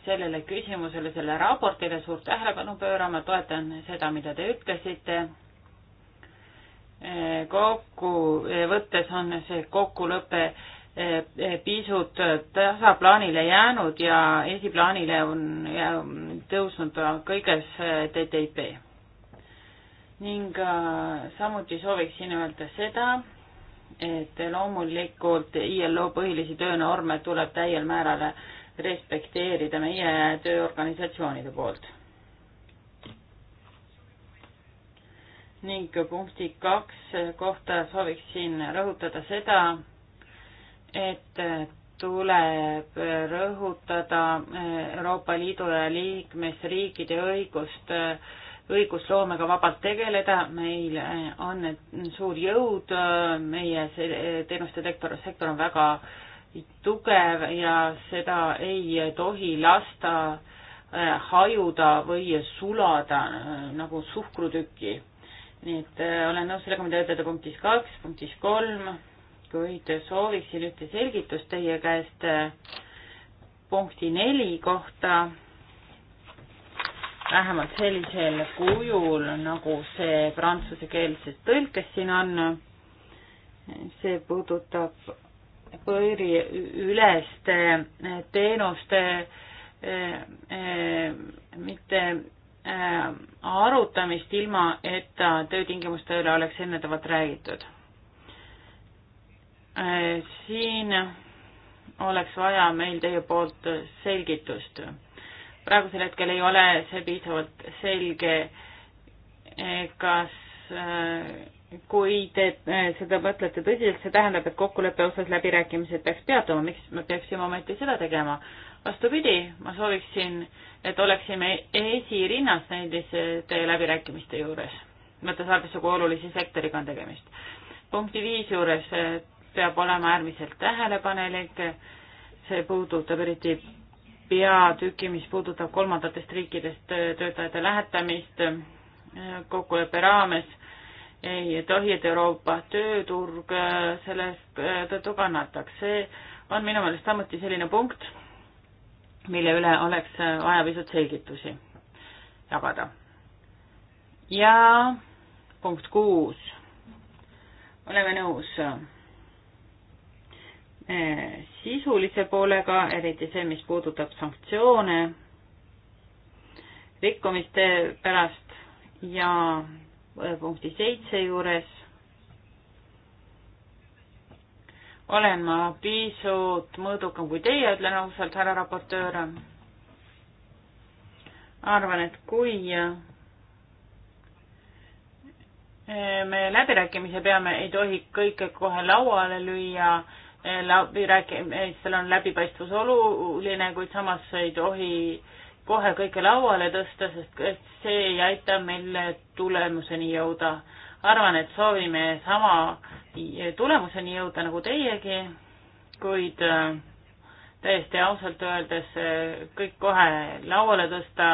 sellele küsimusele, selle raportile suurt tähelepanu pöörama, toetan seda, mida te ütlesite. kokkuvõttes on see kokkulõpe eh, pisut tasaplaanile jäänud ja esiplaanile on tõusnud kõiges TTIP. ning eh, samuti sooviksin öelda seda, et loomulikult ILO põhilisi töönorme tuleb täiel määral respekteerida meie tööorganisatsioonide poolt. ning punkti kaks kohta sooviksin rõhutada seda, et tuleb rõhutada Euroopa Liidu ja liikmesriikide õigust, õigusloomega vabalt tegeleda, meil on suur jõud, meie teenuste sektor, sektor on väga äh, tugev ja seda ei tohi lasta äh, hajuda või sulada äh, nagu suhkrutükki. nii et äh, olen nõus sellega, mida ütlete punktis kaks, punktis kolm, kuid sooviksin ühte selgitust teie käest punkti neli kohta, vähemalt sellisel kujul, nagu see prantsusekeelses tõlkes siin on. see puudutab piiriüleste teenuste eh, eh, mitte eh, arutamist, ilma et töötingimuste üle oleks ennetavalt räägitud. siin oleks vaja meil teie poolt selgitust. praegusel hetkel ei ole see piisavalt selge, kas kui te eh, seda mõtlete tõsiselt, see tähendab, et kokkuleppe osas läbirääkimised peaks peatuma, miks me peaksime ometi seda tegema? vastupidi, ma sooviksin, et oleksime esirinnas nendiste eh, läbirääkimiste juures, võttes arvesse, kui olulise sektoriga on tegemist. punkti viis juures eh, peab olema äärmiselt tähelepanelik, see puudutab eriti peatüki, mis puudutab kolmandatest riikidest töötajate lähetamist kokkuleppe raames ei tohi, et Euroopa tööturg äh, sellest äh, tõttu kannataks. see on minu meelest samuti selline punkt, mille üle oleks äh, vaja pisut selgitusi jagada. ja punkt kuus. oleme nõus sisulise poolega, eriti see, mis puudutab sanktsioone rikkumiste pärast ja punkti seitse juures olen ma pisut mõõdukam kui teie, ütlen ausalt, härra raportöör. arvan, et kui eh, me läbirääkimise peame, ei tohi kõike kohe lauale lüüa, eh, läbirääkimistel on läbipaistvus oluline, kuid samas ei tohi kohe kõike lauale tõsta, sest see ei aita meil tulemuseni jõuda. arvan, et soovime sama tulemuseni jõuda nagu teiegi, kuid äh, täiesti ausalt öeldes äh, kõik kohe lauale tõsta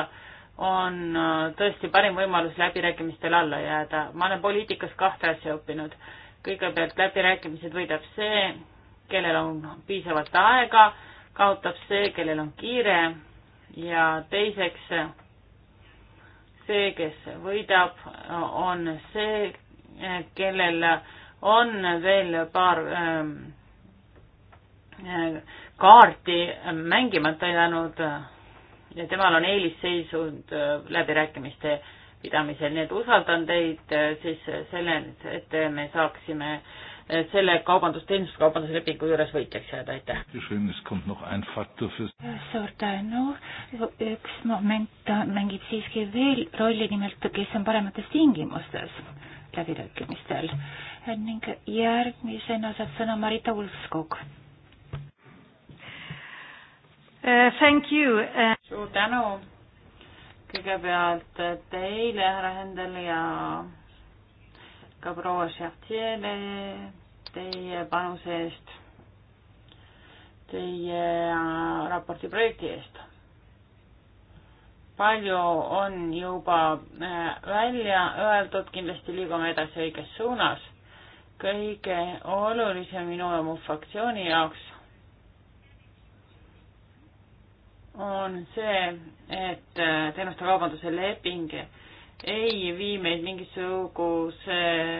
on äh, tõesti parim võimalus läbirääkimistel alla jääda. ma olen poliitikas kahte asja õppinud. kõigepealt läbirääkimised võidab see, kellel on piisavalt aega, kaotab see, kellel on kiire ja teiseks see, kes võidab, on see, kellel on veel paar ähm, äh, kaarti mängimata jäänud ja temal on eelisseisund äh, läbirääkimiste pidamisel, nii et usaldan teid äh, siis selles, et me saaksime äh, selle kaubandusteenus, kaubanduslepingu juures võitjaks jääda, aitäh. suur tänu, üks moment mängib siiski veel rolli, nimelt kes on paremates tingimustes läbirääkimistel ning järgmisena saab sõna Marita Ulfskog. Uh, thank you uh.... suur tänu kõigepealt teile, härra Hendel ja ka proua Šeftšele teie panuse eest, teie äh, raporti projekti eest. palju on juba äh, välja öeldud, kindlasti liigume edasi õiges suunas. kõige olulisem minu ja mu fraktsiooni jaoks on see, et äh, teenuste kaubanduse leping ei vii meid mingisuguse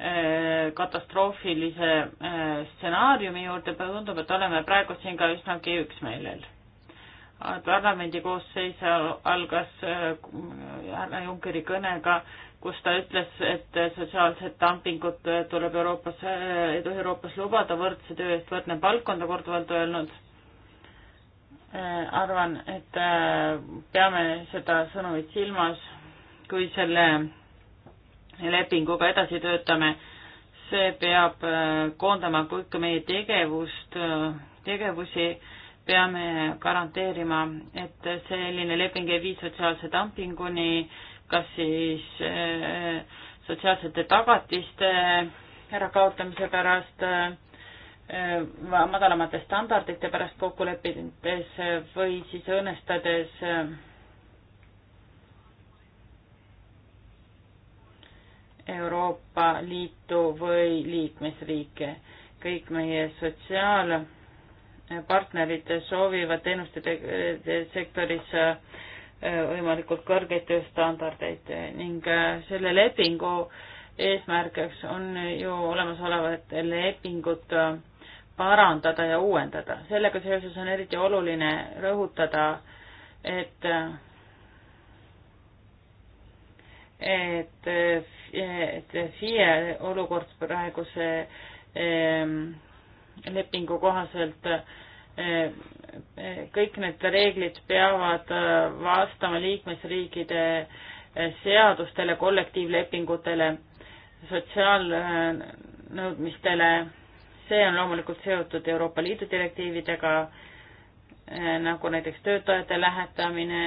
äh, katastroofilise äh, stsenaariumi juurde, tundub, et oleme praegu siin ka üsnagi üksmeelel. parlamendi koosseis algas äh, härra Junckeri kõnega, kus ta ütles, et sotsiaalset dumpingut tuleb Euroopas, ei tohi Euroopas lubada, võrdse töö eest võrdne palk on ta korduvalt öelnud. arvan, et peame seda sõnumit silmas kui selle lepinguga edasi töötame, see peab äh, koondama kõik meie tegevust, äh, tegevusi, peame garanteerima, et selline leping ei vii sotsiaalse dumpinguni, kas siis äh, sotsiaalsete tagatiste ärakaotamise pärast, madalamate standardite pärast kokkulepides või siis õõnestades Euroopa Liitu või liikmesriike. kõik meie sotsiaalpartnerid soovivad teenuste sektoris äh, võimalikult kõrgeid tööstandardeid ning äh, selle lepingu eesmärgiks on ju olemasolevat lepingut äh, parandada ja uuendada. sellega seoses on eriti oluline rõhutada, et et, et FIE olukord praeguse ehm, lepingu kohaselt ehm, kõik need reeglid peavad äh, vastama liikmesriikide äh, seadustele, kollektiivlepingutele, sotsiaalnõudmistele, see on loomulikult seotud Euroopa Liidu direktiividega, äh, nagu näiteks töötajate lähetamine,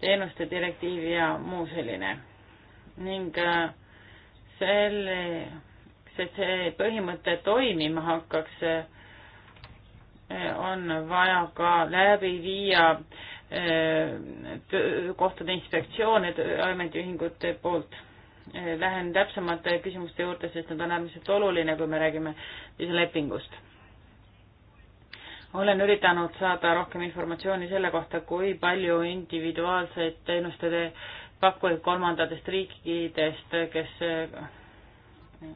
teenuste direktiiv ja muu selline. ning äh, selle, see, see põhimõte toimima hakkaks, äh, on vaja ka läbi viia äh, kohtade inspektsioone ametiühingute poolt. Lähen täpsemate küsimuste juurde, sest nad on äärmiselt oluline, kui me räägime lepingust olen üritanud saada rohkem informatsiooni selle kohta, kui palju individuaalseid teenuste pakkujaid kolmandatest riikidest, kes eh,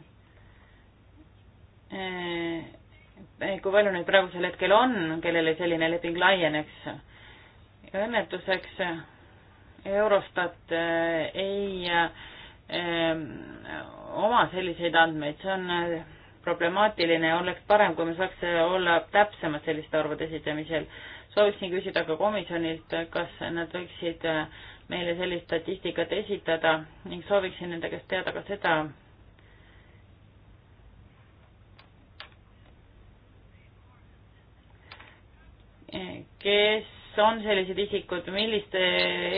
eh, kui palju neid praegusel hetkel on, kellele selline leping laieneks. õnnetuseks Eurostat eh, ei oma selliseid andmeid, see on problemaatiline, oleks parem, kui me saaks olla täpsemad selliste arvude esitamisel. sooviksin küsida ka komisjonilt, kas nad võiksid äh, meile sellist statistikat esitada ning sooviksin nende käest teada ka seda, kes on sellised isikud, milliste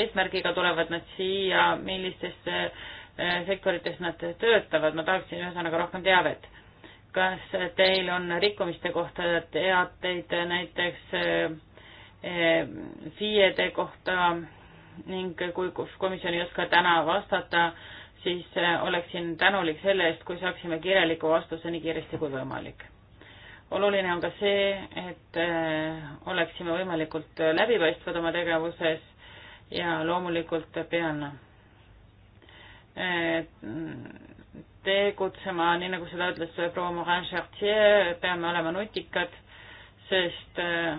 eesmärgiga tulevad nad siia, millistes äh, sektorites nad töötavad, ma tahaksin ühesõnaga rohkem teavet kas teil on rikkumiste kohta teateid näiteks eh, FIE-de kohta ning kui komisjon ei oska täna vastata, siis eh, oleksin tänulik selle eest, kui saaksime kirjaliku vastuse nii kiiresti kui võimalik. oluline on ka see, et eh, oleksime võimalikult läbipaistvad oma tegevuses ja loomulikult pean tegutsema, nii nagu seda ütles proua Morin Chartier, peame olema nutikad, sest äh,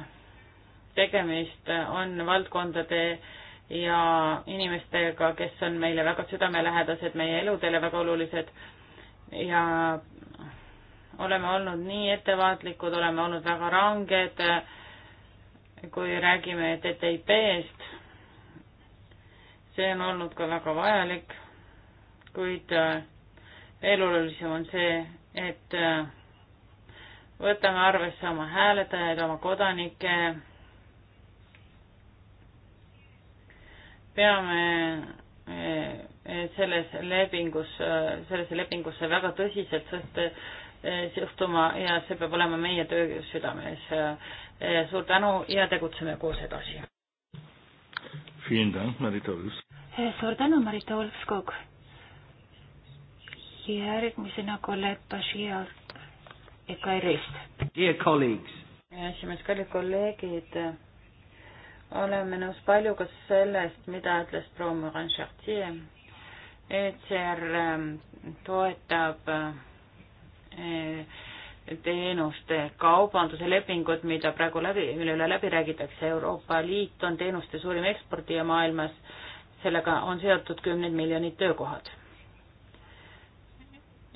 tegemist on valdkondade ja inimestega, kes on meile väga südamelähedased, meie eludele väga olulised ja oleme olnud nii ettevaatlikud, oleme olnud väga ranged, äh, kui räägime TTIP-st. see on olnud ka väga vajalik, kuid äh, eelolulisem on see, et äh, võtame arvesse oma hääletajaid, oma kodanikke. peame äh, selles lepingus, äh, sellesse lepingusse väga tõsiselt sest suhtuma ja see peab olema meie töö südames. suur tänu ja tegutseme koos edasi. suur tänu, Marita Ulfskog järgmisena kolleeg Bashialt EKR-ist. esimees, kallid kolleegid, oleme nõus paljuga sellest, mida ütles proua Morin Chartier. ECR ähm, toetab äh, teenuste kaubanduse lepingut, mida praegu läbi, mille üle läbi räägitakse. Euroopa Liit on teenuste suurim eksportija maailmas, sellega on seotud kümned miljonid töökohad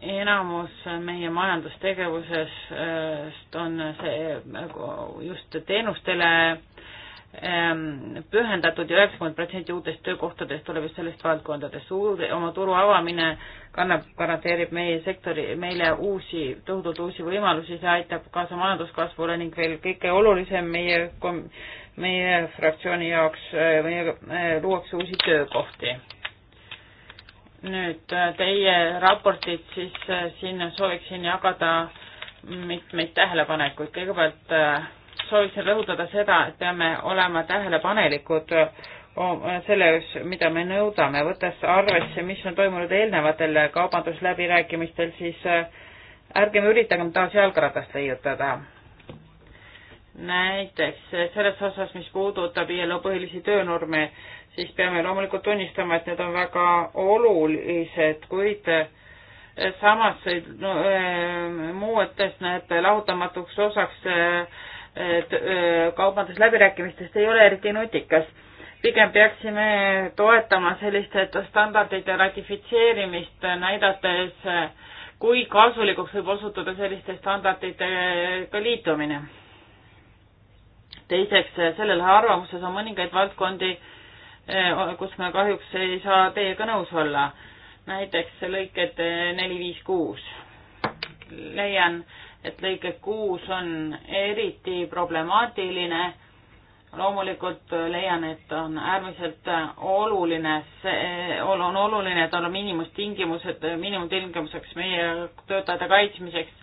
enamus meie majandustegevusest on see äh, just teenustele ähm, pühendatud ja üheksakümmend protsenti uutest töökohtadest tuleb just sellest valdkondadest. oma turu avamine kannab, garanteerib meie sektori, meile uusi, tohutult uusi võimalusi, see aitab kaasa majanduskasvule ning veel kõige olulisem meie, meie fraktsiooni jaoks, äh, meie äh, luuakse uusi töökohti nüüd äh, teie raportit, siis äh, siin sooviksin jagada mitmeid tähelepanekuid. kõigepealt äh, sooviksin rõhutada seda, et peame olema tähelepanelikud selles, mida me nõudame, võttes arvesse, mis on toimunud eelnevatel kaubandusläbirääkimistel, siis ärgem üritagem taas jalgratast leiutada. näiteks selles osas, mis puudutab ILO põhilisi töönorme siis peame loomulikult tunnistama, et need on väga olulised, kuid eh, samas eh, no, eh, muudes need lahutamatuks osaks kaubandusläbirääkimistest ei ole eriti nutikas. pigem peaksime toetama selliste standardite ratifitseerimist, näidates, kui kasulikuks võib osutuda selliste standarditega liitumine. teiseks, selles arvamuses on mõningaid valdkondi, Äh, kus me kahjuks ei saa teiega nõus olla. näiteks lõiked äh, neli, viis, kuus. leian, et lõige kuus on eriti problemaatiline. loomulikult leian, et on äärmiselt äh, oluline, see on oluline, et on miinimumtingimused, miinimumtingimuseks meie töötajate kaitsmiseks.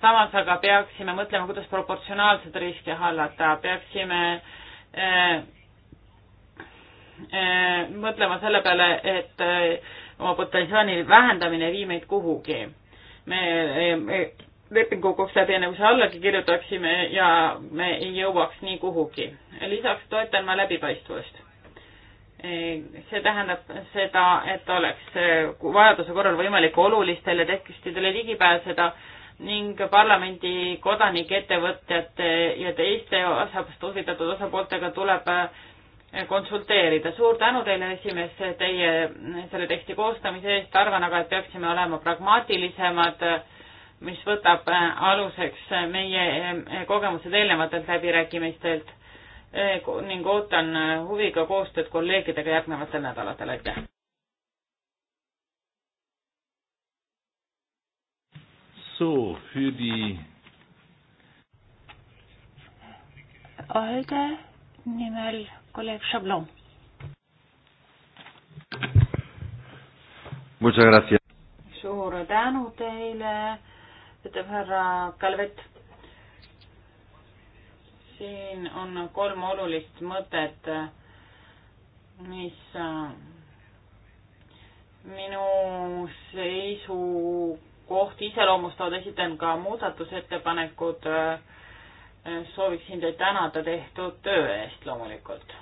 samas aga peaksime mõtlema, kuidas proportsionaalselt riske hallata, peaksime äh, Eh, mõtlema selle peale, et eh, oma potentsiaali vähendamine ei vii meid kuhugi. me, eh, me lepingu kokkulepinevuse allagi kirjutaksime ja me ei jõuaks nii kuhugi. lisaks toetan ma läbipaistvust. see tähendab seda, et oleks vajaduse korral võimalik olulistele tekstidele ligi pääseda ning parlamendi kodanike, ettevõtjate ja teiste asjast huvitatud osapooltega tuleb äh, konsulteerida. suur tänu teile, esimees, teie selle teksti koostamise eest, arvan aga, et peaksime olema pragmaatilisemad, mis võtab aluseks meie kogemused eelnevatelt läbirääkimistelt ning ootan huviga koostööd kolleegidega järgnevatel nädalatel, aitäh! So, für die Alde nimel Kolleeg Šablon. suur tänu teile, ütleb härra Kalvet. siin on kolm olulist mõtet, mis äh, minu seisukohti iseloomustavad, esitan ka muudatusettepanekud äh, sooviksin teid tänada tehtud töö eest loomulikult.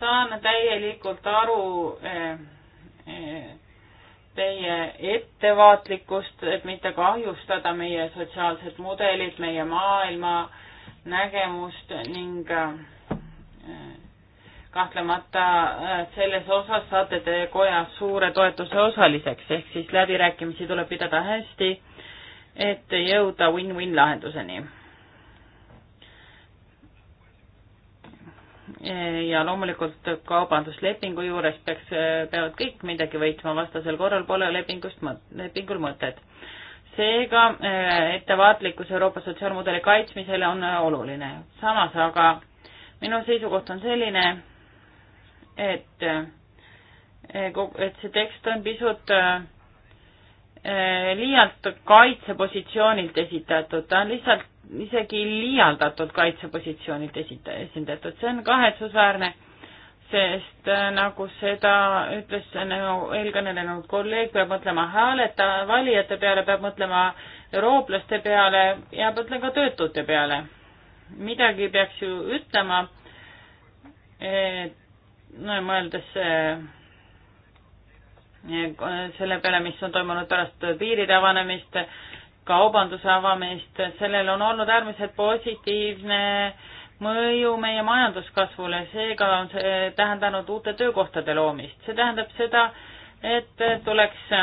saan täielikult aru eh, eh, teie ettevaatlikkust, et mitte kahjustada meie sotsiaalset mudelit, meie maailma nägemust ning eh, kahtlemata selles osas saate te koja suure toetuse osaliseks, ehk siis läbirääkimisi tuleb pidada hästi et jõuda win-win lahenduseni. ja loomulikult kaubanduslepingu juures peaks, peavad kõik midagi võitma, vastasel korral pole lepingust, lepingul mõtet. seega eh, ettevaatlikkus Euroopa sotsiaalmudeli kaitsmisele on oluline. samas aga minu seisukoht on selline, et, eh, et see tekst on pisut äh, Eh, liialt kaitsepositsioonilt esitatud, ta on lihtsalt isegi liialdatud kaitsepositsioonilt esita-, esindatud, see on kahetsusväärne, sest eh, nagu seda ütles nagu eelkõnelenud kolleeg, peab mõtlema hääleta, valijate peale, peab mõtlema eurooplaste peale ja mõtlen ka töötute peale. midagi peaks ju ütlema, eh, no mõeldes Äh, selle peale, mis on toimunud pärast piiride avanemist, kaubanduse avamist, sellel on olnud äärmiselt positiivne mõju meie majanduskasvule, seega on see tähendanud uute töökohtade loomist. see tähendab seda, et tuleks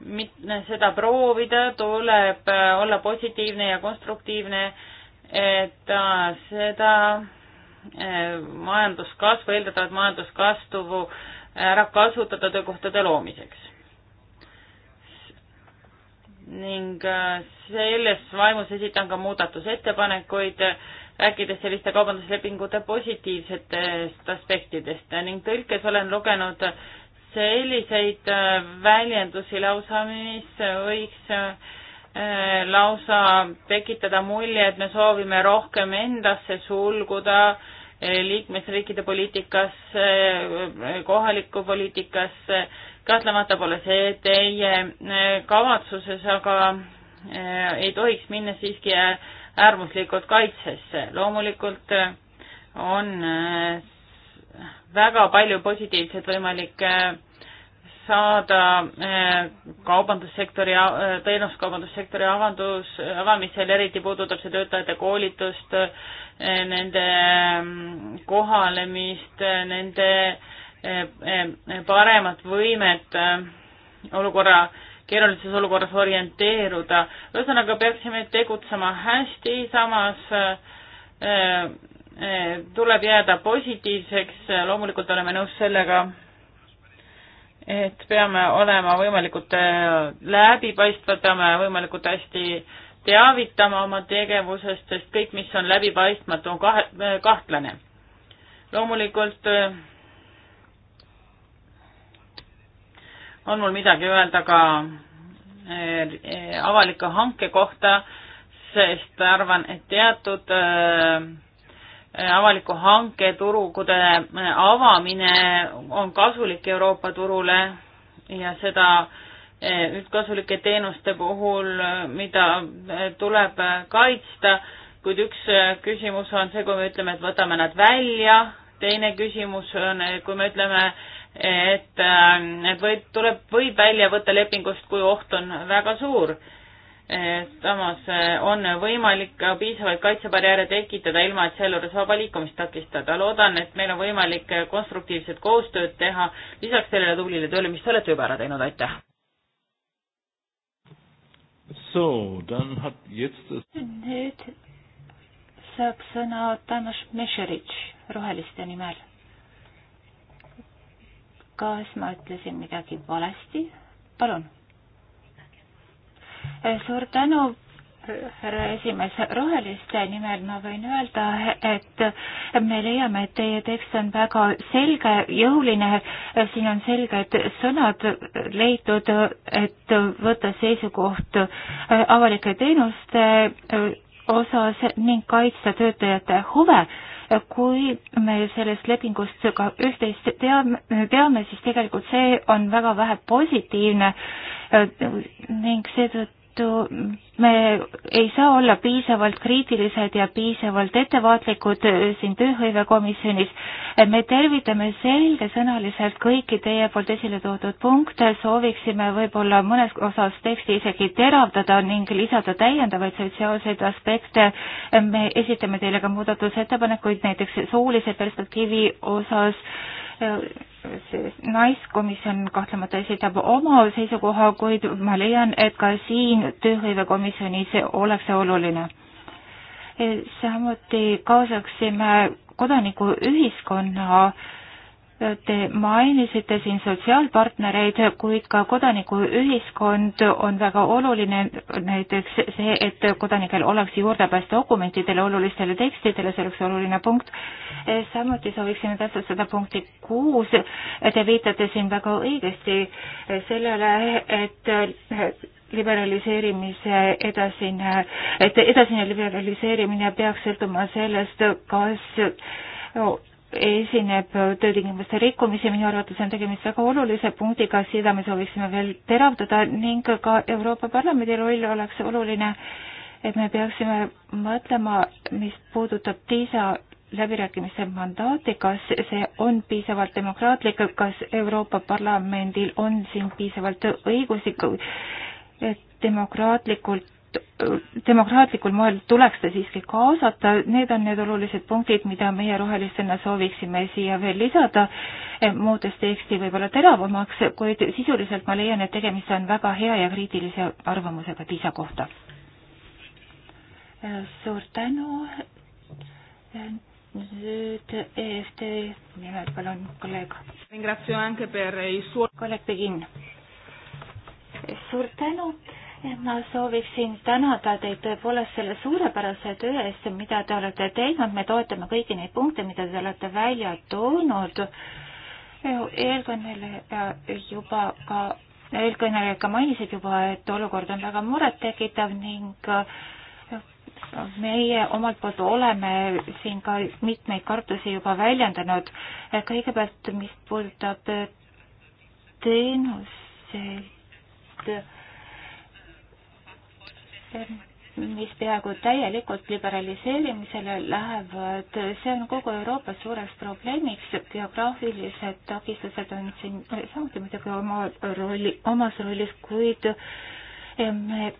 mitte seda proovida, tuleb äh, olla positiivne ja konstruktiivne, et äh, seda majanduskasvu, eeldatavat majanduskasvu ära kasutada töökohtade loomiseks. ning äh, selles vaimus esitan ka muudatusettepanekuid, rääkides selliste kaubanduslepingute positiivsetest aspektidest ning tõlkes olen lugenud selliseid äh, väljendusi lausa, mis võiks äh, lausa tekitada mulje, et me soovime rohkem endasse sulguda Eh, liikmesriikide poliitikasse, eh, kohalikku poliitikasse, kahtlemata pole see teie eh, kavatsuses, aga ei tohiks minna siiski äärmuslikult kaitsesse. loomulikult on väga palju positiivset võimalik saada eh, kaubandussektori, eh, teenuskaubandussektori avandus, avamisel, eriti puudutab see töötajate koolitust, eh, nende mm, kohalemist, nende paremat võimet olukorra, keerulises olukorras orienteeruda. ühesõnaga, peaksime tegutsema hästi, samas tuleb jääda positiivseks, loomulikult oleme nõus sellega, et peame olema võimalikult äh, läbipaistvad, peame võimalikult hästi teavitama oma tegevusest, sest kõik, mis on läbipaistmatu, on kahe, äh, kahtlane. loomulikult äh, on mul midagi öelda ka avaliku hanke kohta, sest arvan, et teatud äh, Äh, avaliku hanke turgude äh, avamine on kasulik Euroopa turule ja seda äh, üldkasulike teenuste puhul, mida tuleb kaitsta, kuid üks küsimus on see, kui me ütleme, et võtame nad välja, teine küsimus on, kui me ütleme, et need võib, tuleb, võib välja võtta lepingust, kui oht on väga suur samas eh, on võimalik ka piisavaid kaitsebarjääre tekitada, ilma et sealjuures vaba liikumist takistada. loodan, et meil on võimalik konstruktiivset koostööd teha lisaks sellele tublile tööle, mis te olete juba ära teinud, aitäh! So, dann hat jetzt das nüüd saab sõna Tamas Mešeric roheliste nimel. kas ma ütlesin midagi valesti? palun suur tänu, härra esimees, roheliste nimel ma võin öelda, et me leiame, et teie tekst on väga selge, jõuline, siin on selged sõnad leitud, et võtta seisukoht avalike teenuste osas ning kaitsta töötajate huve kui me sellest lepingust ka üht-teist teame, teame, siis tegelikult see on väga vähe positiivne ning seetõttu seetõttu me ei saa olla piisavalt kriitilised ja piisavalt ettevaatlikud äh, siin tööhõivekomisjonis. me tervitame selgesõnaliselt kõiki teie poolt esile toodud punkte, sooviksime võib-olla mõnes osas teksti isegi teravdada ning lisada täiendavaid sotsiaalseid aspekte. me esitame teile ka muudatusettepanekuid näiteks soolise perspektiivi osas äh, siis naiskomisjon kahtlemata esitab oma seisukoha, kuid ma leian, et ka siin tööhõivekomisjonis oleks see oluline. samuti kaasaksime kodanikuühiskonna äh, Te mainisite siin sotsiaalpartnereid, kuid ka kodanikuühiskond on väga oluline, näiteks see, et kodanikel oleks juurdepääs dokumentidele, olulistele tekstidele, see oleks oluline punkt. samuti sooviksime täpsustada punkti kuus, te viitate siin väga õigesti sellele, et liberaliseerimise edasine, et edasine liberaliseerimine peaks sõltuma sellest, kas no, esineb töötingimuste rikkumisi, minu arvates on tegemist väga olulise punktiga, seda me sooviksime veel teravdada ning ka Euroopa Parlamendi roll oleks oluline, et me peaksime mõtlema, mis puudutab TISA läbirääkimiste mandaati, kas see on piisavalt demokraatlik, kas Euroopa Parlamendil on siin piisavalt õigusi, et demokraatlikult demokraatlikul moel tuleks ta siiski kaasata, need on need olulised punktid, mida meie rohelistena sooviksime siia veel lisada, eh, muutes teksti võib-olla teravamaks, kuid sisuliselt ma leian, et tegemist on väga hea ja kriitilise arvamusega PISA kohta. Eh, suur tänu, eh, nüüd EFT nimel palun kolleeg. kolleeg Begin. suur tänu ma sooviksin tänada teid tõepoolest selle suurepärase töö eest, mida te olete teinud, me toetame kõiki neid punkte, mida te olete välja toonud. eelkõneleja juba ka, eelkõnelejad ka mainisid juba, et olukord on väga murettekitav ning meie omalt poolt oleme siin ka mitmeid kartusi juba väljendanud. kõigepealt, mis puudutab teenuseid mis peaaegu täielikult liberaliseerimisele lähevad, see on kogu Euroopas suureks probleemiks, geograafilised takistused on siin samuti muidugi oma rolli, omas rollis, kuid eh, me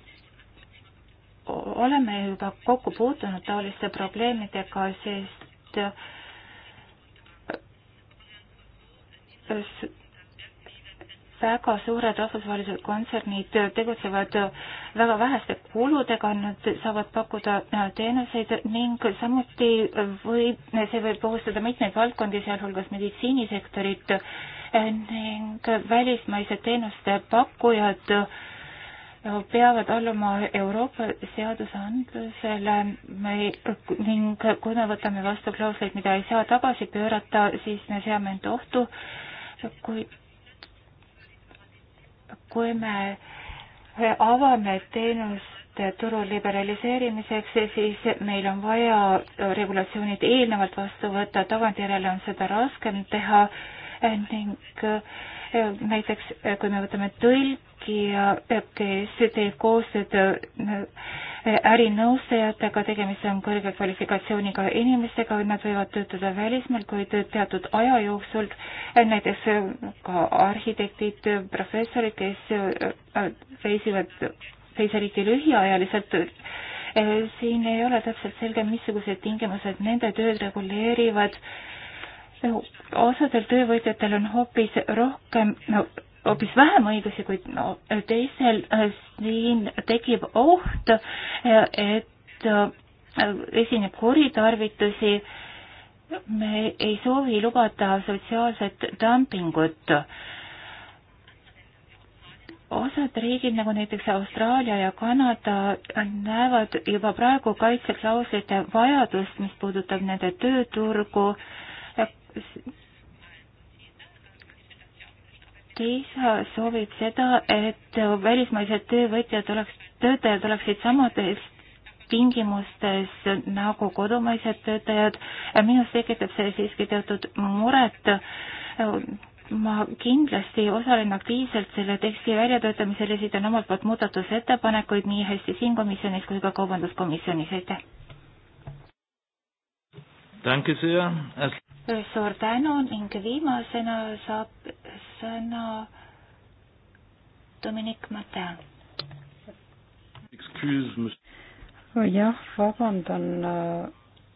oleme juba kokku puutunud taoliste probleemidega, sest eh, väga suured rahvusvahelised kontsernid tegutsevad äh, väga väheste kuludega, nad saavad pakkuda äh, teenuseid ning samuti äh, võib, see võib ohustada mitmeid valdkondi, sealhulgas meditsiinisektorit ning välismaised teenuste pakkujad peavad alluma Euroopa seadusandlusele ning kui me võtame vastu klausleid, mida ei saa tagasi pöörata, siis me seame end ohtu, kuid kui me avame teenust turu liberaliseerimiseks, siis meil on vaja regulatsioonid eelnevalt vastu võtta, tagantjärele on seda raskem teha ning eh, näiteks eh, kui me võtame tõlk, strateegia peabki, see teeb koostööd äh, ärinõustajatega, tegemist on kõrge kvalifikatsiooniga inimestega, nad võivad töötada välismaal, kuid teatud aja jooksul äh, näiteks äh, ka arhitektid, professorid, kes reisivad teise riiki lühiajaliselt, siin ei ole täpselt selge, missugused tingimused nende tööd reguleerivad. osadel töövõtjatel on hoopis rohkem no, hoopis vähem õigusi kui no, teisel, äh, siin tekib oht, äh, et äh, esineb kuritarvitusi. me ei soovi lubada sotsiaalset dumpingut. osad riigid, nagu näiteks Austraalia ja Kanada, näevad juba praegu kaitseklauslite vajadust, mis puudutab nende tööturgu Parteis soovib seda, et välismaised töövõtjad oleks, töötajad oleksid samades tingimustes nagu kodumaised töötajad. minus tekitab see siiski teatud muret. ma kindlasti osalen aktiivselt selle teksti väljatöötamisel, esitan omalt poolt muudatusettepanekuid nii hästi siin komisjonis kui ka Kaubanduskomisjonis, aitäh! suur tänu ning viimasena saab sõna Dominic Matin. Oh, jah, vabandan äh,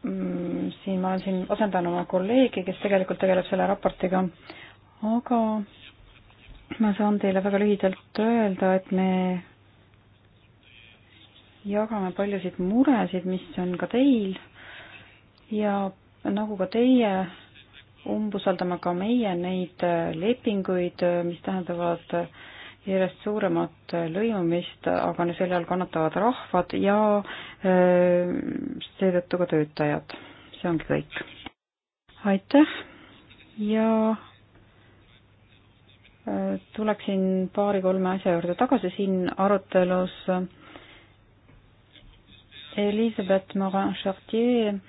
mm, siin ma siin asendan oma kolleegi, kes tegelikult tegeleb selle raportiga, aga ma saan teile väga lühidalt öelda, et me jagame paljusid muresid, mis on ka teil ja nagu ka teie, umbusaldame ka meie neid lepinguid, mis tähendavad järjest suuremat lõimumist, aga selle all kannatavad rahvad ja äh, seetõttu ka töötajad. see ongi kõik. aitäh ja äh, tuleksin paari-kolme asja juurde tagasi siin arutelus. Elizabeth Morin-Chartier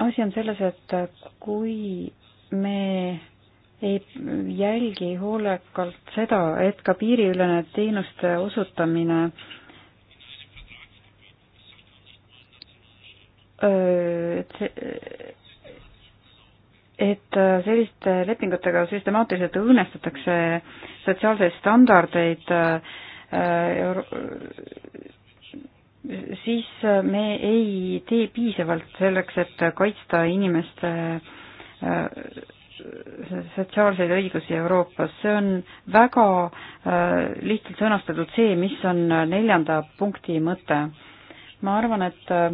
asi on selles, et kui me ei jälgi hoolekalt seda, et ka piiriülene teenuste osutamine et see, et selliste lepingutega süstemaatiliselt õõnestatakse sotsiaalseid standardeid äh, Euro siis me ei tee piisavalt selleks, et kaitsta inimeste äh, sotsiaalseid õigusi Euroopas, see on väga äh, lihtsalt sõnastatud see, mis on neljanda punkti mõte. ma arvan, et äh,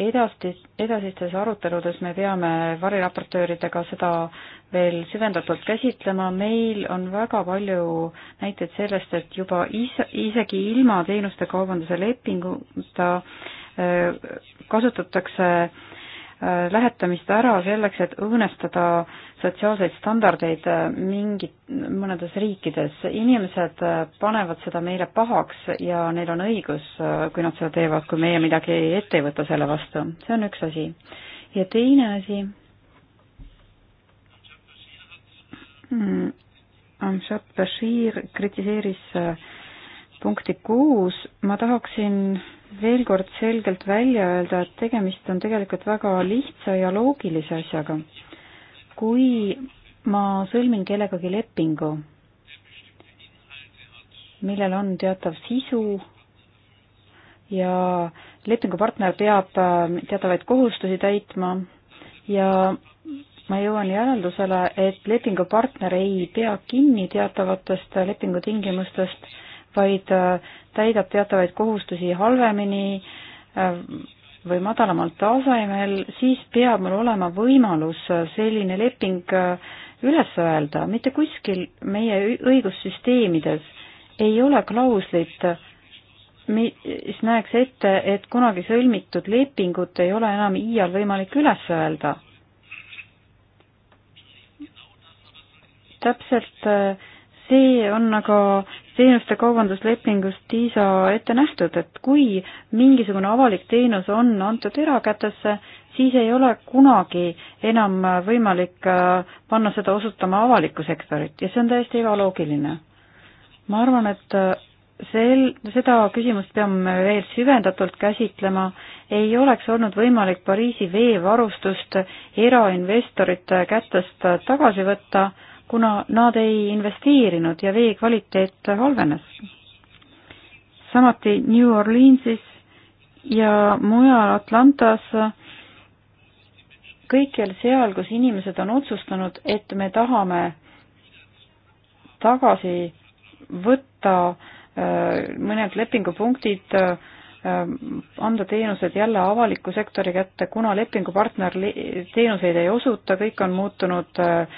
edastis, edasistes aruteludes me peame variraportööridega seda veel süvendatult käsitlema, meil on väga palju näiteid sellest, et juba is-, isegi ilma teenuste kaubanduse lepinguta äh, kasutatakse äh, lähetamist ära selleks, et õõnestada sotsiaalseid standardeid äh, mingit, mõnedes riikides. inimesed panevad seda meile pahaks ja neil on õigus, kui nad seda teevad, kui meie midagi ette ei võta selle vastu. see on üks asi. ja teine asi Mm, Amshad Bashir kritiseeris äh, punkti kuus, ma tahaksin veel kord selgelt välja öelda, et tegemist on tegelikult väga lihtsa ja loogilise asjaga. kui ma sõlmin kellegagi lepingu, millel on teatav sisu ja lepingupartner peab äh, teatavaid kohustusi täitma ja ma jõuan järeldusele, et lepingupartner ei pea kinni teatavatest lepingutingimustest, vaid äh, täidab teatavaid kohustusi halvemini äh, või madalamal tasemel, siis peab mul olema võimalus äh, selline leping üles öelda, mitte kuskil meie õigussüsteemides ei ole klauslit, mis näeks ette, et kunagi sõlmitud lepingut ei ole enam iial võimalik üles öelda täpselt äh, see on aga teenuste kaubanduslepingus TISA ette nähtud, et kui mingisugune avalik teenus on antud erakätesse, siis ei ole kunagi enam võimalik äh, panna seda osutama avalikku sektorit ja see on täiesti ebaloogiline. ma arvan, et äh, sel, seda küsimust peame veel süvendatult käsitlema, ei oleks olnud võimalik Pariisi veevarustust erainvestorite kätest tagasi võtta kuna nad ei investeerinud ja vee kvaliteet halvenes. samuti New Orleansis ja mujal Atlantas, kõikjal seal, kus inimesed on otsustanud, et me tahame tagasi võtta äh, mõned lepingupunktid äh, Ähm, anda teenused jälle avaliku sektori kätte, kuna lepingupartner teenuseid ei osuta, kõik on muutunud äh,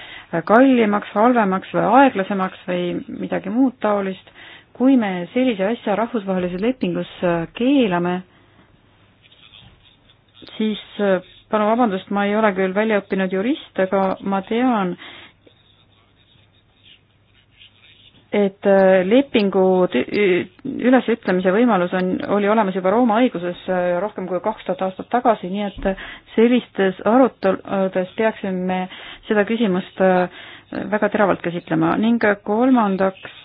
kallimaks, halvemaks või aeglasemaks või midagi muud taolist. kui me sellise asja rahvusvahelises lepingus äh, keelame, siis äh, palun vabandust, ma ei ole küll väljaõppinud jurist, aga ma tean, et äh, lepingu ülesütlemise võimalus on, oli olemas juba Rooma õiguses äh, rohkem kui kaks tuhat aastat tagasi, nii et äh, sellistes aruteludes peaksime me seda küsimust väga teravalt käsitlema ning kolmandaks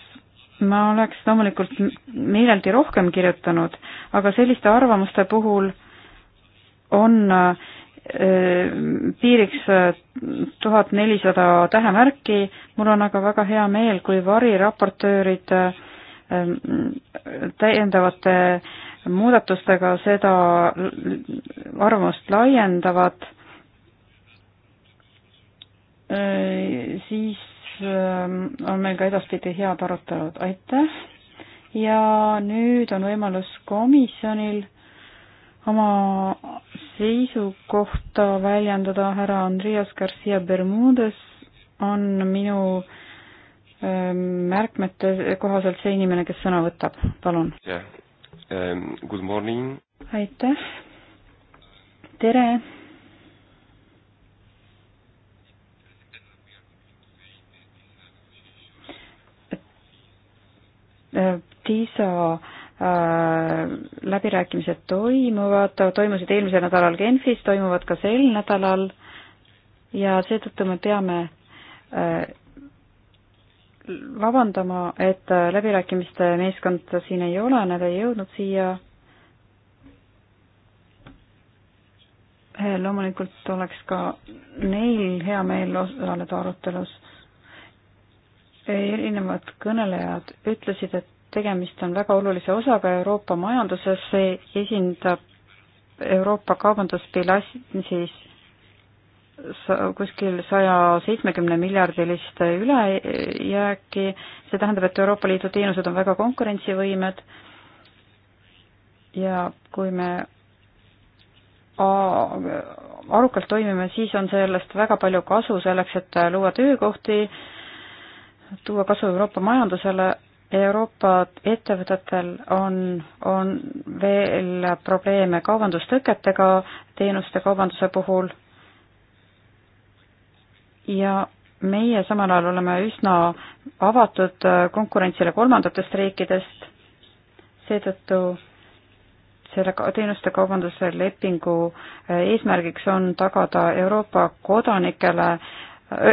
ma oleks loomulikult meeleldi rohkem kirjutanud, aga selliste arvamuste puhul on äh, Ehm, piiriks äh, tuhat nelisada tähemärki. mul on aga väga hea meel, kui variraportöörid ehm, täiendavate muudatustega seda arvamust laiendavad, ehm, siis on meil ka edaspidi head arutelud, aitäh! ja nüüd on võimalus komisjonil oma seisukohta väljendada härra Andreas Garcia Bermudes on minu ähm, märkmete kohaselt see inimene, kes sõna võtab, palun. Ähm, good morning. aitäh. tere. Äh, TISA Äh, läbirääkimised toimuvad, toimusid eelmisel nädalal Genfis, toimuvad ka sel nädalal ja seetõttu me peame äh, vabandama, et äh, läbirääkimiste meeskond siin ei ole, nad ei jõudnud siia. loomulikult oleks ka neil hea meel osaleda arutelus. erinevad kõnelejad ütlesid, et tegemist on väga olulise osaga Euroopa majanduses, see esindab Euroopa kaubandusbilansis kuskil saja seitsmekümne miljardilist ülejääki, see tähendab, et Euroopa Liidu teenused on väga konkurentsivõimed ja kui me arukalt toimime, siis on sellest väga palju kasu selleks, et luua töökohti, tuua kasu Euroopa majandusele, Euroopa ettevõtetel on, on veel probleeme kaubandustõketega teenuste kaubanduse puhul ja meie samal ajal oleme üsna avatud konkurentsile kolmandatest riikidest, seetõttu selle teenuste kaubanduse lepingu eesmärgiks on tagada Euroopa kodanikele äh,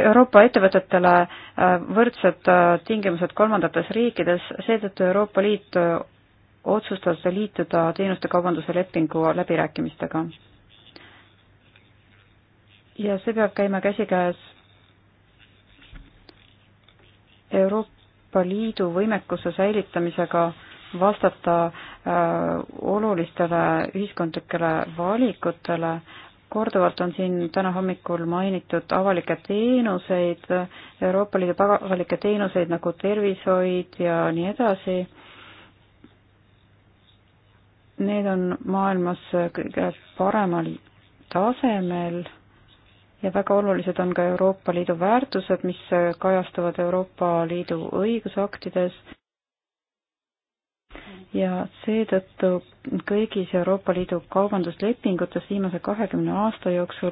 Euroopa ettevõtetele äh, võrdsed äh, tingimused kolmandates riikides, seetõttu Euroopa Liit äh, otsustas liituda teenuste kaubanduse lepingu läbirääkimistega. ja see peab käima käsikäes Euroopa Liidu võimekuse säilitamisega vastata äh, olulistele ühiskondlikele valikutele, korduvalt on siin täna hommikul mainitud avalikke teenuseid, Euroopa Liidu avalikke teenuseid nagu tervishoid ja nii edasi. Need on maailmas kõige paremal tasemel ja väga olulised on ka Euroopa Liidu väärtused, mis kajastuvad Euroopa Liidu õigusaktides ja seetõttu kõigis Euroopa Liidu kaubanduslepingutes viimase kahekümne aasta jooksul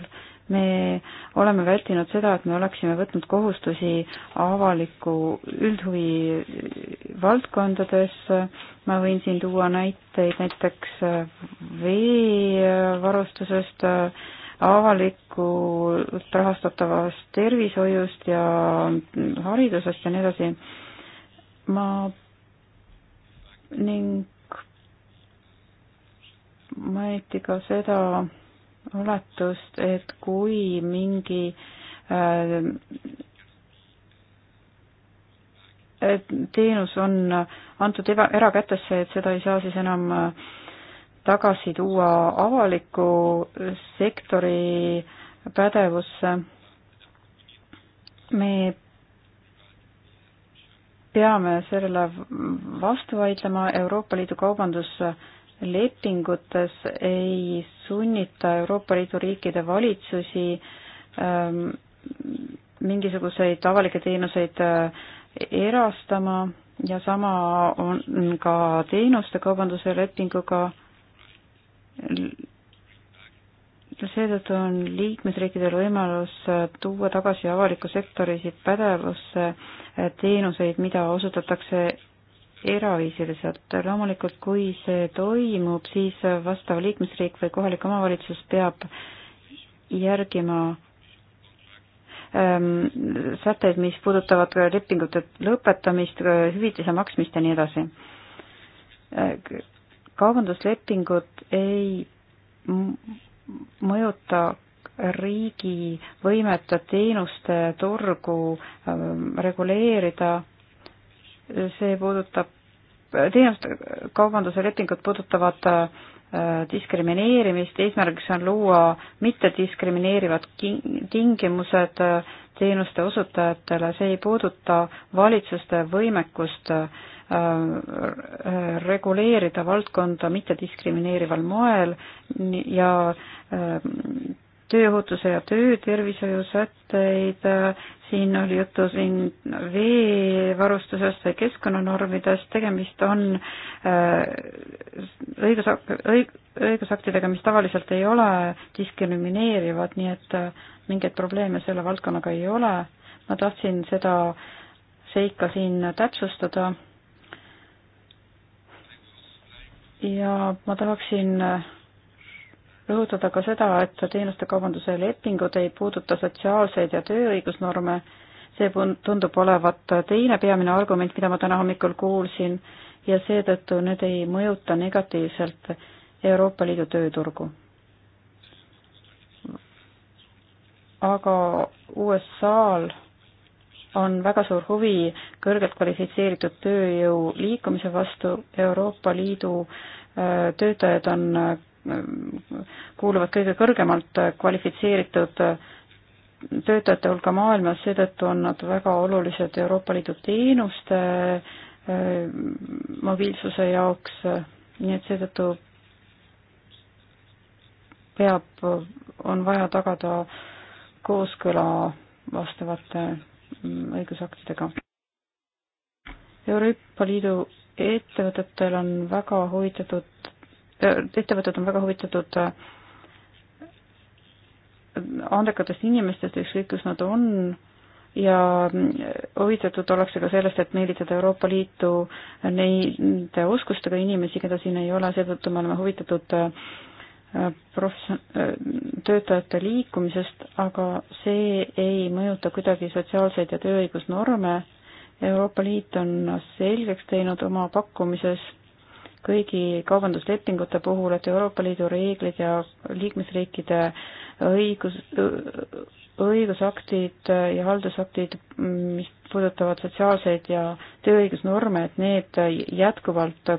me oleme vältinud seda, et me oleksime võtnud kohustusi avaliku üldhuvi valdkondades. ma võin siin tuua näiteid näiteks veevarustusest, avalikult rahastatavast tervishoiust ja haridusest ja nii edasi. ma ning mainiti ka seda oletust, et kui mingi äh, et teenus on antud erakätesse, et seda ei saa siis enam äh, tagasi tuua avaliku sektori pädevusse. me peame sellele vastu vaidlema, Euroopa Liidu kaubanduslepingutes ei sunnita Euroopa Liidu riikide valitsusi ähm, mingisuguseid avalikke teenuseid äh, erastama ja sama on ka teenuste kaubanduse lepinguga seetõttu on liikmesriikidel võimalus äh, tuua tagasi avaliku sektorisid pädevusse äh, teenuseid, mida osutatakse eraviisiliselt. loomulikult, kui see toimub, siis äh, vastav liikmesriik või kohalik omavalitsus peab järgima ähm, sätteid, mis puudutavad lepingute lõpetamist, hüvitise maksmist ja nii edasi. kaubanduslepingud ei mõjuta riigi võimet teenuste turgu ähm, reguleerida. see puudutab, teenuste kaubanduse lepingud puudutavad äh, diskrimineerimist, eesmärgiks on luua mittediskrimineerivad tingimused äh, teenuste osutajatele, see ei puuduta valitsuste võimekust äh, Äh, reguleerida valdkonda mittediskrimineerival moel ja äh, tööohutuse ja töötervishoiu sätteid, äh, siin oli juttu siin veevarustusest või keskkonnanormidest, tegemist on õigusak-, õig-, õigusaktidega, mis tavaliselt ei ole diskrimineerivad, nii et mingeid probleeme selle valdkonnaga ei ole. ma tahtsin seda seika siin täpsustada ja ma tahaksin rõhutada ka seda, et teenuste kaubanduse lepingud ei puuduta sotsiaalseid ja tööõigusnorme, see tundub olevat teine peamine argument, mida ma täna hommikul kuulsin ja seetõttu need ei mõjuta negatiivselt Euroopa Liidu tööturgu. aga USA-l on väga suur huvi kõrgelt kvalifitseeritud tööjõu liikumise vastu. Euroopa Liidu äh, töötajad on, äh, kuuluvad kõige kõrgemalt kvalifitseeritud äh, töötajate hulka maailmas, seetõttu on nad väga olulised Euroopa Liidu teenuste mobiilsuse jaoks, nii et seetõttu peab, on vaja tagada kooskõla vastavate Mm, õigusaktidega. Euroopa Liidu ettevõtetel on väga huvitatud, äh, ettevõtted on väga huvitatud äh, andekatest inimestest, ükskõik kus nad on, ja äh, huvitatud ollakse ka sellest, et meelitada Euroopa Liitu neide oskustega inimesi, keda siin ei ole, seetõttu me oleme huvitatud äh, profession-, äh, töötajate liikumisest, aga see ei mõjuta kuidagi sotsiaalseid ja tööõigusnorme. Euroopa Liit on selgeks teinud oma pakkumises kõigi kaubanduslepingute puhul, et Euroopa Liidu reeglid ja liikmesriikide õigus, õigusaktid ja haldusaktid, mis puudutavad sotsiaalseid ja tööõigusnorme, et need jätkuvalt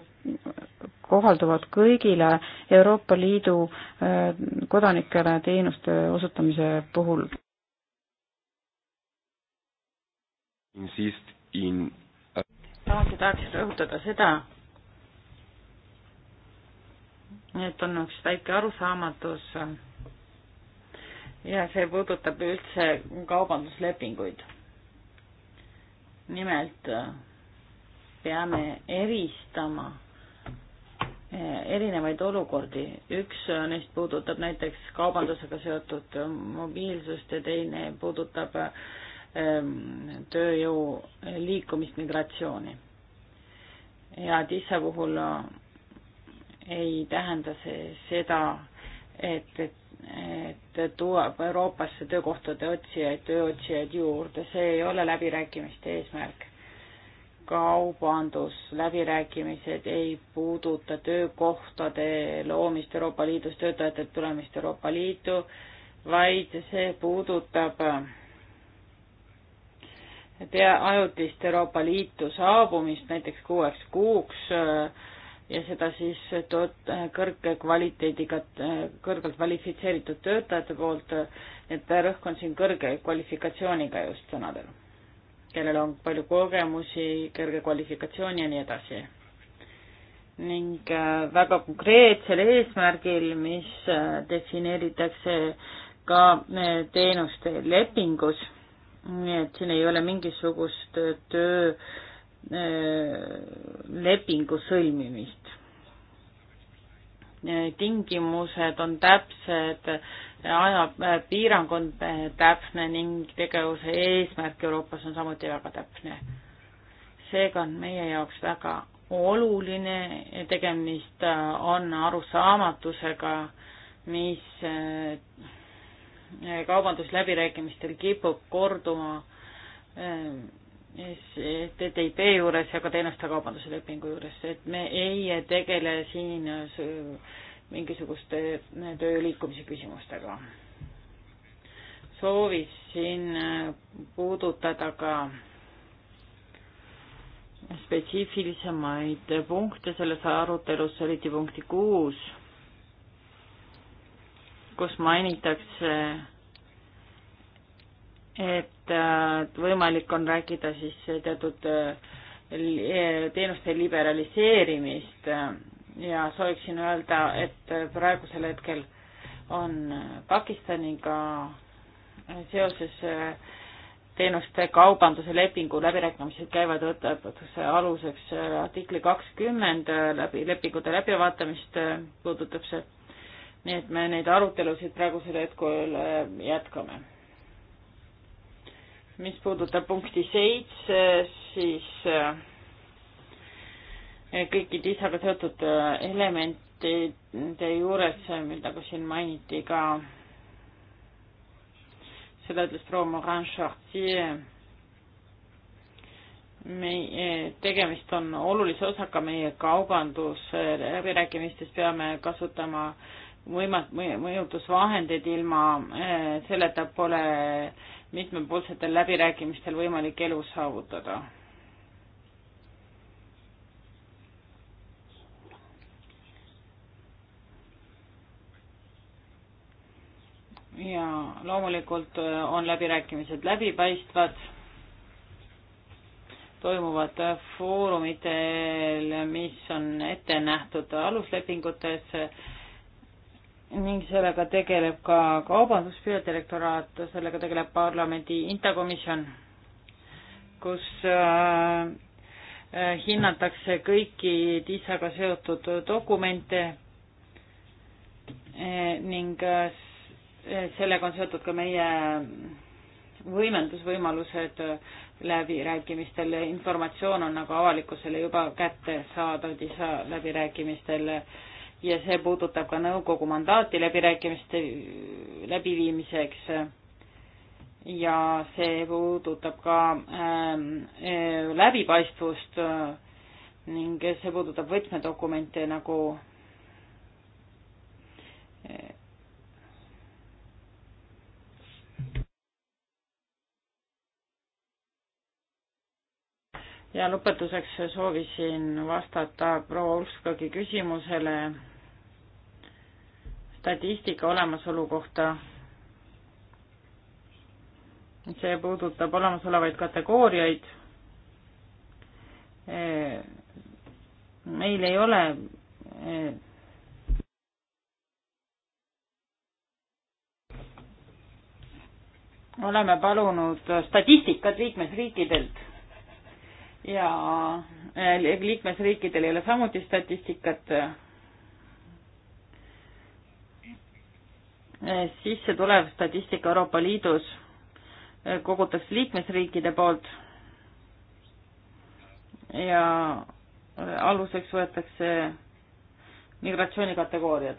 kohalduvad kõigile Euroopa Liidu äh, kodanikele teenuste osutamise puhul. insist in alati äh, tahaks rõhutada seda, et on üks väike arusaamatus ja see puudutab üldse kaubanduslepinguid. nimelt äh, peame eristama äh, erinevaid olukordi, üks äh, neist puudutab näiteks kaubandusega seotud mobiilsust ja teine puudutab ähm, tööjõu liikumist, migratsiooni. ja Tissa puhul ei tähenda see seda, et, et et tuua Euroopasse töökohtade otsijaid, tööotsijaid juurde, see ei ole läbirääkimiste eesmärk. kaubandusläbirääkimised ei puuduta töökohtade loomist Euroopa Liidus, töötajate tulemist Euroopa Liitu, vaid see puudutab äh, pea ajutist Euroopa Liitu saabumist näiteks kuueks kuuks äh, ja seda siis toot-, äh, kõrge kvaliteediga, äh, kõrgelt kvalifitseeritud töötajate poolt, et rõhk on siin kõrge kvalifikatsiooniga just sõnadel, kellel on palju kogemusi, kõrge kvalifikatsiooni ja nii edasi. ning äh, väga konkreetsel eesmärgil, mis defineeritakse ka teenuste lepingus, nii et siin ei ole mingisugust töö Äh, lepingu sõlmimist. Äh, tingimused on täpsed, ajapiirang äh, on täpne ning tegevuse eesmärk Euroopas on samuti väga täpne. seega on meie jaoks väga oluline, tegemist on arusaamatusega, mis kaubandusläbirääkimistel kipub korduma TTIP juures ja ka teenuste kaubanduse lepingu juures, et me ei tegele siin äh, mingisuguste äh, töö liikumise küsimustega. soovisin äh, puudutada ka spetsiifilisemaid punkte selles arutelus, eriti punkti kuus, kus mainitakse et äh, võimalik on rääkida siis teatud äh, äh, teenuste liberaliseerimist ja sooviksin öelda, et praegusel hetkel on Pakistaniga seoses teenuste kaubanduse lepingu läbirääkimised käivad, võetakse aluseks artikli kakskümmend läbi, lepingute läbivaatamist puudutab see. nii et me neid arutelusid praegusel hetkel jätkame mis puudutab punkti seitse, siis äh, kõiki TISAga seotud äh, elementide juures, äh, mida nagu ka siin mainiti ka, seda ütles proua Morin Chartier, meie, tegemist on olulise osaga meie kaubandusläbirääkimistes, peame kasutama võimat-, mõjutusvahendeid, ilma selleta pole äh, mitmepoolsetel läbirääkimistel võimalik elu saavutada. ja loomulikult äh, on läbirääkimised läbipaistvad, toimuvad äh, foorumitel, mis on ette nähtud aluslepingutes ning sellega tegeleb ka kaubanduspeadirektoraat, sellega tegeleb parlamendi interkomisjon, kus äh, hinnatakse kõiki TISAga seotud dokumente eh, ning äh, sellega on seotud ka meie võimendusvõimalused äh, läbirääkimistel, informatsioon on aga nagu avalikkusele juba kättesaadav TISA läbirääkimistel äh, ja see puudutab ka nõukogu mandaati läbirääkimiste läbiviimiseks. ja see puudutab ka ähm, äh, läbipaistvust äh, ning see puudutab võtmedokumente nagu ja lõpetuseks soovisin vastata proua Urskagi küsimusele statistika olemasolu kohta. see puudutab olemasolevaid kategooriaid. E, meil ei ole e, oleme palunud statistikat liikmesriikidelt ja äh, liikmesriikidel ei ole samuti statistikat. Äh, sisse tulev statistika Euroopa Liidus äh, kogutakse liikmesriikide poolt ja aluseks võetakse migratsioonikategooriad.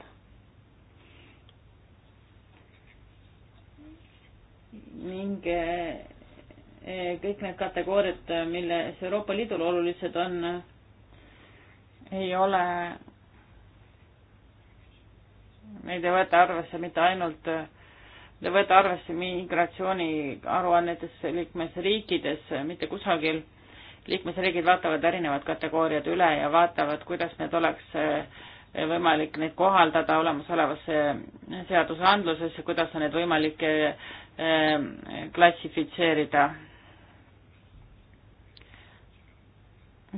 ning kõik need kategooriad, milles Euroopa Liidul olulised on, ei ole, neid ei võeta arvesse mitte ainult, ei võeta arvesse migratsiooni aruannetes liikmesriikides, mitte kusagil. liikmesriigid vaatavad erinevad kategooriad üle ja vaatavad, kuidas need oleks eh, võimalik neid kohaldada olemasolevasse seadusandlusesse, kuidas on neid võimalik eh, eh, klassifitseerida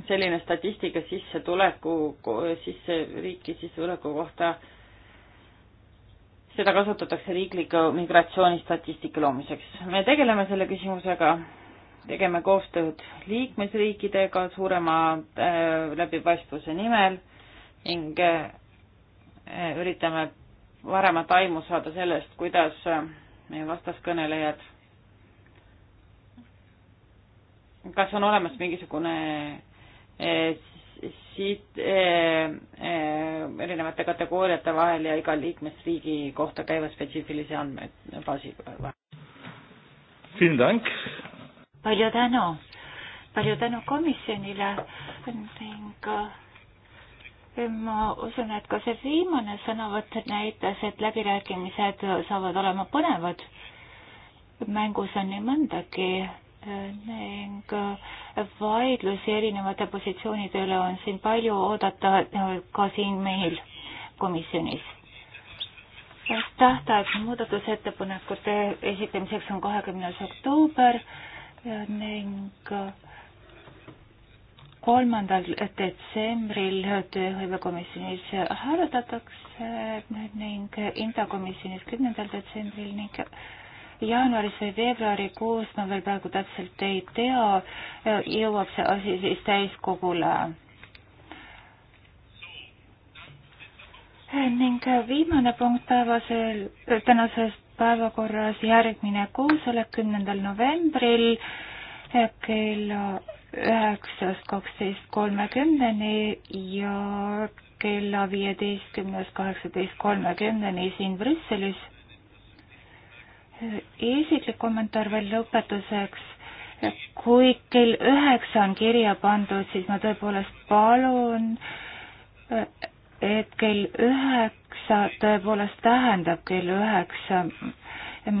selline statistika sissetuleku, sisse, riiki sissetuleku kohta, seda kasutatakse riikliku migratsioonistatistika loomiseks. me tegeleme selle küsimusega, tegeme koostööd liikmesriikidega suurema äh, läbipaistvuse nimel ning äh, üritame varemat aimu saada sellest, kuidas äh, meie vastaskõnelejad, kas on olemas mingisugune äh, Eh, siit eh, eh, erinevate kategooriate vahel ja iga liikmesriigi kohta käiva spetsiifilise andmebaasi vahel. palju tänu, palju tänu komisjonile ning ma usun, et ka see viimane sõnavõtt näitas, et läbirääkimised saavad olema põnevad. mängus on nii mõndagi ning äh, vaidlusi erinevate positsioonide üle on siin palju oodata äh, ka siin meil komisjonis. tähtaeg muudatusettepanekute esitamiseks on kahekümnes oktoober ning kolmandal detsembril tööhõivekomisjonis hääletatakse ning Inta komisjonis kümnendal detsembril ning jaanuaris või veebruarikuus, ma veel praegu täpselt ei tea, jõuab see asi siis täiskogule. ning viimane punkt päevasel, tänases päevakorras järgmine koosolek kümnendal novembril kella üheksast kaksteist kolmekümneni ja kella viieteistkümnest kaheksateist kolmekümneni siin Brüsselis isiklik kommentaar veel lõpetuseks. kui kell üheksa on kirja pandud, siis ma tõepoolest palun, et kell üheksa tõepoolest tähendab kell üheksa,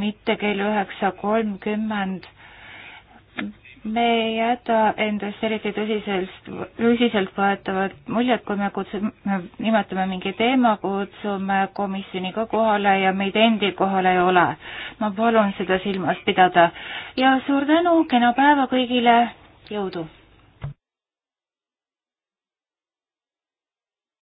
mitte kell üheksa kolmkümmend me ei jäta endast eriti tõsiselt, tõsiseltvõetavat muljet, kui me kutsume, nimetame mingi teema, kutsume komisjoni ka kohale ja meid endi kohal ei ole. ma palun seda silmas pidada ja suur tänu, kena päeva kõigile, jõudu!